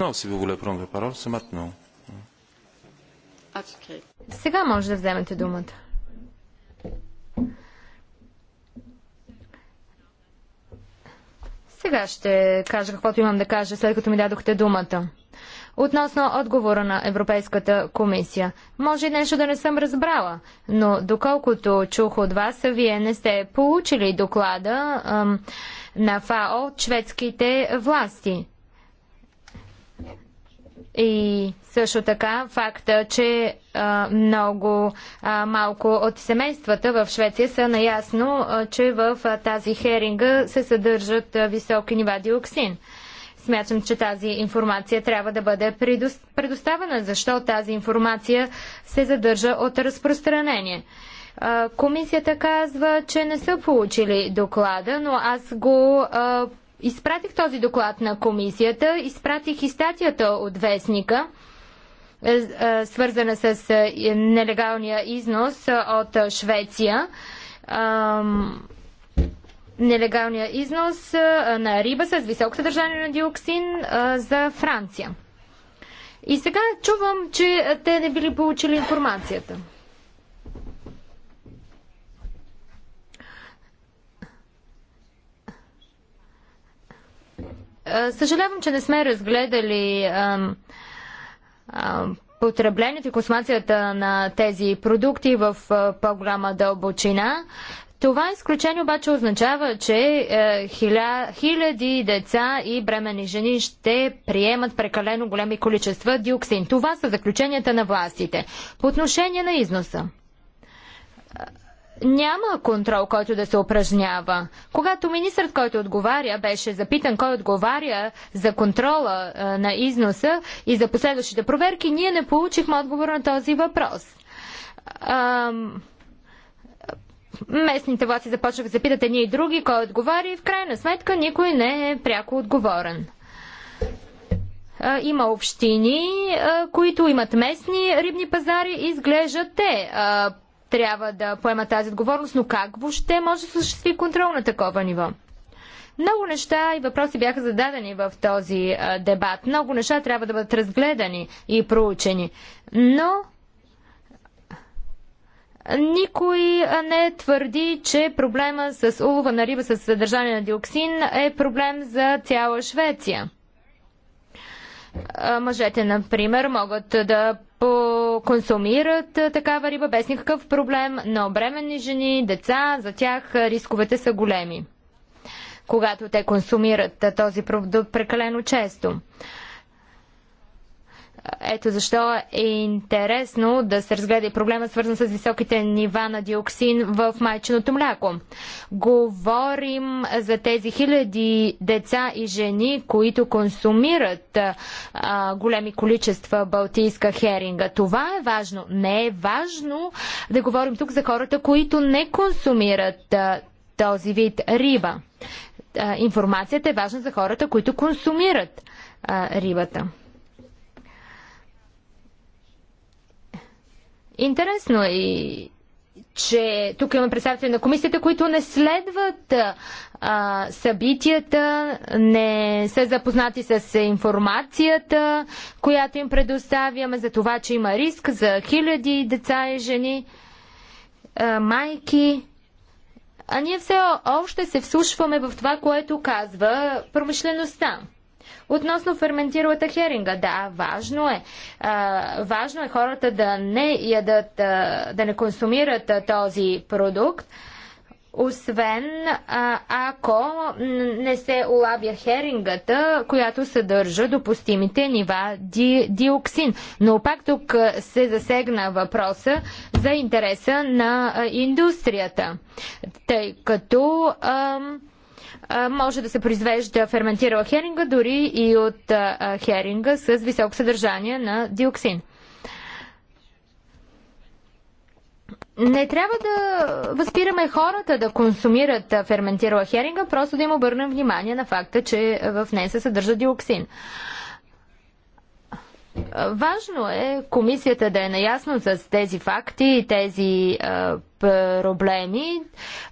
Но, си ви голе парол, се Сега може да вземете думата. Сега ще кажа каквото имам да кажа, след като ми дадохте думата. Относно отговора на Европейската комисия. Може нещо да не съм разбрала, но доколкото чух от вас, вие не сте получили доклада ам, на ФАО от шведските власти. И също така факта, че а, много а, малко от семействата в Швеция са наясно, а, че в а, тази херинга се съдържат а, високи нива диоксин. Смятам, че тази информация трябва да бъде предоставена, защо тази информация се задържа от разпространение. Комисията казва, че не са получили доклада, но аз го а, изпратих този доклад на комисията, изпратих и статията от вестника, а, е, е, свързана с е, нелегалния износ от Швеция. А, нелегалния износ на риба с високо съдържание на диоксин за Франция. И сега чувам, че те не били получили информацията. Съжалявам, че не сме разгледали потреблението и консумацията на тези продукти в по-голяма дълбочина. Това изключение обаче означава, че е, хиля, хиляди деца и бремени жени ще приемат прекалено големи количества диоксин. Това са заключенията на властите. По отношение на износа. Е, няма контрол, който да се упражнява. Когато министърът, който отговаря, беше запитан кой отговаря за контрола е, на износа и за последващите проверки, ние не получихме отговор на този въпрос. Ам... Е, местните власти започнаха да питат едни и други, кой отговаря и в крайна сметка никой не е пряко отговорен. Има общини, които имат местни рибни пазари и изглеждат те трябва да поемат тази отговорност, но как въобще може да съществи контрол на такова ниво? Много неща и въпроси бяха зададени в този дебат. Много неща трябва да бъдат разгледани и проучени. Но никой не твърди, че проблема с улова на риба с съдържание на диоксин е проблем за цяла Швеция. Мъжете, например, могат да консумират такава риба без никакъв проблем, но бременни жени, деца, за тях рисковете са големи, когато те консумират този продукт прекалено често. Ето защо е интересно да се разгледа и проблема свързан с високите нива на диоксин в майченото мляко. Говорим за тези хиляди деца и жени, които консумират а, големи количества балтийска херинга. Това е важно. Не е важно да говорим тук за хората, които не консумират а, този вид риба. А, информацията е важна за хората, които консумират а, рибата. Интересно е, че тук имаме представители на комисията, които не следват а, събитията, не са запознати с информацията, която им предоставяме за това, че има риск за хиляди деца и жени, а, майки. А ние все още се вслушваме в това, което казва промишлеността. Относно ферментиралата херинга, да, важно е. А, важно е хората да не ядат, а, да не консумират а, този продукт, освен а, ако не се улавя херингата, която съдържа допустимите нива ди, диоксин. Но пак тук се засегна въпроса за интереса на индустрията, тъй като. А, може да се произвежда ферментирала херинга, дори и от херинга с високо съдържание на диоксин. Не трябва да възпираме хората да консумират ферментирала херинга, просто да им обърнем внимание на факта, че в нея се съдържа диоксин. Важно е комисията да е наясно с тези факти и тези а, проблеми.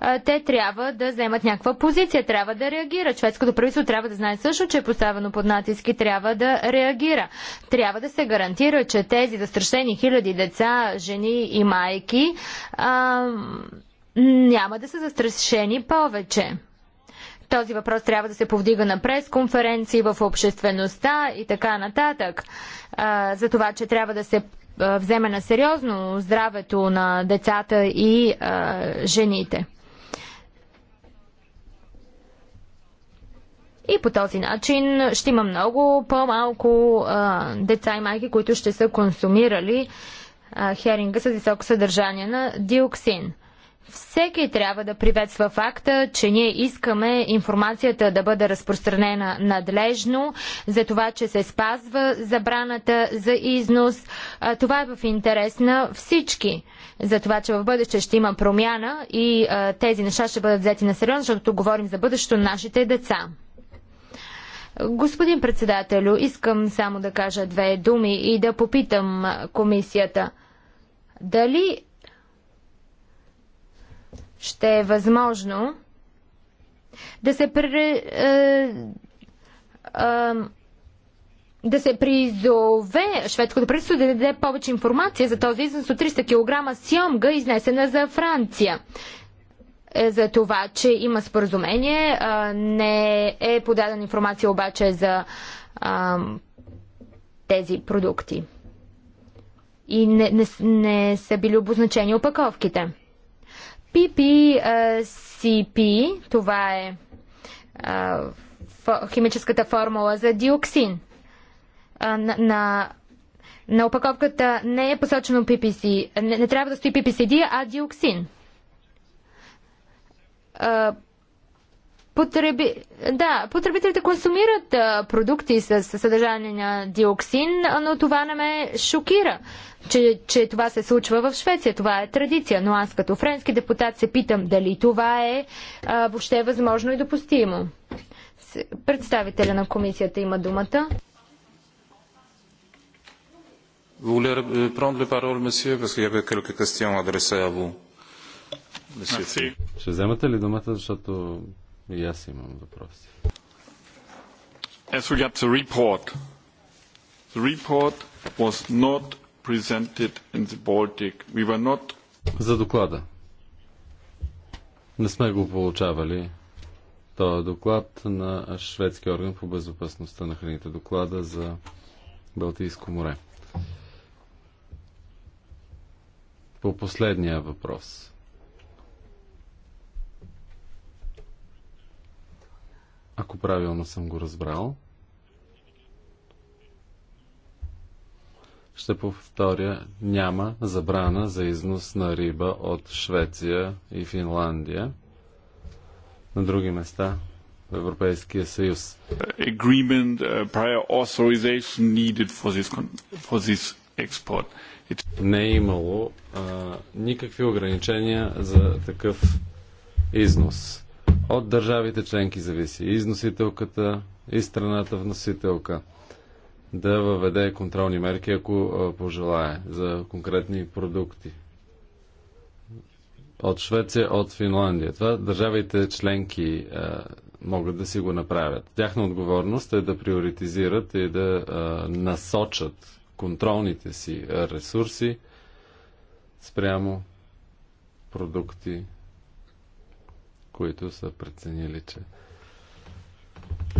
А, те трябва да вземат някаква позиция, трябва да реагира. Шведското правителство трябва да знае също, че е поставено под натиск и трябва да реагира. Трябва да се гарантира, че тези застрашени хиляди деца, жени и майки а, няма да са застрашени повече. Този въпрос трябва да се повдига на пресконференции в обществеността и така нататък. А, за това, че трябва да се вземе на сериозно здравето на децата и а, жените. И по този начин ще има много по-малко деца и майки, които ще са консумирали а, херинга с високо съдържание на диоксин. Всеки трябва да приветства факта, че ние искаме информацията да бъде разпространена надлежно, за това, че се спазва забраната за износ. Това е в интерес на всички. За това, че в бъдеще ще има промяна и тези неща ще бъдат взети на сериозно, защото говорим за бъдещето на нашите деца. Господин председателю, искам само да кажа две думи и да попитам комисията. Дали ще е възможно да се, при, е, е, да се призове шведското правителство да даде повече информация за този износ от 300 кг сьомга, изнесена за Франция. Е, за това, че има споразумение, е, не е подадена информация обаче за е, тези продукти. И не, не, не са били обозначени опаковките. PPCP, това е а, химическата формула за диоксин. А, на, на, на опаковката не е посочено PPC, не, не трябва да стои PPCD, а диоксин. А, потреби... Да, потребителите консумират а, продукти с съдържание на диоксин, но това не ме шокира че, че това се случва в Швеция. Това е традиция, но аз като френски депутат се питам дали това е а, въобще възможно и допустимо. Представителя на комисията има думата. voulez euh, prendre la parole, monsieur, parce qu'il y avait quelques questions adressées à vous. Monsieur. Ще вземате ли думата, защото и аз имам въпроси. As we got the report, the report was not presented in the Baltic. We were not... За доклада. Не сме го получавали. То е доклад на шведски орган по безопасността на храните. Доклада за Балтийско море. По последния въпрос. Ако правилно съм го разбрал, Ще повторя, няма забрана за износ на риба от Швеция и Финландия на други места в Европейския съюз. Agreement, uh, prior authorization needed for this, for this export. It... Не е имало а, никакви ограничения за такъв износ. От държавите членки зависи износителката и страната вносителка да въведе контролни мерки, ако пожелае, за конкретни продукти. От Швеция, от Финландия. Това държавите членки могат да си го направят. Тяхна отговорност е да приоритизират и да насочат контролните си ресурси спрямо продукти, които са преценили, че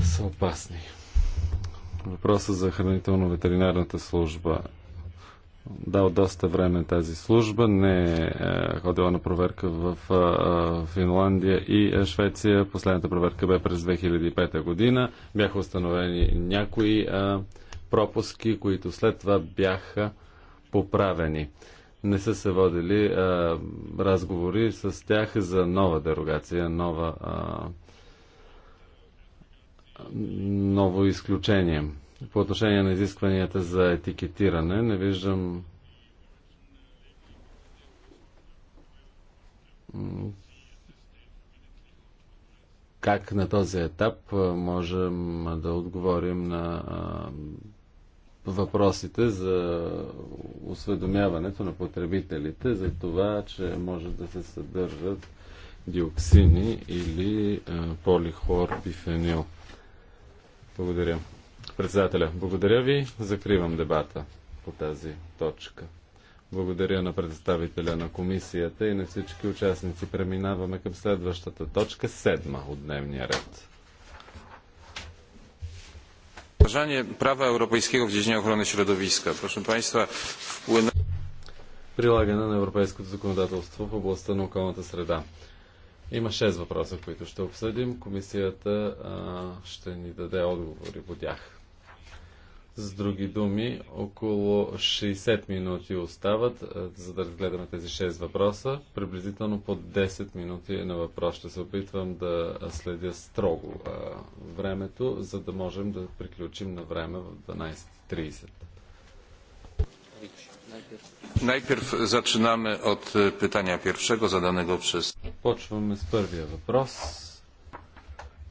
са опасни въпроса за хранително-ветеринарната служба. Дал доста време тази служба, не е, е ходила на проверка в е, е, Финландия и Швеция. Последната проверка бе през 2005 година. Бяха установени някои пропуски, които след това бяха поправени не са се водили разговори с тях за нова дерогация, нова а, ново изключение. По отношение на изискванията за етикетиране, не виждам как на този етап можем да отговорим на въпросите за осведомяването на потребителите за това, че може да се съдържат диоксини или полихлорбифенил. Благодаря. Председателя, благодаря ви. Закривам дебата по тази точка. Благодаря на представителя на комисията и на всички участници. Преминаваме към следващата точка, седма от дневния ред. Уважание права europejskiego w dziedzinie środowiska. Прошу Państwa, Прилагане на европейското законодателство в областта на околната среда. Има 6 въпроса, които ще обсъдим. Комисията а, ще ни даде отговори по тях. С други думи, около 60 минути остават, за да разгледаме тези 6 въпроса. Приблизително по 10 минути на въпрос. Ще се опитвам да следя строго а, времето, за да можем да приключим на време в 12.30. Najpierw zaczynamy od e, pytania pierwszego zadanego przez... Почваме с първия въпрос.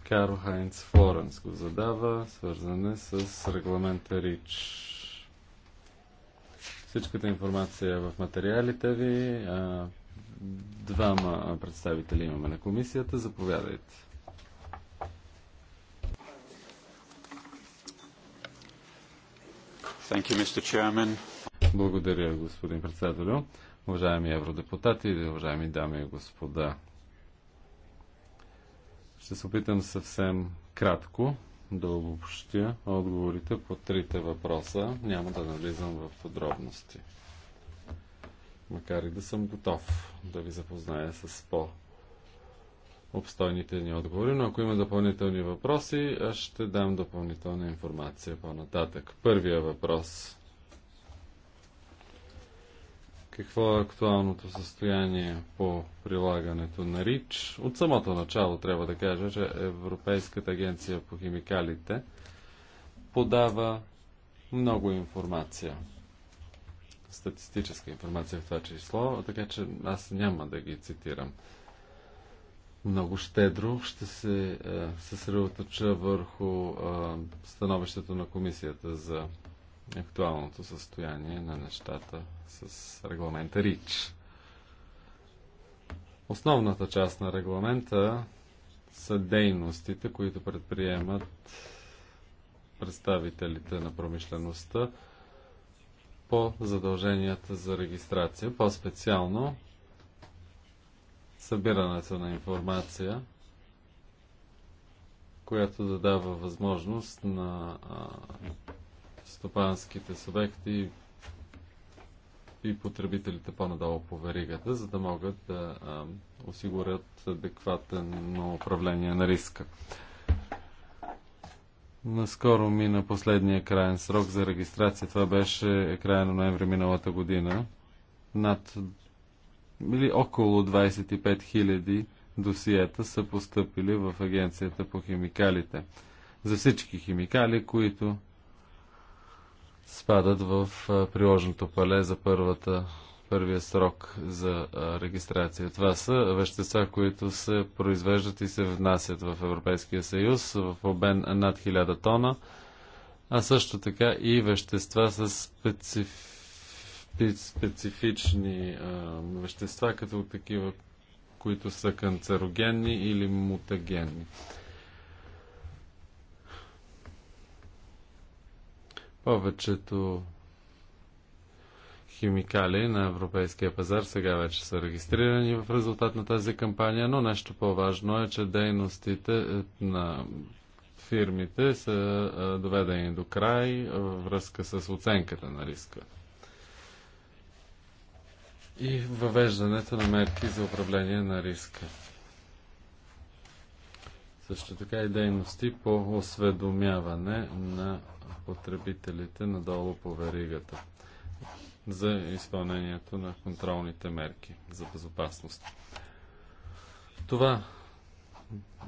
Карл Хайнц Флоренс го задава, свързане с регламента РИЧ. Всичката информация е в материалите ви. Двама представители имаме на комисията. Заповядайте. Thank you, Mr. Chairman. Благодаря, господин председател, Уважаеми евродепутати, уважаеми дами и господа. Ще се опитам съвсем кратко да обобщя отговорите по трите въпроса. Няма да навлизам в подробности. Макар и да съм готов да ви запозная с по- обстойните ни отговори, но ако има допълнителни въпроси, ще дам допълнителна информация по-нататък. Първия въпрос какво е актуалното състояние по прилагането на РИЧ. От самото начало трябва да кажа, че Европейската агенция по химикалите подава много информация. Статистическа информация в това число, така че аз няма да ги цитирам много щедро. Ще се е, съсредоточа върху е, становището на комисията за актуалното състояние на нещата с регламента РИЧ. Основната част на регламента са дейностите, които предприемат представителите на промишлеността по задълженията за регистрация, по-специално събирането на информация, която да дава възможност на стопанските субекти и потребителите по-надолу по веригата, за да могат да а, осигурят адекватно управление на риска. Наскоро мина последния крайен срок за регистрация. Това беше края на ноември миналата година. Над или около 25 000 досиета са поступили в Агенцията по химикалите. За всички химикали, които спадат в приложното пале за първата, първия срок за регистрация. Това са вещества, които се произвеждат и се внасят в Европейския съюз в обен над 1000 тона, а също така и вещества с специф... специфични а, вещества, като такива, които са канцерогенни или мутагенни. Повечето химикали на европейския пазар сега вече са регистрирани в резултат на тази кампания, но нещо по-важно е, че дейностите е, на фирмите са е, доведени до край във връзка с оценката на риска и въвеждането на мерки за управление на риска. Също така и дейности по осведомяване на потребителите надолу по веригата за изпълнението на контролните мерки за безопасност. Това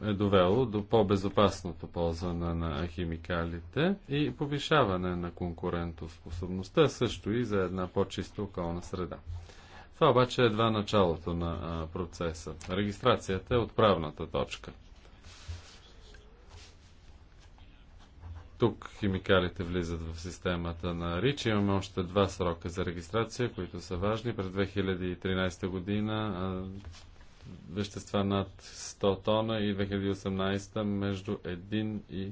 е довело до по-безопасното ползване на химикалите и повишаване на конкурентоспособността, също и за една по-чиста околна среда. Това обаче е едва началото на процеса. Регистрацията е отправната точка – тук химикалите влизат в системата на РИЧ. Имаме още два срока за регистрация, които са важни. През 2013 година вещества над 100 тона и 2018 между 1 и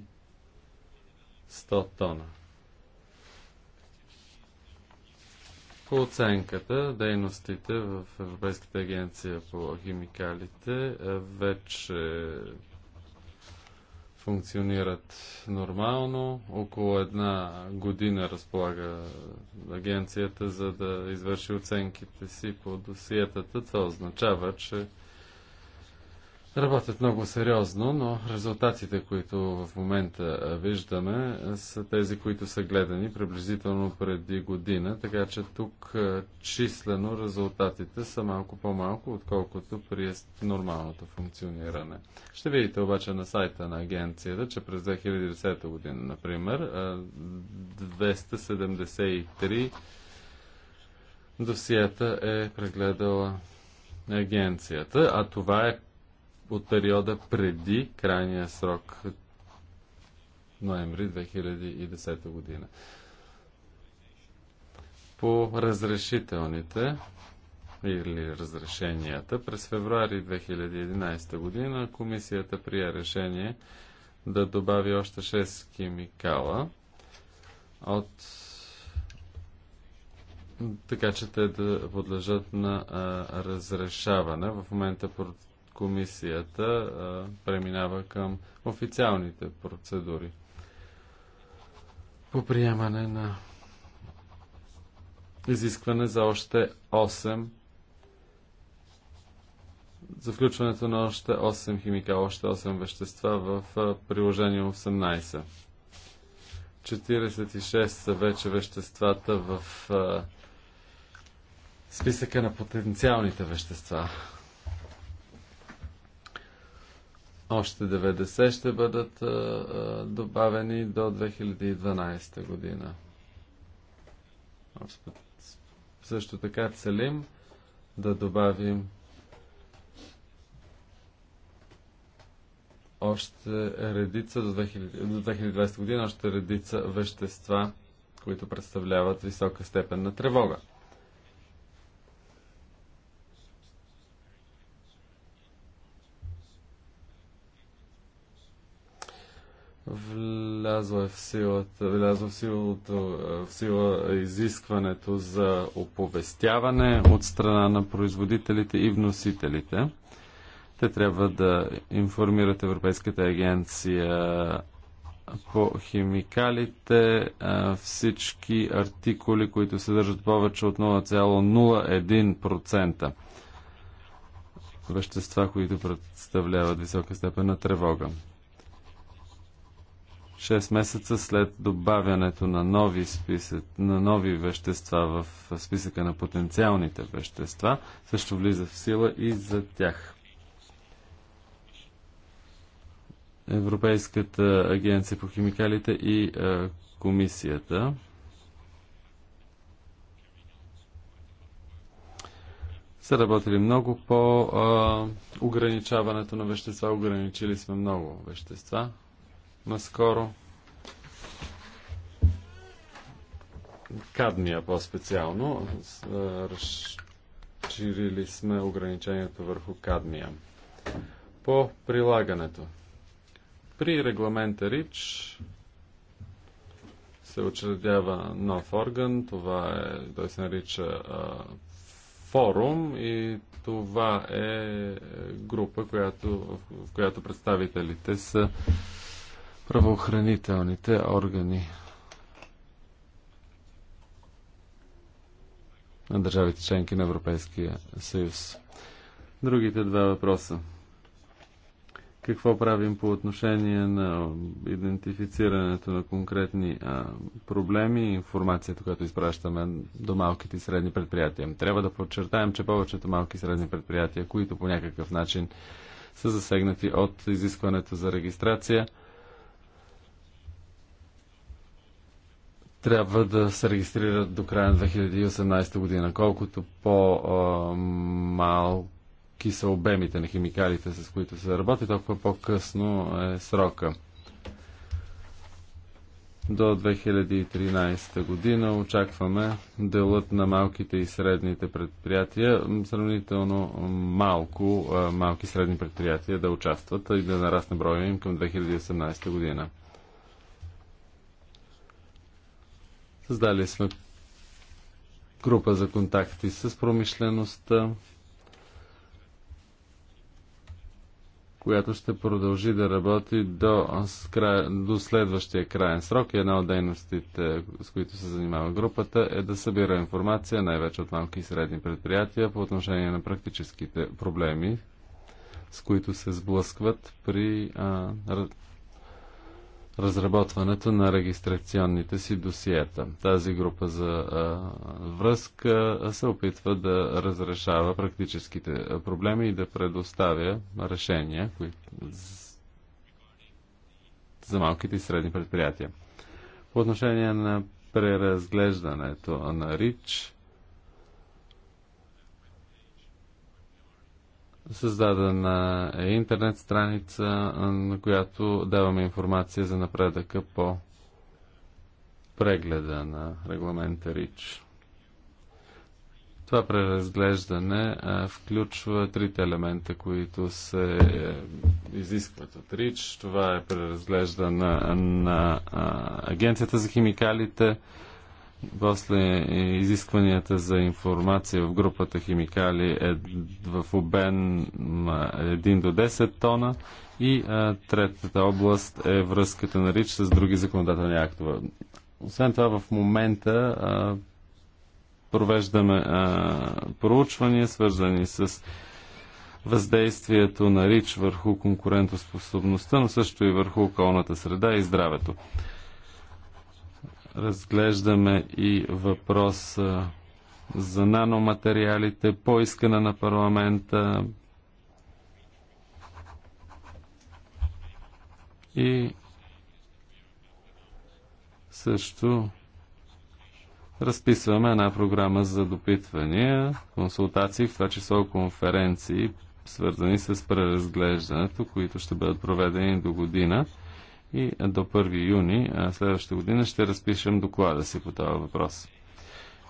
100 тона. По оценката, дейностите в Европейската агенция по химикалите вече функционират нормално. Около една година разполага агенцията, за да извърши оценките си по досиетата. Това означава, че работят много сериозно, но резултатите, които в момента виждаме, са тези, които са гледани приблизително преди година, така че тук числено резултатите са малко по-малко, отколкото при нормалното функциониране. Ще видите обаче на сайта на агенцията, че през 2010 година, например, 273 досията е прегледала агенцията, а това е от периода преди крайния срок ноември 2010 година. По разрешителните или разрешенията, през февруари 2011 година комисията прие решение да добави още 6 химикала от така че те да подлежат на а, разрешаване. В момента комисията а, преминава към официалните процедури по приемане на изискване за още 8 за включването на още 8 химикала, още 8 вещества в приложение 18. 46 са вече веществата в списъка на потенциалните вещества. Още 90 ще бъдат добавени до 2012 година. Също така целим да добавим още редица до 2000, до 2020 година, още редица вещества, които представляват висока степен на тревога. Влязло е в силата, влязло в, силата, в сила изискването за оповестяване от страна на производителите и вносителите. Те трябва да информират Европейската агенция по химикалите всички артикули, които съдържат повече от 0,01% вещества, които представляват висока степен на тревога. 6 месеца след добавянето на нови, списък, на нови вещества в списъка на потенциалните вещества, също влиза в сила и за тях. Европейската агенция по химикалите и е, комисията са работили много по а, ограничаването на вещества. Ограничили сме много вещества наскоро. Кадмия по-специално. Разширили сме ограничението върху кадмия. По прилагането. При регламента РИЧ се учредява нов орган. Това е, той се нарича а, форум и това е група, която, в която представителите са правоохранителните органи на държавите членки на Европейския съюз. Другите два въпроса. Какво правим по отношение на идентифицирането на конкретни а, проблеми и информацията, която изпращаме до малките и средни предприятия? Трябва да подчертаем, че повечето малки и средни предприятия, които по някакъв начин са засегнати от изискването за регистрация – трябва да се регистрират до края на 2018 година. Колкото по-малки са обемите на химикалите, с които се работи, толкова по-късно е срока. До 2013 година очакваме делът на малките и средните предприятия, сравнително малко малки и средни предприятия да участват и да нарасне броя им към 2018 година. Създали сме група за контакти с промишлеността, която ще продължи да работи до, до следващия краен срок. И една от дейностите, с които се занимава групата, е да събира информация, най-вече от малки и средни предприятия, по отношение на практическите проблеми, с които се сблъскват при а, разработването на регистрационните си досиета. Тази група за връзка се опитва да разрешава практическите проблеми и да предоставя решения които... за малките и средни предприятия. По отношение на преразглеждането на РИЧ, Създадена е интернет страница, на която даваме информация за напредъка по прегледа на регламента РИЧ. Това преразглеждане включва трите елемента, които се е, изискват от РИЧ. Това е преразглеждане на, Агенцията за химикалите, после изискванията за информация в групата химикали е в обен 1 до 10 тона и а, третата област е връзката на РИЧ с други законодателни актове. Освен това в момента а, провеждаме а, проучвания, свързани с въздействието на РИЧ върху конкурентоспособността, но също и върху околната среда и здравето. Разглеждаме и въпрос за наноматериалите, поискане на парламента и също разписваме една програма за допитвания, консултации, в това число конференции, свързани с преразглеждането, които ще бъдат проведени до година и до 1 юни следващата година ще разпишем доклада си по това въпрос.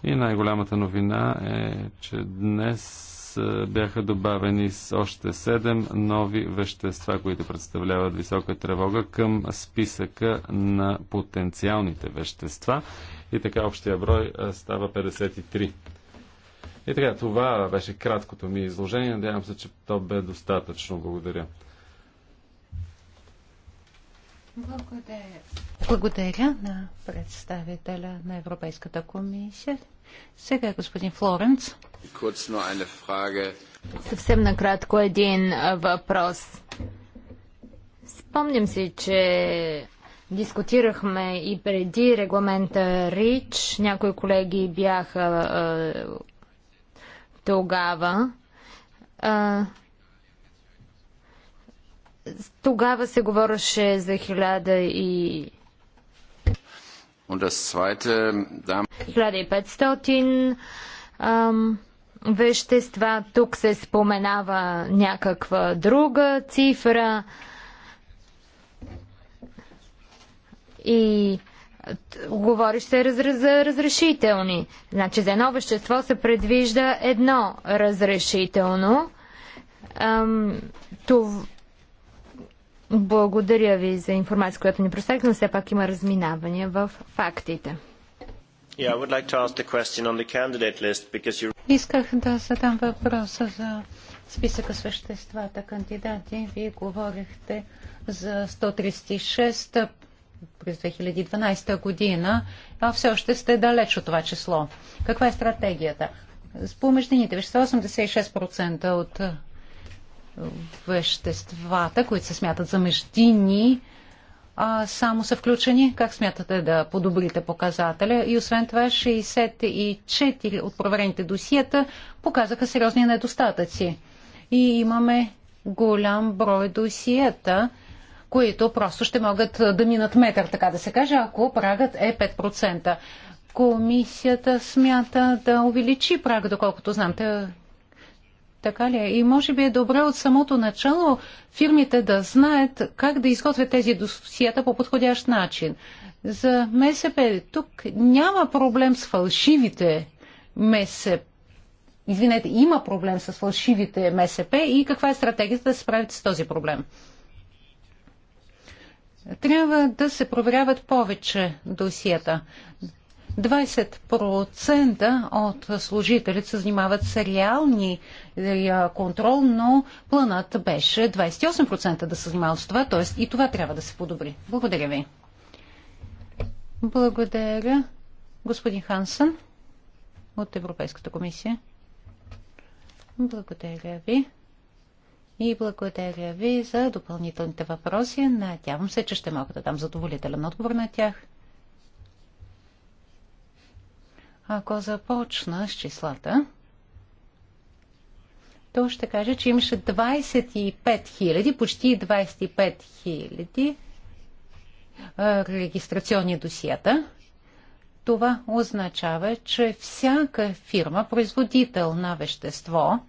И най-голямата новина е, че днес бяха добавени с още 7 нови вещества, които представляват висока тревога към списъка на потенциалните вещества. И така общия брой става 53. И така, това беше краткото ми изложение. Надявам се, че то бе достатъчно. Благодаря. Благодаря. Благодаря на представителя на Европейската комисия. Сега е господин Флоренц. Съвсем накратко един въпрос. Спомням си, че дискутирахме и преди регламента РИЧ. Някои колеги бяха е, тогава. Е, тогава се говореше за 1000 и... 1500 вещества. Тук се споменава някаква друга цифра. И говориш се за разрешителни. Значи за едно вещество се предвижда едно разрешително. това благодаря ви за информация, която ни представихте, но все пак има разминавания в фактите. Исках да задам въпроса за списъка с веществата кандидати. Вие говорихте за 136 през 2012 година, а все още сте далеч от това число. Каква е стратегията? С помеждените вещества 86% от веществата, които се смятат за междинни, а, само са включени? Как смятате да подобрите показателя? И освен това, 64 от проверените досиета показаха сериозни недостатъци. И имаме голям брой досиета, които просто ще могат да минат метър, така да се каже, ако прагът е 5%. Комисията смята да увеличи прага, доколкото знам. Те така ли е? И може би е добре от самото начало фирмите да знаят как да изготвят тези досията по подходящ начин. За МСП тук няма проблем с фалшивите МСП. Извинете, има проблем с фалшивите МСП и каква е стратегията да се справите с този проблем? Трябва да се проверяват повече досиета. 20% от служителите се занимават с реални е, контрол, но планът беше 28% да се занимават с това, т.е. и това трябва да се подобри. Благодаря ви. Благодаря. Господин Хансън от Европейската комисия. Благодаря ви. И благодаря ви за допълнителните въпроси. Надявам се, че ще мога да дам задоволителен отговор на тях. Ако започна с числата, то ще кажа, че имаше 25 000, почти 25 000 регистрационни досиета. Това означава, че всяка фирма, производител на вещество,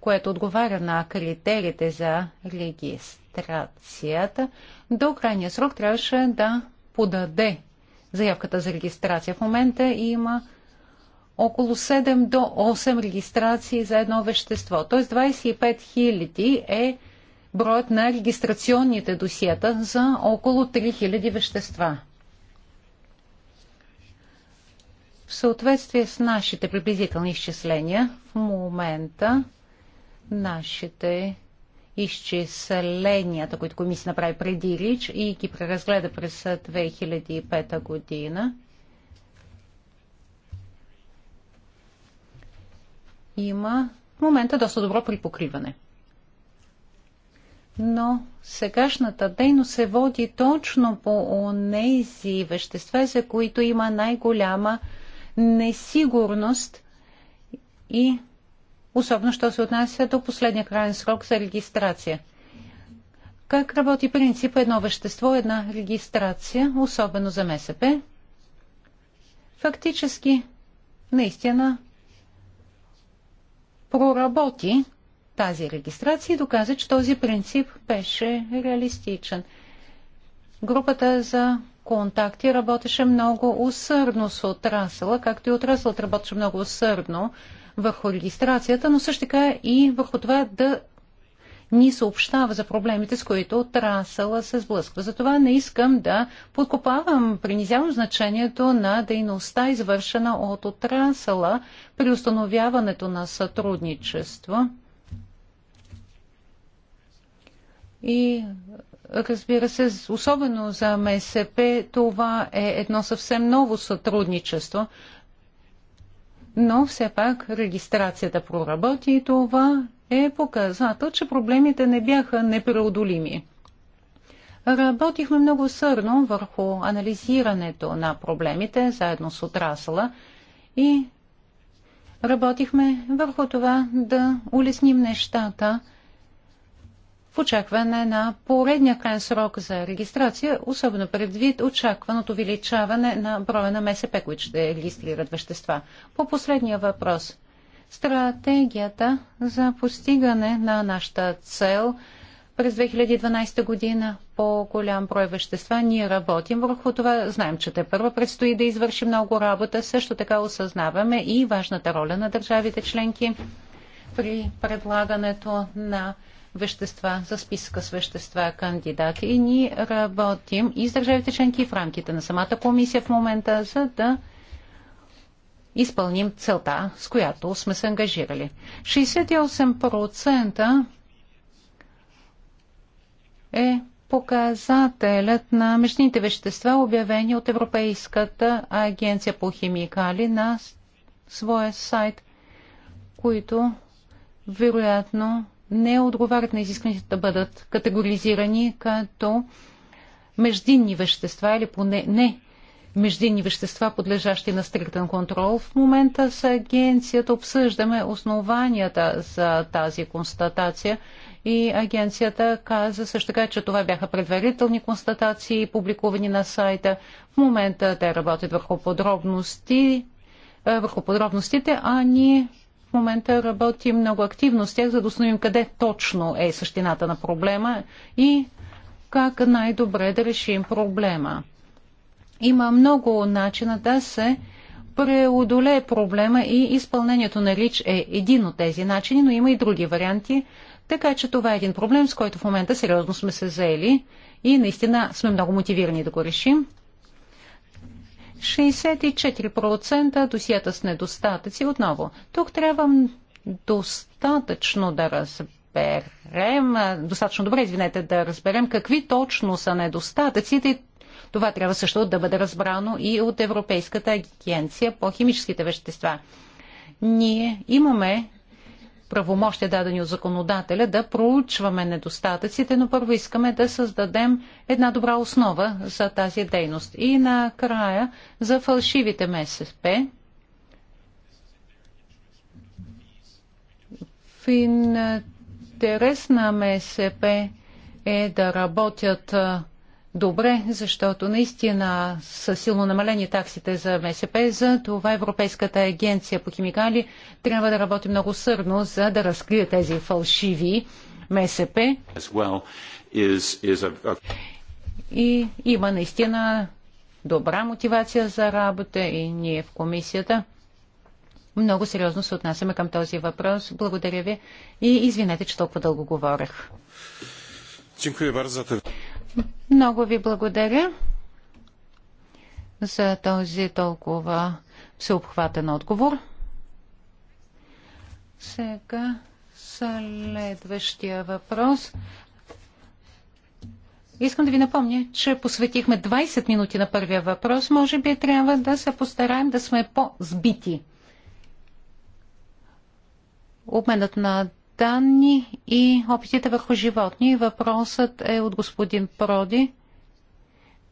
което отговаря на критериите за регистрацията, до крайния срок трябваше да подаде заявката за регистрация. В момента има около 7 до 8 регистрации за едно вещество. Т.е. 25 000 е броят на регистрационните досиета за около 3000 вещества. В съответствие с нашите приблизителни изчисления, в момента нашите изчисленията, които комисия направи преди РИЧ и ги преразгледа през 2005 година, има в момента доста добро припокриване. Но сегашната дейност се води точно по онези вещества, за които има най-голяма несигурност и особено, що се отнася до последния крайен срок за регистрация. Как работи принцип едно вещество, една регистрация, особено за МСП? Фактически, наистина, проработи тази регистрация и доказа, че този принцип беше реалистичен. Групата за контакти работеше много усърдно с отрасъла, както и отрасълът работеше много усърдно върху регистрацията, но също така и върху това да ни съобщава за проблемите, с които отрасъла се сблъсква. Затова не искам да подкопавам принизявам значението на дейността, извършена от отрасъла при установяването на сътрудничество. И разбира се, особено за МСП, това е едно съвсем ново сътрудничество. Но все пак регистрацията проработи и това е показател, че проблемите не бяха непреодолими. Работихме много сърно върху анализирането на проблемите заедно с отрасъла и работихме върху това да улесним нещата в очакване на поредния крайен срок за регистрация, особено предвид очакваното увеличаване на броя на МСП, които ще регистрират вещества. По последния въпрос – Стратегията за постигане на нашата цел през 2012 година по голям брой вещества. Ние работим върху това. Знаем, че те първо предстои да извърши много работа. Също така осъзнаваме и важната роля на държавите членки при предлагането на вещества, за списъка с вещества кандидати. И ние работим и с държавите членки в рамките на самата комисия в момента, за да изпълним целта, с която сме се ангажирали. 68% е показателят на междинните вещества, обявени от Европейската агенция по химикали на своя сайт, които вероятно не отговарят на изискването да бъдат категоризирани като междинни вещества или поне не междинни вещества, подлежащи на стриктен контрол. В момента с агенцията обсъждаме основанията за тази констатация и агенцията каза също така, че това бяха предварителни констатации, публикувани на сайта. В момента те работят върху подробности, е, върху подробностите, а ние в момента работим много активно с тях, за да установим къде точно е същината на проблема и как най-добре да решим проблема. Има много начина да се преодолее проблема и изпълнението на РИЧ е един от тези начини, но има и други варианти. Така че това е един проблем, с който в момента сериозно сме се заели и наистина сме много мотивирани да го решим. 64% досията с недостатъци. Отново, тук трябва достатъчно да разберем, достатъчно добре, извинете, да разберем какви точно са недостатъците и това трябва също да бъде разбрано и от Европейската агенция по химическите вещества. Ние имаме правомощия, дадени от законодателя, да проучваме недостатъците, но първо искаме да създадем една добра основа за тази дейност. И накрая за фалшивите МССП. В интерес на МСП е да работят добре, защото наистина са силно намалени таксите за МСП. За това Европейската агенция по химикали трябва да работи много сърно, за да разкрие тези фалшиви МСП. И има наистина добра мотивация за работа и ние в комисията много сериозно се отнасяме към този въпрос. Благодаря ви и извинете, че толкова дълго говорех. Много ви благодаря за този толкова всеобхватен отговор. Сега следващия въпрос. Искам да ви напомня, че посветихме 20 минути на първия въпрос. Може би трябва да се постараем да сме по-збити. Обменът на данни и опитите върху животни. Въпросът е от господин Проди.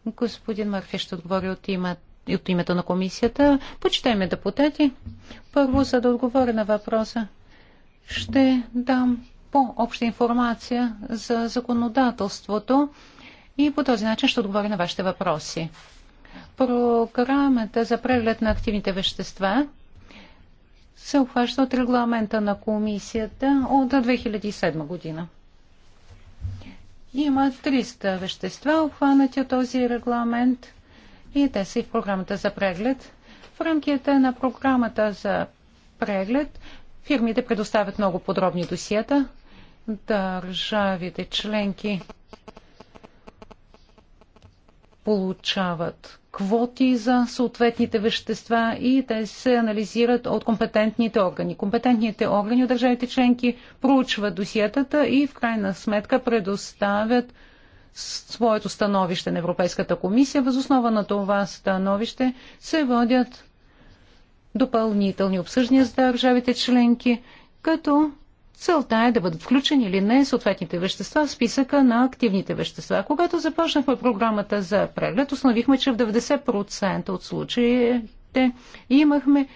Господин Марфи ще отговори от името от името на комисията. Почитайме депутати, първо, за да отговоря на въпроса, ще дам по-обща информация за законодателството и по този начин ще отговоря на вашите въпроси. Програмата за преглед на активните вещества се обхваща от регламента на комисията от 2007 година. Има 300 вещества, обхванати от този регламент и те са и в програмата за преглед. В рамките на програмата за преглед фирмите предоставят много подробни досиета. Държавите членки получават квоти за съответните вещества и те се анализират от компетентните органи. Компетентните органи от държавите членки проучват досиетата и в крайна сметка предоставят своето становище на Европейската комисия. Възоснова на това становище се водят допълнителни обсъждания с държавите членки, като Целта е да бъдат включени или не съответните вещества в списъка на активните вещества. Когато започнахме програмата за преглед, установихме, че в 90% от случаите имахме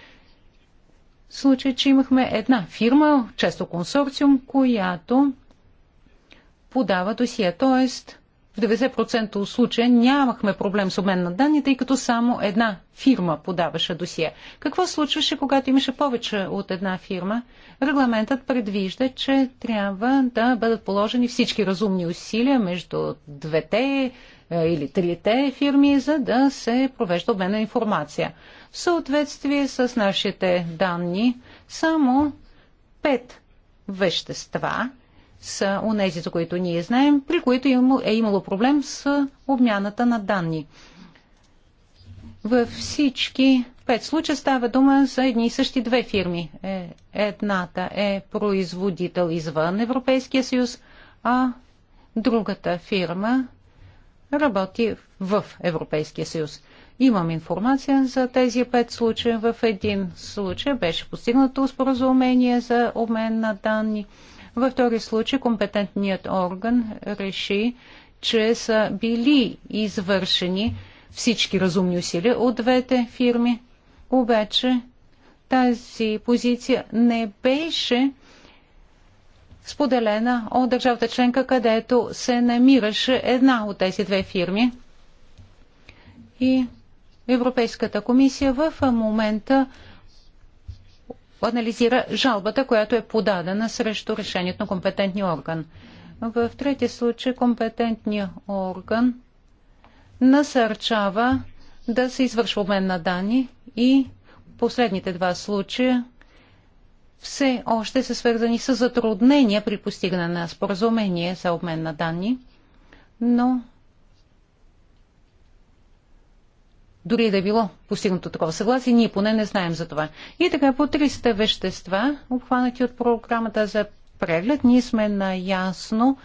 случай, че имахме една фирма, често консорциум, която подава досие, т.е в 90% от случая нямахме проблем с обмен на данни, тъй като само една фирма подаваше досие. Какво случваше, когато имаше повече от една фирма? Регламентът предвижда, че трябва да бъдат положени всички разумни усилия между двете е, или трите фирми, за да се провежда обмен на информация. В съответствие с нашите данни, само пет вещества са онези, за които ние знаем, при които е имало проблем с обмяната на данни. Във всички пет случая става дума за едни и същи две фирми. Е, едната е производител извън Европейския съюз, а другата фирма работи в Европейския съюз. Имам информация за тези пет случая. В един случай беше постигнато споразумение за обмен на данни – във втори случай компетентният орган реши, че са били извършени всички разумни усилия от двете фирми, обаче тази позиция не беше споделена от държавата членка, където се намираше една от тези две фирми. И Европейската комисия в момента анализира жалбата, която е подадена срещу решението на компетентния орган. В третия случай компетентният орган насърчава да се извършва обмен на данни и последните два случая все още са свързани с затруднения при постигане на споразумение за обмен на данни, но дори да е било постигнато такова съгласие, ние поне не знаем за това. И така по 300 вещества, обхванати от програмата за преглед, ние сме наясно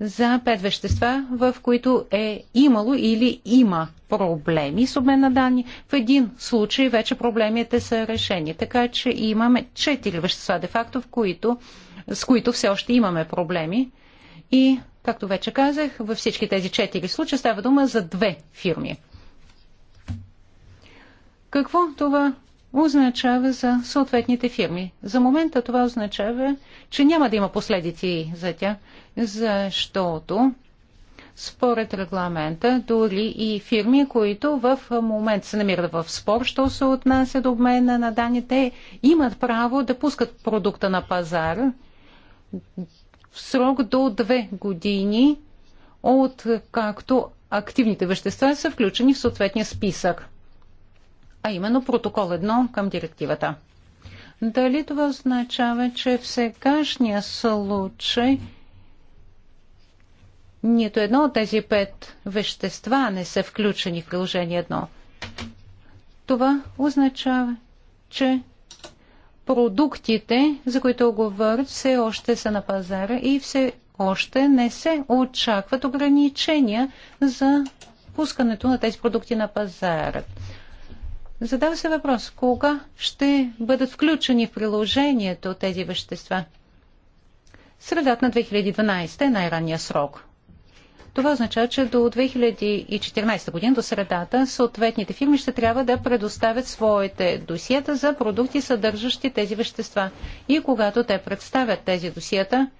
за пет вещества, в които е имало или има проблеми с обмен на данни. В един случай вече проблемите са решени. Така че имаме четири вещества, де-факто, които, с които все още имаме проблеми. И, както вече казах, във всички тези четири случая става дума за две фирми. Какво това означава за съответните фирми? За момента това означава, че няма да има последици за тях, защото според регламента, дори и фирми, които в момент се намират в спор, що се отнася до обмена на данните, имат право да пускат продукта на пазар в срок до две години от както активните вещества са включени в съответния списък а именно протокол 1 към директивата. Дали това означава, че в сегашния случай нито едно от тези пет вещества не са включени в приложение 1? Това означава, че продуктите, за които говорят, все още са на пазара и все още не се очакват ограничения за пускането на тези продукти на пазарът. Задава се въпрос, кога ще бъдат включени в приложението тези вещества? Средата на 2012 е най-ранния срок. Това означава, че до 2014 година, до средата, съответните фирми ще трябва да предоставят своите досиета за продукти, съдържащи тези вещества. И когато те представят тези досиета,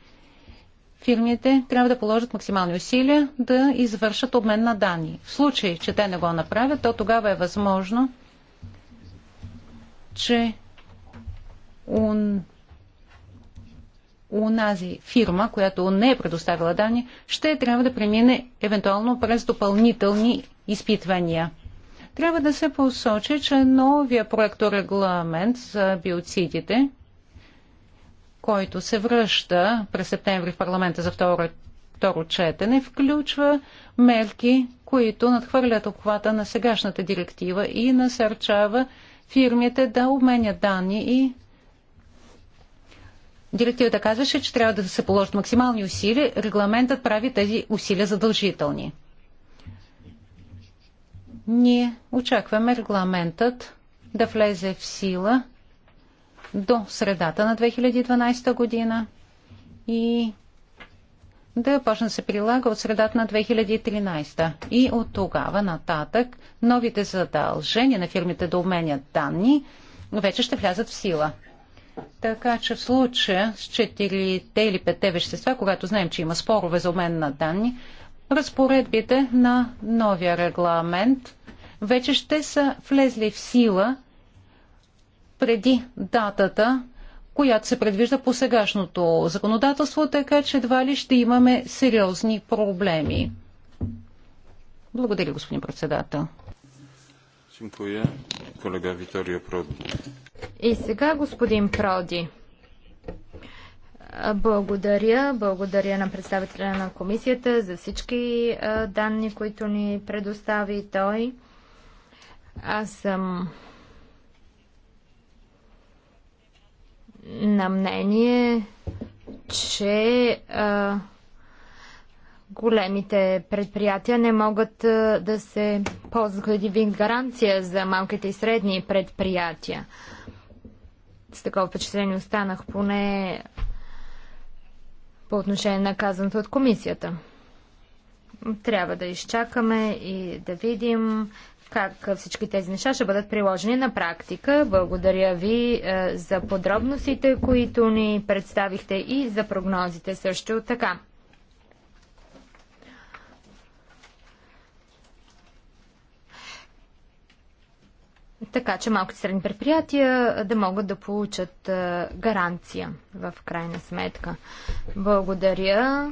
фирмите трябва да положат максимални усилия да извършат обмен на данни. В случай, че те не го направят, то тогава е възможно че он, унази фирма, която не е предоставила данни, ще трябва да премине евентуално през допълнителни изпитвания. Трябва да се посочи, че новия проекторегламент за биоцидите, който се връща през септември в парламента за второ, второ четене, включва мерки, които надхвърлят обхвата на сегашната директива и насърчава фирмите да обменят данни и Директивата казваше, че трябва да се положат максимални усилия. Регламентът прави тези усилия задължителни. Ние очакваме регламентът да влезе в сила до средата на 2012 година и да почне да се прилага от средата на 2013. И от тогава нататък новите задължения на фирмите да обменят данни вече ще влязат в сила. Така че в случая с 4 или 5 вещества, когато знаем, че има спорове за обмен на данни, разпоредбите на новия регламент вече ще са влезли в сила преди датата която се предвижда по сегашното законодателство, така че едва ли ще имаме сериозни проблеми. Благодаря, господин председател. Колега Виторио Проди. И сега господин Проди. Благодаря. Благодаря на представителя на комисията за всички данни, които ни предостави той. Аз съм на мнение, че а, големите предприятия не могат а, да се ползват един гаранция за малките и средни предприятия. С такова впечатление останах поне по отношение на казаното от комисията. Трябва да изчакаме и да видим как всички тези неща ще бъдат приложени на практика. Благодаря ви е, за подробностите, които ни представихте и за прогнозите също така. Така че малките средни предприятия да могат да получат е, гаранция в крайна сметка. Благодаря.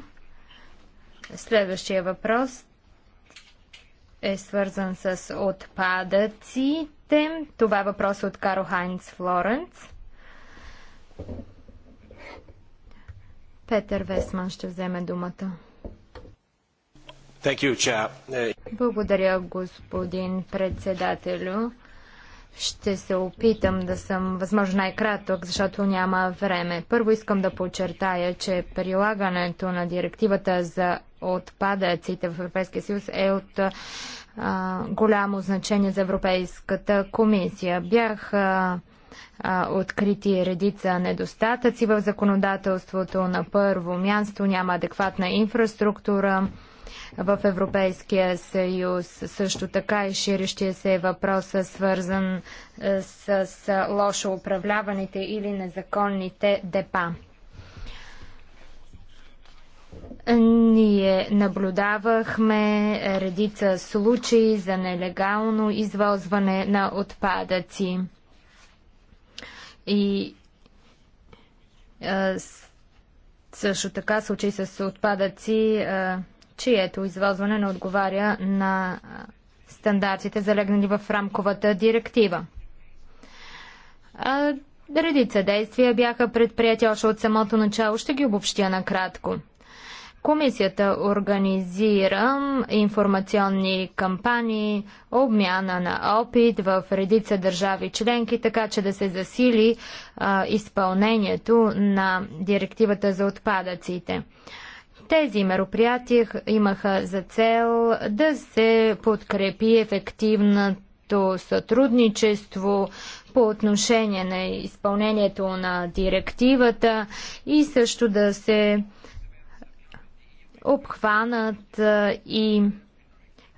Следващия въпрос е свързан с отпадъците. Това е въпрос от Каро Хайнц Флоренц. Петър Весман ще вземе думата. You, Благодаря, господин председателю. Ще се опитам да съм възможно най-кратък, защото няма време. Първо искам да подчертая, че прилагането на директивата за отпадъците в Европейския съюз е от а, голямо значение за Европейската комисия. Бях а, а, открити редица недостатъци в законодателството. На първо място няма адекватна инфраструктура в Европейския съюз. Също така и ширещия се е въпроса свързан с, с лошо управляваните или незаконните депа. Ние наблюдавахме редица случаи за нелегално извозване на отпадъци. И а, също така случаи с отпадъци, а, чието извозване не отговаря на стандартите, залегнали в рамковата директива. А, редица действия бяха предприяти още от самото начало. Ще ги обобщя накратко. Комисията организира информационни кампании, обмяна на опит в редица държави членки, така че да се засили а, изпълнението на директивата за отпадъците. Тези мероприятия имаха за цел да се подкрепи ефективното сътрудничество по отношение на изпълнението на директивата и също да се обхванат и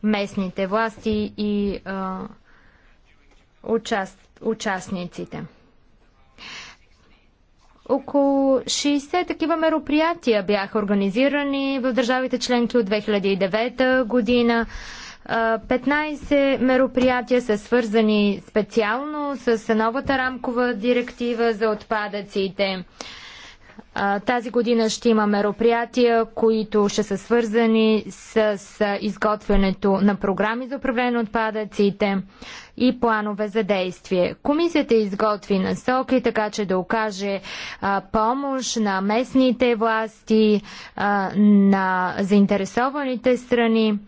местните власти и а, участ, участниците. Около 60 такива мероприятия бяха организирани в държавите членки от 2009 година. 15 мероприятия са свързани специално с новата рамкова директива за отпадъците. Тази година ще има мероприятия, които ще са свързани с изготвянето на програми за управление на отпадъците и планове за действие. Комисията изготви насоки, така че да окаже а, помощ на местните власти, а, на заинтересованите страни.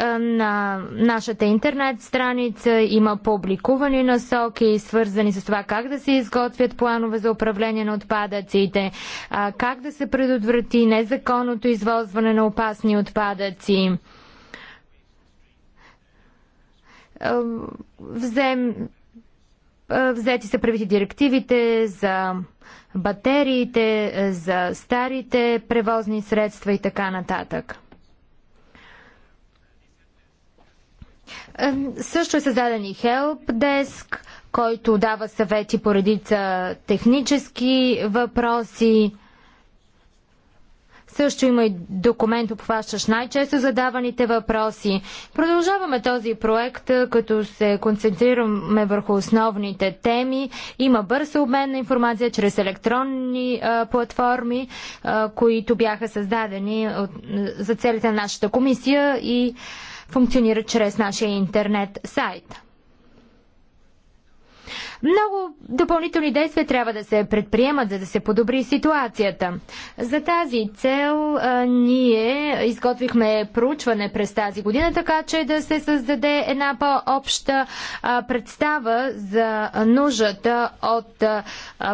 Е, на нашата интернет страница има публикувани насоки, свързани с това как да се изготвят планове за управление на отпадъците, е, как да се предотврати незаконното извозване на опасни отпадъци. Е, взем, взети са правите директивите за батериите, за старите превозни средства и така нататък. Също е създаден и Help Desk, който дава съвети по редица технически въпроси. Също има и документ, обхващащ най-често задаваните въпроси. Продължаваме този проект, е, като се концентрираме върху основните теми. Има бърз обмен на информация чрез електронни а, е, платформи, а, е, които бяха създадени от, за целите на нашата комисия и а, функционира чрез нашия интернет сайт. Много допълнителни действия трябва да се предприемат, за да се подобри ситуацията. За тази цел а, ние изготвихме проучване през тази година, така че да се създаде една по-обща представа за нуждата от а,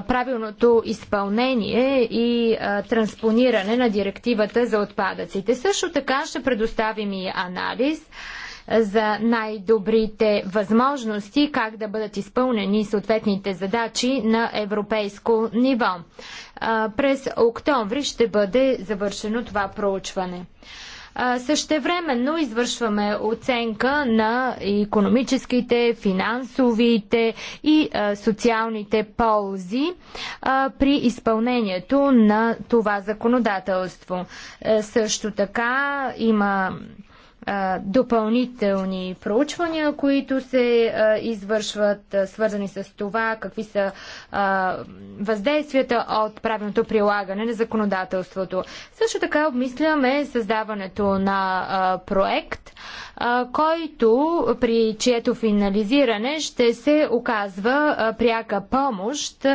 правилното изпълнение и а, транспониране на директивата за отпадъците. Също така ще предоставим и анализ за най-добрите възможности как да бъдат изпълнени съответните задачи на европейско ниво. През октомври ще бъде завършено това проучване. Същевременно извършваме оценка на економическите, финансовите и социалните ползи при изпълнението на това законодателство. Също така има допълнителни проучвания, които се извършват, свързани с това какви са въздействията от правилното прилагане на законодателството. Също така обмисляме създаването на проект, който при чието финализиране ще се оказва пряка помощ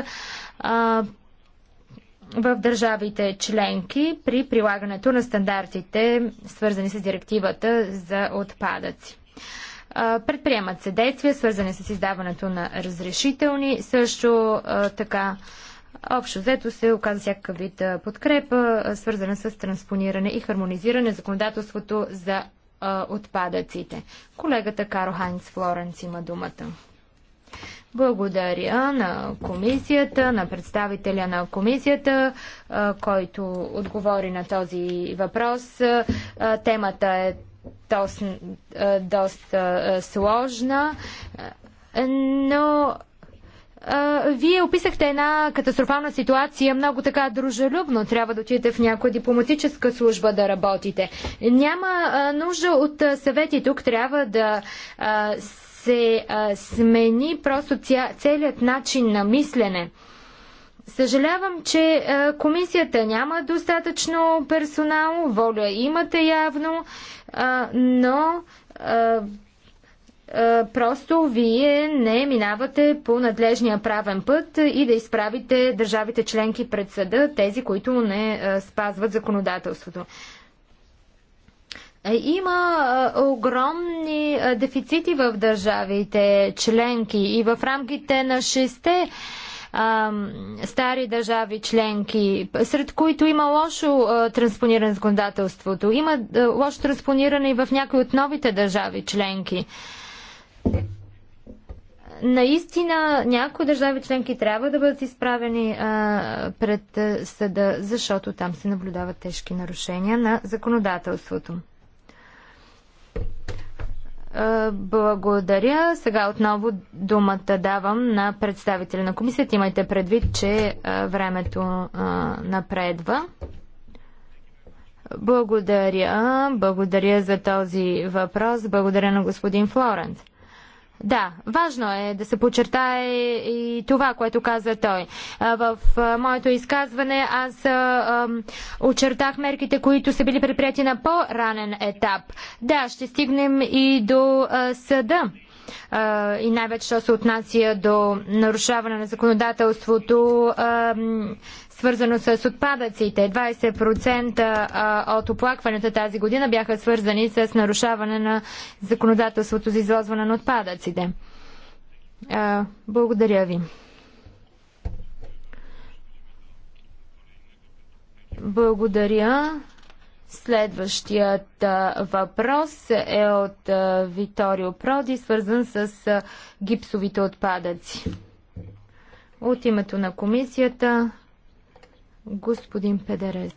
в държавите членки при прилагането на стандартите, свързани с директивата за отпадъци. Предприемат се действия, свързани с издаването на разрешителни, също така Общо взето се оказа всякакъв вид подкрепа, свързана с транспониране и хармонизиране законодателството за отпадъците. Колегата Каро Хайнц Флоренц има думата. Благодаря на комисията, на представителя на комисията, който отговори на този въпрос. Темата е доста, доста сложна, но вие описахте една катастрофална ситуация, много така дружелюбно. Трябва да отидете в някоя дипломатическа служба да работите. Няма нужда от съвети. Тук трябва да се а, смени просто ця, целият начин на мислене. Съжалявам, че а, комисията няма достатъчно персонал, воля имате явно, а, но а, а, просто вие не минавате по надлежния правен път и да изправите държавите членки пред съда, тези, които не а, спазват законодателството. Е, има е, огромни е, дефицити в държавите членки и в рамките на шесте стари държави членки, сред които има лошо транспониране законодателството. Има лошо транспониране и в някои от новите държави членки. Наистина, някои държави членки трябва да бъдат изправени а, пред съда, защото там се наблюдават тежки нарушения на законодателството. Е, благодаря. Сега отново думата давам на представителя на комисията. Имайте предвид, че е, времето е, напредва. Благодаря. Благодаря за този въпрос. Благодаря на господин Флорент. Да, важно е да се подчертае и това, което каза той. В моето изказване аз очертах мерките, които са били предприяти на по-ранен етап. Да, ще стигнем и до съда и най-вече, що се отнася до нарушаване на законодателството, свързано с отпадъците. 20% от оплакванията тази година бяха свързани с нарушаване на законодателството за извозване на отпадъците. Благодаря ви. Благодаря. Следващият въпрос е от Виторио Проди, свързан с гипсовите отпадъци. От името на комисията, господин Педерес.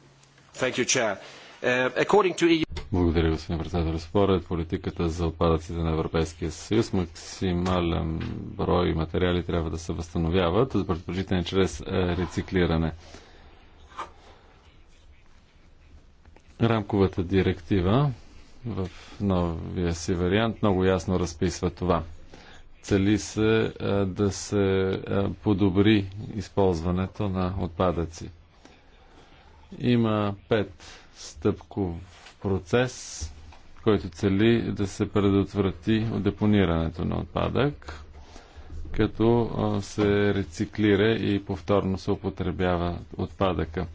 Uh, e Благодаря, господин председател. Според политиката за отпадъците на Европейския съюз, максимален брой материали трябва да се възстановяват, предпочитане чрез е, рециклиране. Рамковата директива в новия си вариант много ясно разписва това. Цели се е, да се е, подобри използването на отпадъци. Има пет стъпков процес, който цели да се предотврати депонирането на отпадък, като е, се рециклира и повторно се употребява отпадъка.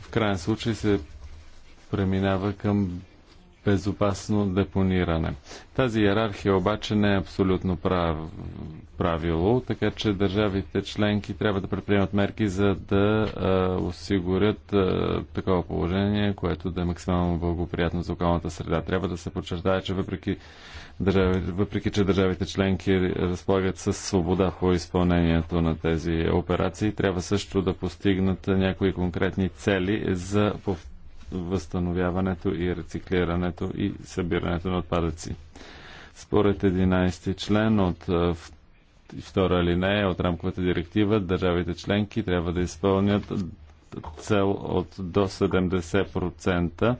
В крайен случай се преминава към безопасно депониране. Тази иерархия обаче не е абсолютно прав... правило, така че държавите членки трябва да предприемат мерки за да а, осигурят а, такова положение, което да е максимално благоприятно за околната среда. Трябва да се подчертая, че въпреки, държави, въпреки че държавите членки разполагат с свобода по изпълнението на тези операции, трябва също да постигнат някои конкретни цели за възстановяването и рециклирането и събирането на отпадъци. Според 11 член от втора линия от рамковата директива, държавите членки трябва да изпълнят цел от до 70%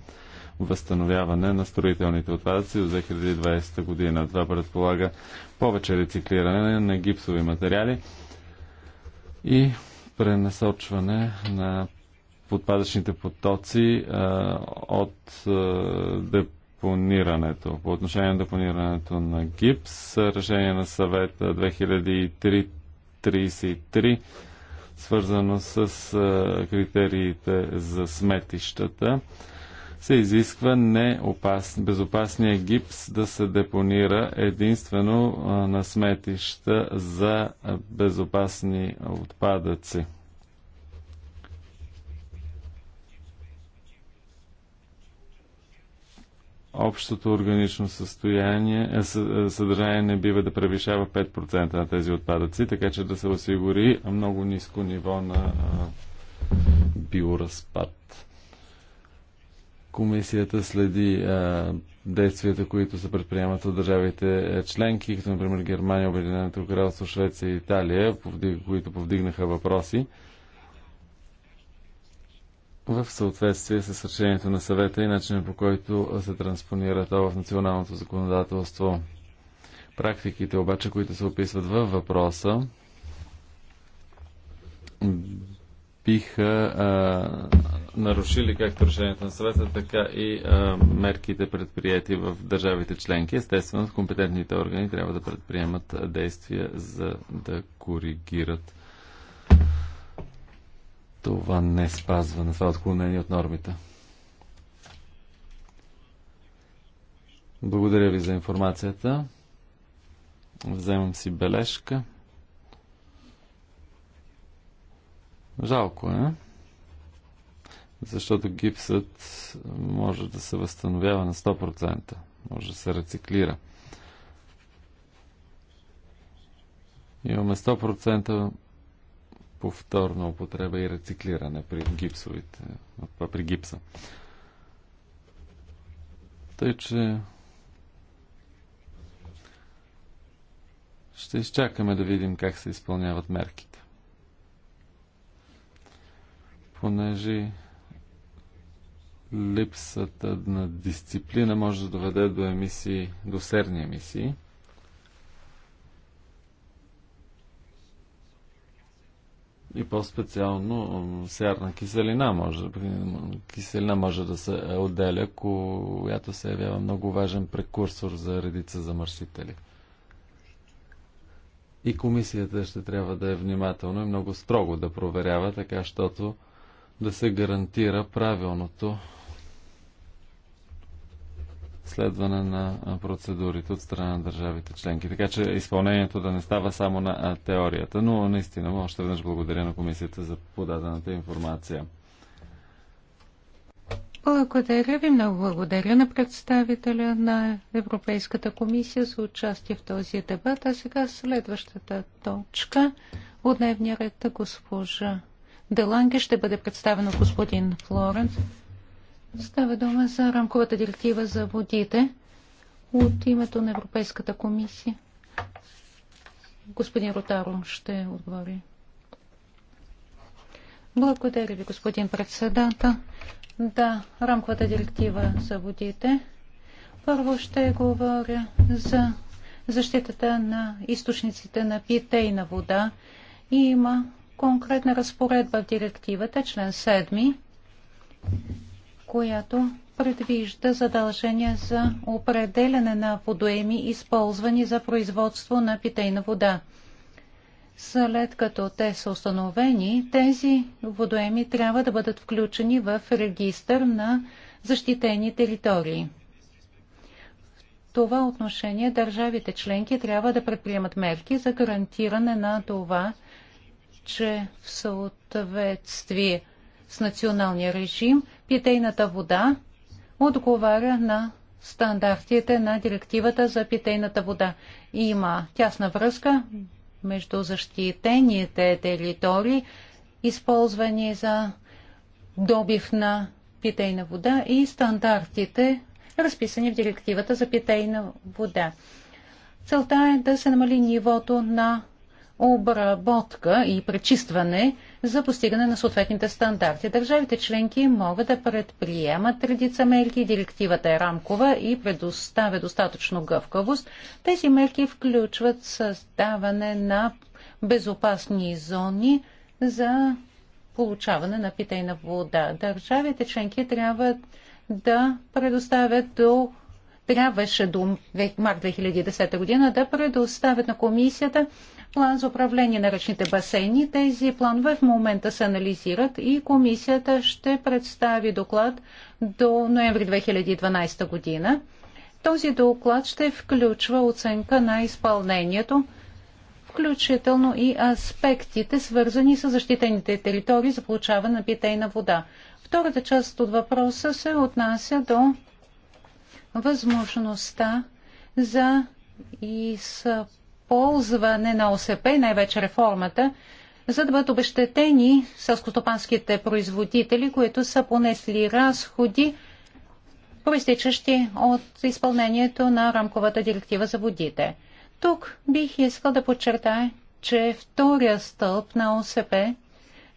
възстановяване на строителните отпадъци до 2020 година. Това предполага повече рециклиране на гипсови материали и пренасочване на отпадъчните потоци а, е, от а, е, депонирането. По отношение на депонирането на гипс, решение на съвета 2033 свързано с а, е, критериите за сметищата, се изисква неопас, безопасния гипс да се депонира единствено а, на сметища за безопасни отпадъци. общото органично състояние, е, е, съдържание не бива да превишава 5% на тези отпадъци, така че да се осигури много ниско ниво на биоразпад. Комисията следи а, действията, които се предприемат от държавите е, членки, като например Германия, Обединеното кралство, Швеция и Италия, които повдигнаха въпроси в съответствие с решението на съвета и начина по който се транспонира то в националното законодателство. Практиките обаче, които се описват във въпроса, биха а, нарушили както решението на съвета, така и а, мерките предприяти в държавите членки. Естествено, компетентните органи трябва да предприемат действия за да коригират това не спазва на това отклонение от нормите. Благодаря ви за информацията. Вземам си бележка. Жалко е, защото гипсът може да се възстановява на 100%, може да се рециклира. Имаме 100% повторна употреба и рециклиране при гипсовите, при гипса. Тъй, че ще изчакаме да видим как се изпълняват мерките. Понеже липсата на дисциплина може да доведе до емисии, до серни емисии – и по-специално сярна киселина може, киселина може да се отделя, която се явява много важен прекурсор за редица замърсители. И комисията ще трябва да е внимателно и много строго да проверява, така щото да се гарантира правилното следване на процедурите от страна на държавите членки. Така че изпълнението да не става само на теорията, но наистина още веднъж благодаря на комисията за подадената информация. Благодаря ви, много благодаря на представителя на Европейската комисия за участие в този дебат. А сега следващата точка от дневния ред госпожа Деланге ще бъде представена господин Флоренс. Става дума за рамковата директива за водите от името на Европейската комисия. Господин Ротаро ще отговори. Благодаря ви, господин председател. Да, рамковата директива за водите. Първо ще говоря за защитата на източниците на питейна вода. И има конкретна разпоредба в директивата, член 7, която предвижда задължения за определяне на водоеми, използвани за производство на питейна вода. След като те са установени, тези водоеми трябва да бъдат включени в регистър на защитени територии. В това отношение държавите членки трябва да предприемат мерки за гарантиране на това, че в съответствие с националния режим, питейната вода отговаря на стандартите на директивата за питейната вода. Има тясна връзка между защитените територии, използвани за добив на питейна вода и стандартите, разписани в директивата за питейна вода. Целта е да се намали нивото на обработка и пречистване за постигане на съответните стандарти. Държавите членки могат да предприемат редица мерки, директивата е рамкова и предоставя достатъчно гъвкавост. Тези мерки включват създаване на безопасни зони за получаване на питейна вода. Държавите членки трябва да предоставят до трябваше до март 2010 година да предоставят на комисията план за управление на ръчните басейни. Тези планове в момента се анализират и комисията ще представи доклад до ноември 2012 година. Този доклад ще включва оценка на изпълнението, включително и аспектите, свързани с защитените територии за получаване на питейна вода. Втората част от въпроса се отнася до възможността за изпълнението ползване на ОСП, най-вече реформата, за да бъдат обещетени сълскостопанските производители, които са понесли разходи, проистичащи от изпълнението на рамковата директива за водите. Тук бих искал да подчертая, че втория стълб на ОСП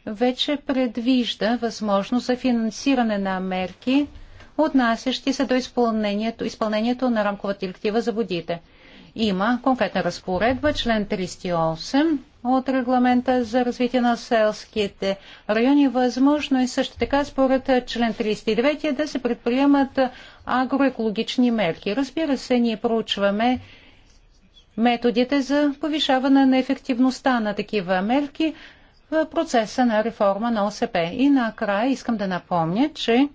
вече предвижда възможност за финансиране на мерки, отнасящи се до изпълнението, изпълнението на рамковата директива за водите – има конкретна разпоредба, член 38 от регламента за развитие на селските райони. Възможно и е също така според член 39 да се предприемат агроекологични мерки. Разбира се, ние проучваме методите за повишаване на ефективността на такива мерки в процеса на реформа на ОСП. И накрая искам да напомня, че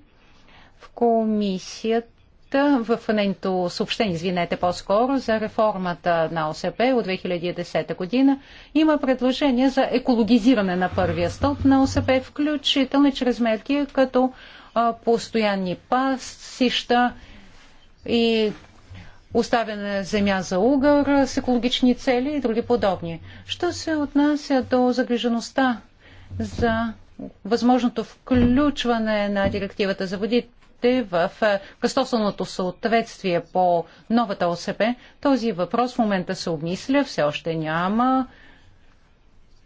в комисията проекта в нейното съобщение, извинете по-скоро, за реформата на ОСП от 2010 година има предложение за екологизиране на първия стълб на ОСП, включително чрез мерки като постоянни пасища и оставяне земя за угър с екологични цели и други подобни. Що се отнася до загрижеността за възможното включване на директивата за водите работите в е, кръстосаното съответствие по новата ОСП. Този въпрос в момента се обмисля, все още няма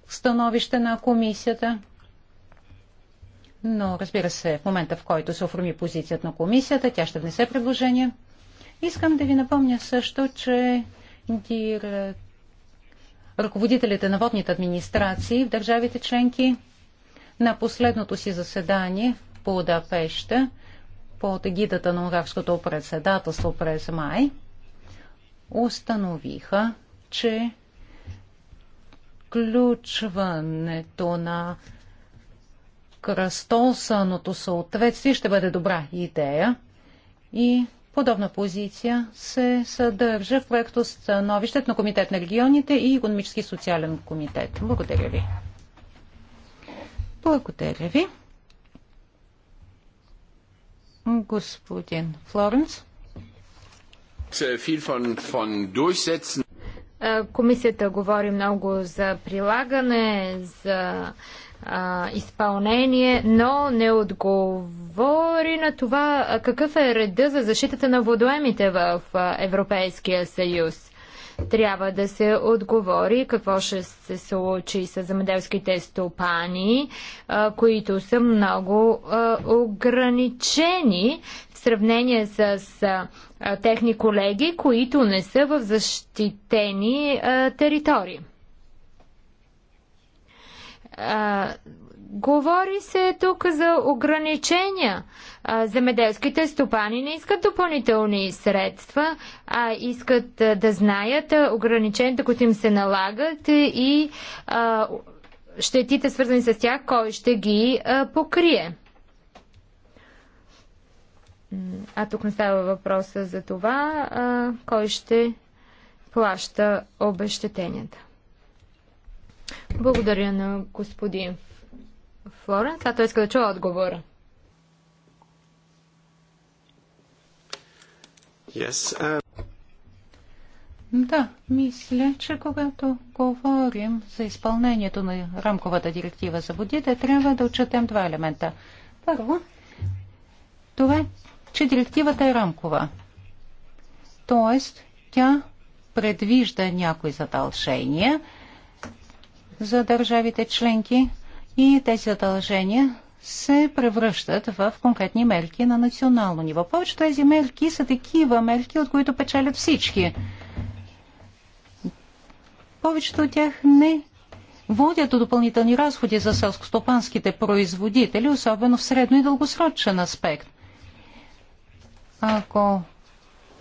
становище на комисията. Но разбира се, в момента в който се оформи позицията на комисията, тя ще внесе предложение. Искам да ви напомня също, че ръководителите на водните администрации в държавите членки на последното си заседание по Дапеща под егидата на унгарското председателство през май установиха, че включването на кръстосаното съответствие ще бъде добра идея и подобна позиция се съдържа в проекто Становищет на Комитет на регионите и Економически и социален комитет. Благодаря ви. Благодаря ви. Господин Флоренс. Комисията говори много за прилагане, за а, изпълнение, но не отговори на това какъв е реда за защитата на водоемите в Европейския съюз. Трябва да се отговори какво ще се случи с земеделските стопани, които са много ограничени в сравнение с техни колеги, които не са в защитени територии Говори се тук за ограничения. Земеделските стопани не искат допълнителни средства, а искат да знаят ограниченията, които им се налагат и щетите, свързани с тях, кой ще ги покрие. А тук не става въпроса за това, кой ще плаща обещетенията. Благодаря на господин Флорен, сега той иска да чуя отговора. Yes, uh... Да, мисля, че когато говорим за изпълнението на рамковата директива за водите, трябва да отчетем два елемента. Първо, това е, че директивата е рамкова. Тоест, тя предвижда някои задължения за държавите членки, и тези задължения се превръщат в конкретни мерки на национално ниво. Повечето тези мерки са такива мерки, от които печелят всички. Повечето от тях не водят до допълнителни разходи за селскостопанските производители, особено в средно и дългосрочен аспект. Ако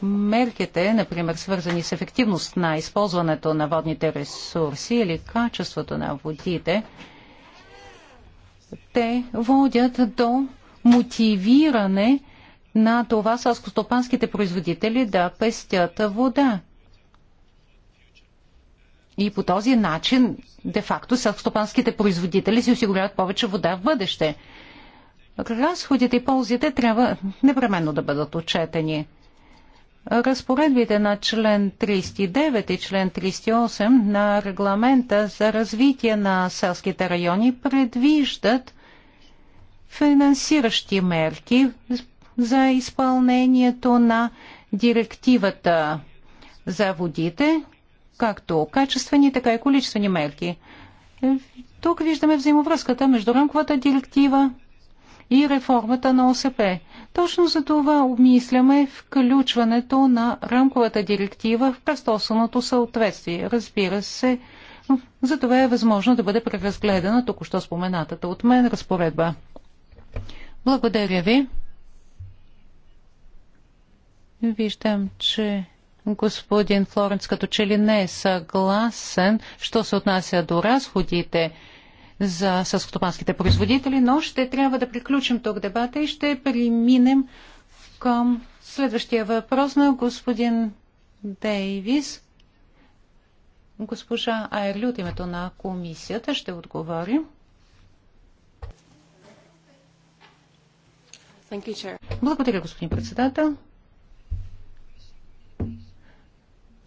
мерките, например, свързани с ефективност на използването на водните ресурси или качеството на водите, те водят до мотивиране на това селскостопанските производители да пестят вода. И по този начин, де-факто, селскостопанските производители си осигуряват повече вода в бъдеще. Разходите и ползите трябва непременно да бъдат отчетени разпоредбите на член 39 и член 38 на регламента за развитие на селските райони предвиждат финансиращи мерки за изпълнението на директивата за водите, както качествени, така и количествени мерки. Тук виждаме взаимовръзката между рамковата директива и реформата на ОСП. Точно за това обмисляме включването на рамковата директива в престосаното съответствие. Разбира се, за това е възможно да бъде преразгледана току-що споменатата от мен разпоредба. Благодаря ви. Виждам, че господин Флоренц като че ли не е съгласен, що се отнася до разходите за съскотопанските производители, но ще трябва да приключим тук дебата и ще преминем към следващия въпрос на господин Дейвис. Госпожа Айрли от името на комисията ще отговори. Благодаря, господин председател.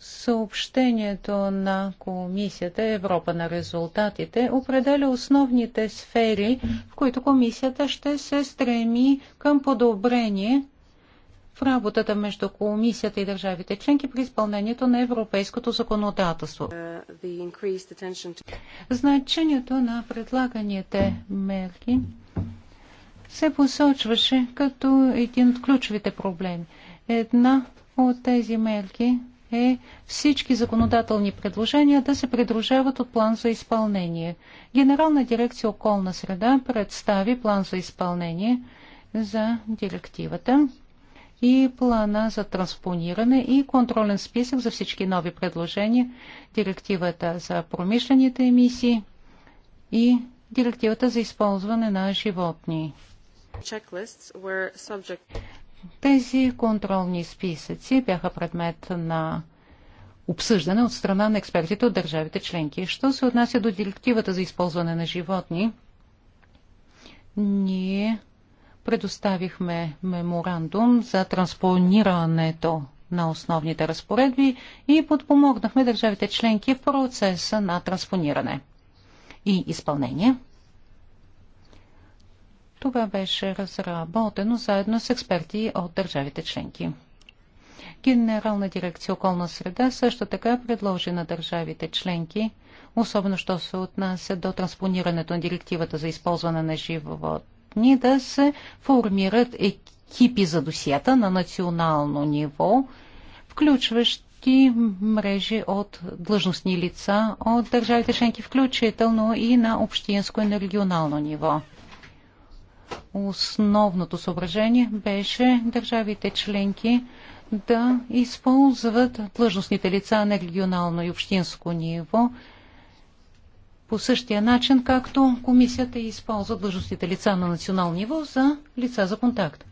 Съобщението на Комисията Европа на резултатите определя основните сфери, в които Комисията ще се стреми към подобрение в работата между Комисията и държавите членки при изпълнението на европейското законодателство. Uh, Значението на предлаганите мерки се посочваше като един от ключовите проблеми. Една от тези мерки е всички законодателни предложения да се придружават от план за изпълнение. Генерална дирекция околна среда представи план за изпълнение за директивата и плана за транспониране и контролен списък за всички нови предложения, директивата за промишлените емисии и директивата за използване на животни. Тези контролни списъци бяха предмет на обсъждане от страна на експертите от държавите членки. Що се отнася до директивата за използване на животни, ние предоставихме меморандум за транспонирането на основните разпоредби и подпомогнахме държавите членки в процеса на транспониране и изпълнение – това беше разработено заедно с експерти от държавите членки. Генерална дирекция околна среда също така предложи на държавите членки, особено що се отнася до транспонирането на директивата за използване на животни, да се формират екипи за досията на национално ниво, включващи мрежи от длъжностни лица от държавите членки, включително и на общинско и на регионално ниво. Основното съображение беше държавите членки да използват длъжностните лица на регионално и общинско ниво по същия начин, както комисията използва длъжностните лица на национално ниво за лица за контакт.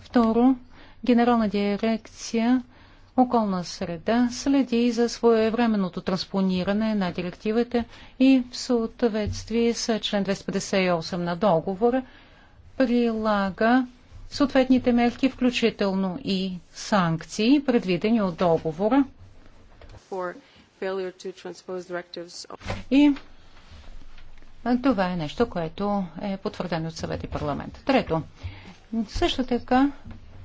Второ, Генерална дирекция околна среда следи за своевременното транспониране на директивата и в съответствие с член 258 на договора прилага съответните мерки, включително и санкции, предвидени от договора. И това е нещо, което е потвърдено от съвет и парламент. Трето, също така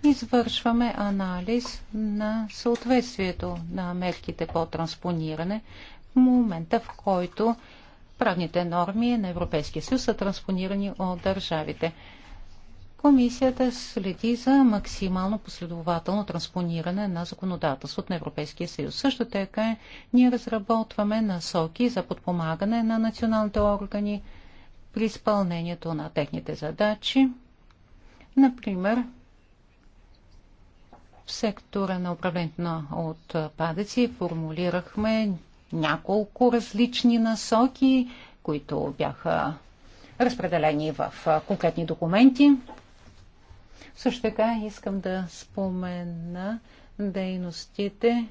извършваме анализ на съответствието на мерките по транспониране в момента, в който правните норми на Европейския съюз са транспонирани от държавите. Комисията следи за максимално последователно транспониране на законодателството на Европейския съюз. Също така ние разработваме насоки за подпомагане на националните органи при изпълнението на техните задачи. Например, в сектора на управлението на отпадъци формулирахме няколко различни насоки, които бяха разпределени в конкретни документи. Също така искам да спомена дейностите,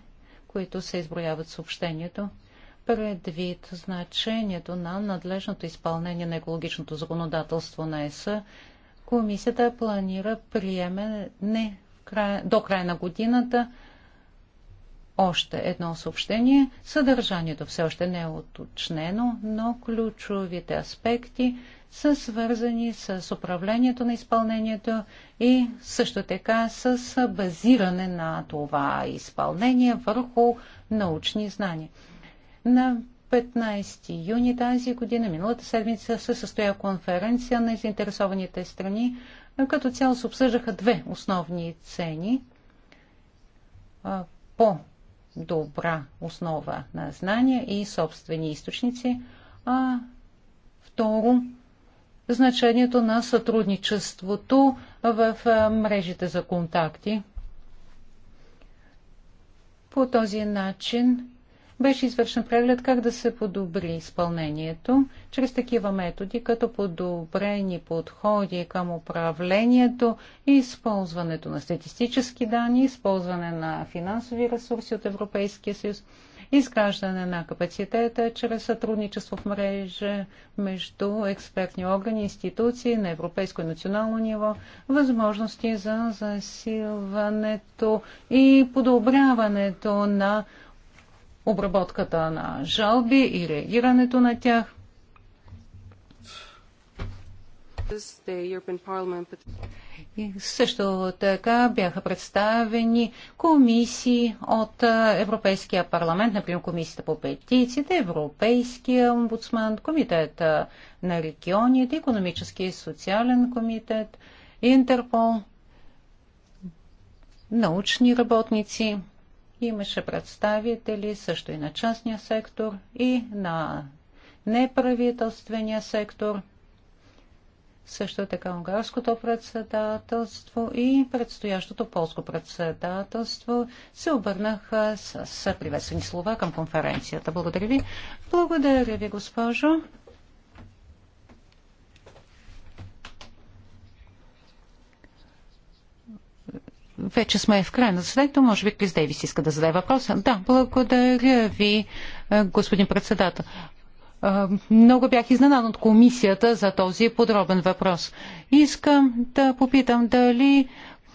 които се изброяват съобщението, предвид значението на надлежното изпълнение на екологичното законодателство на ЕС, комисията планира приемане до края на годината още едно съобщение. Съдържанието все още не е уточнено, но ключовите аспекти са свързани с управлението на изпълнението и също така с базиране на това изпълнение върху научни знания. На 15 юни тази година, миналата седмица, се състоя конференция на заинтересованите страни. Като цяло се обсъждаха две основни цени по добра основа на знания и собствени източници, а второ, значението на сътрудничеството в мрежите за контакти. По този начин беше извършен преглед как да се подобри изпълнението чрез такива методи, като подобрени подходи към управлението и използването на статистически данни, използване на финансови ресурси от Европейския съюз, изграждане на капацитета чрез сътрудничество в мрежа между експертни органи, институции на европейско и национално ниво, възможности за засилването и подобряването на обработката на жалби и реагирането на тях. И също така бяха представени комисии от Европейския парламент, например Комисията по петициите, Европейския омбудсман, Комитет на регионите, Економически и социален комитет, Интерпол, научни работници. Имаше представители също и на частния сектор, и на неправителствения сектор, също така унгарското председателство и предстоящото полско председателство се обърнаха с, с приветствени слова към конференцията. Благодаря ви. Благодаря ви, госпожо. вече сме в края на заседанието. Може би Крис Дейвис иска да зададе въпроса. Да, благодаря ви, господин председател. Много бях изненадан от комисията за този подробен въпрос. Искам да попитам дали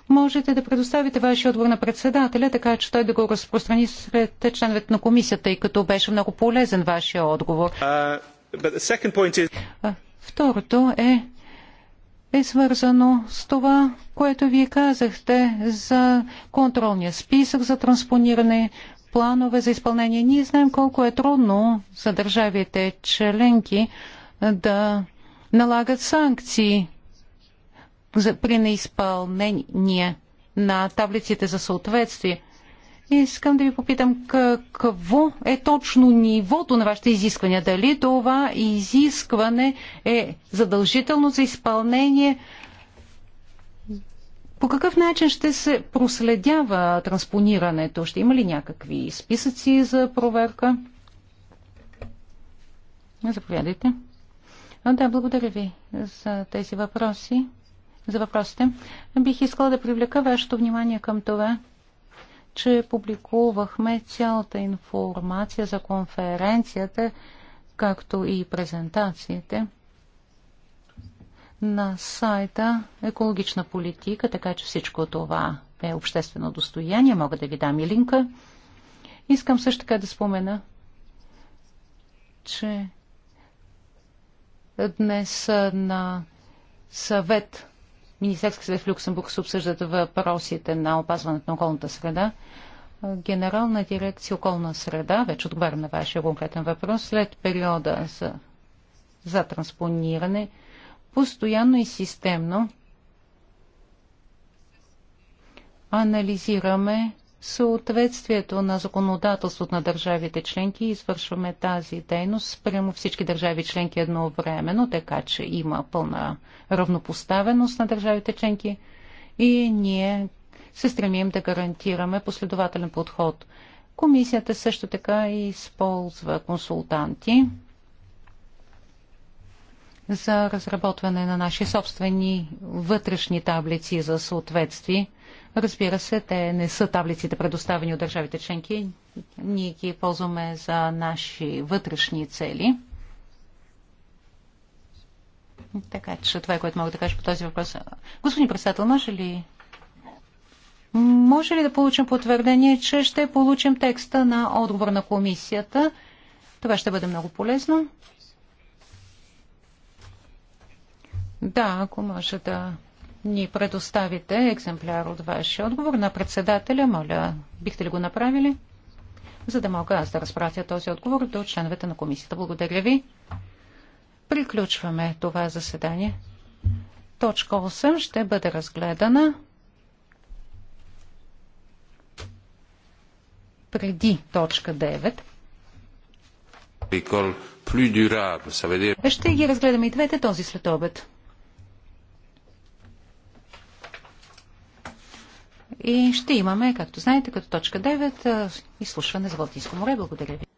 можете да предоставите вашия отговор на председателя, така че той да го разпространи сред членовете на комисията, и като беше много полезен вашия отговор. Uh, is... Второто е е свързано с това, което вие казахте за контролния списък за транспониране, планове за изпълнение. Ние знаем колко е трудно за държавите членки да налагат санкции при неизпълнение на таблиците за съответствие – Искам да ви попитам какво е точно нивото на вашите изисквания. Дали това изискване е задължително за изпълнение? По какъв начин ще се проследява транспонирането? Ще има ли някакви списъци за проверка? Заповядайте. А, да, благодаря ви за тези въпроси, за въпросите. Бих искала да привлека вашето внимание към това, че публикувахме цялата информация за конференцията, както и презентациите на сайта Екологична политика, така че всичко това е обществено достояние. Мога да ви дам и линка. Искам също така да спомена, че днес на съвет Министерски съвет в Люксембург се обсъждат въпросите на опазването на околната среда. Генерална дирекция околна среда, вече отговарям на вашия конкретен въпрос, след периода за, за транспониране, постоянно и системно анализираме съответствието на законодателството на държавите членки извършваме тази дейност прямо всички държави членки едновременно, така че има пълна равнопоставеност на държавите членки и ние се стремим да гарантираме последователен подход. Комисията също така използва консултанти за разработване на наши собствени вътрешни таблици за съответствие. Разбира се, те не са таблиците предоставени от държавите членки. Ние ги ползваме за наши вътрешни цели. Така че това е което мога да кажа по този въпрос. Господин председател, може ли може ли да получим потвърдение, че ще получим текста на отговор на комисията? Това ще бъде много полезно. Да, ако може да ни предоставите екземпляр от вашия отговор на председателя, моля, бихте ли го направили? За да мога аз да разпратя този отговор до членовете на комисията. Благодаря ви. Приключваме това заседание. Точка 8 ще бъде разгледана преди точка 9. Ще ги разгледаме и двете този след обед. и ще имаме, както знаете, като точка 9 изслушване за Балтийско море. Благодаря ви.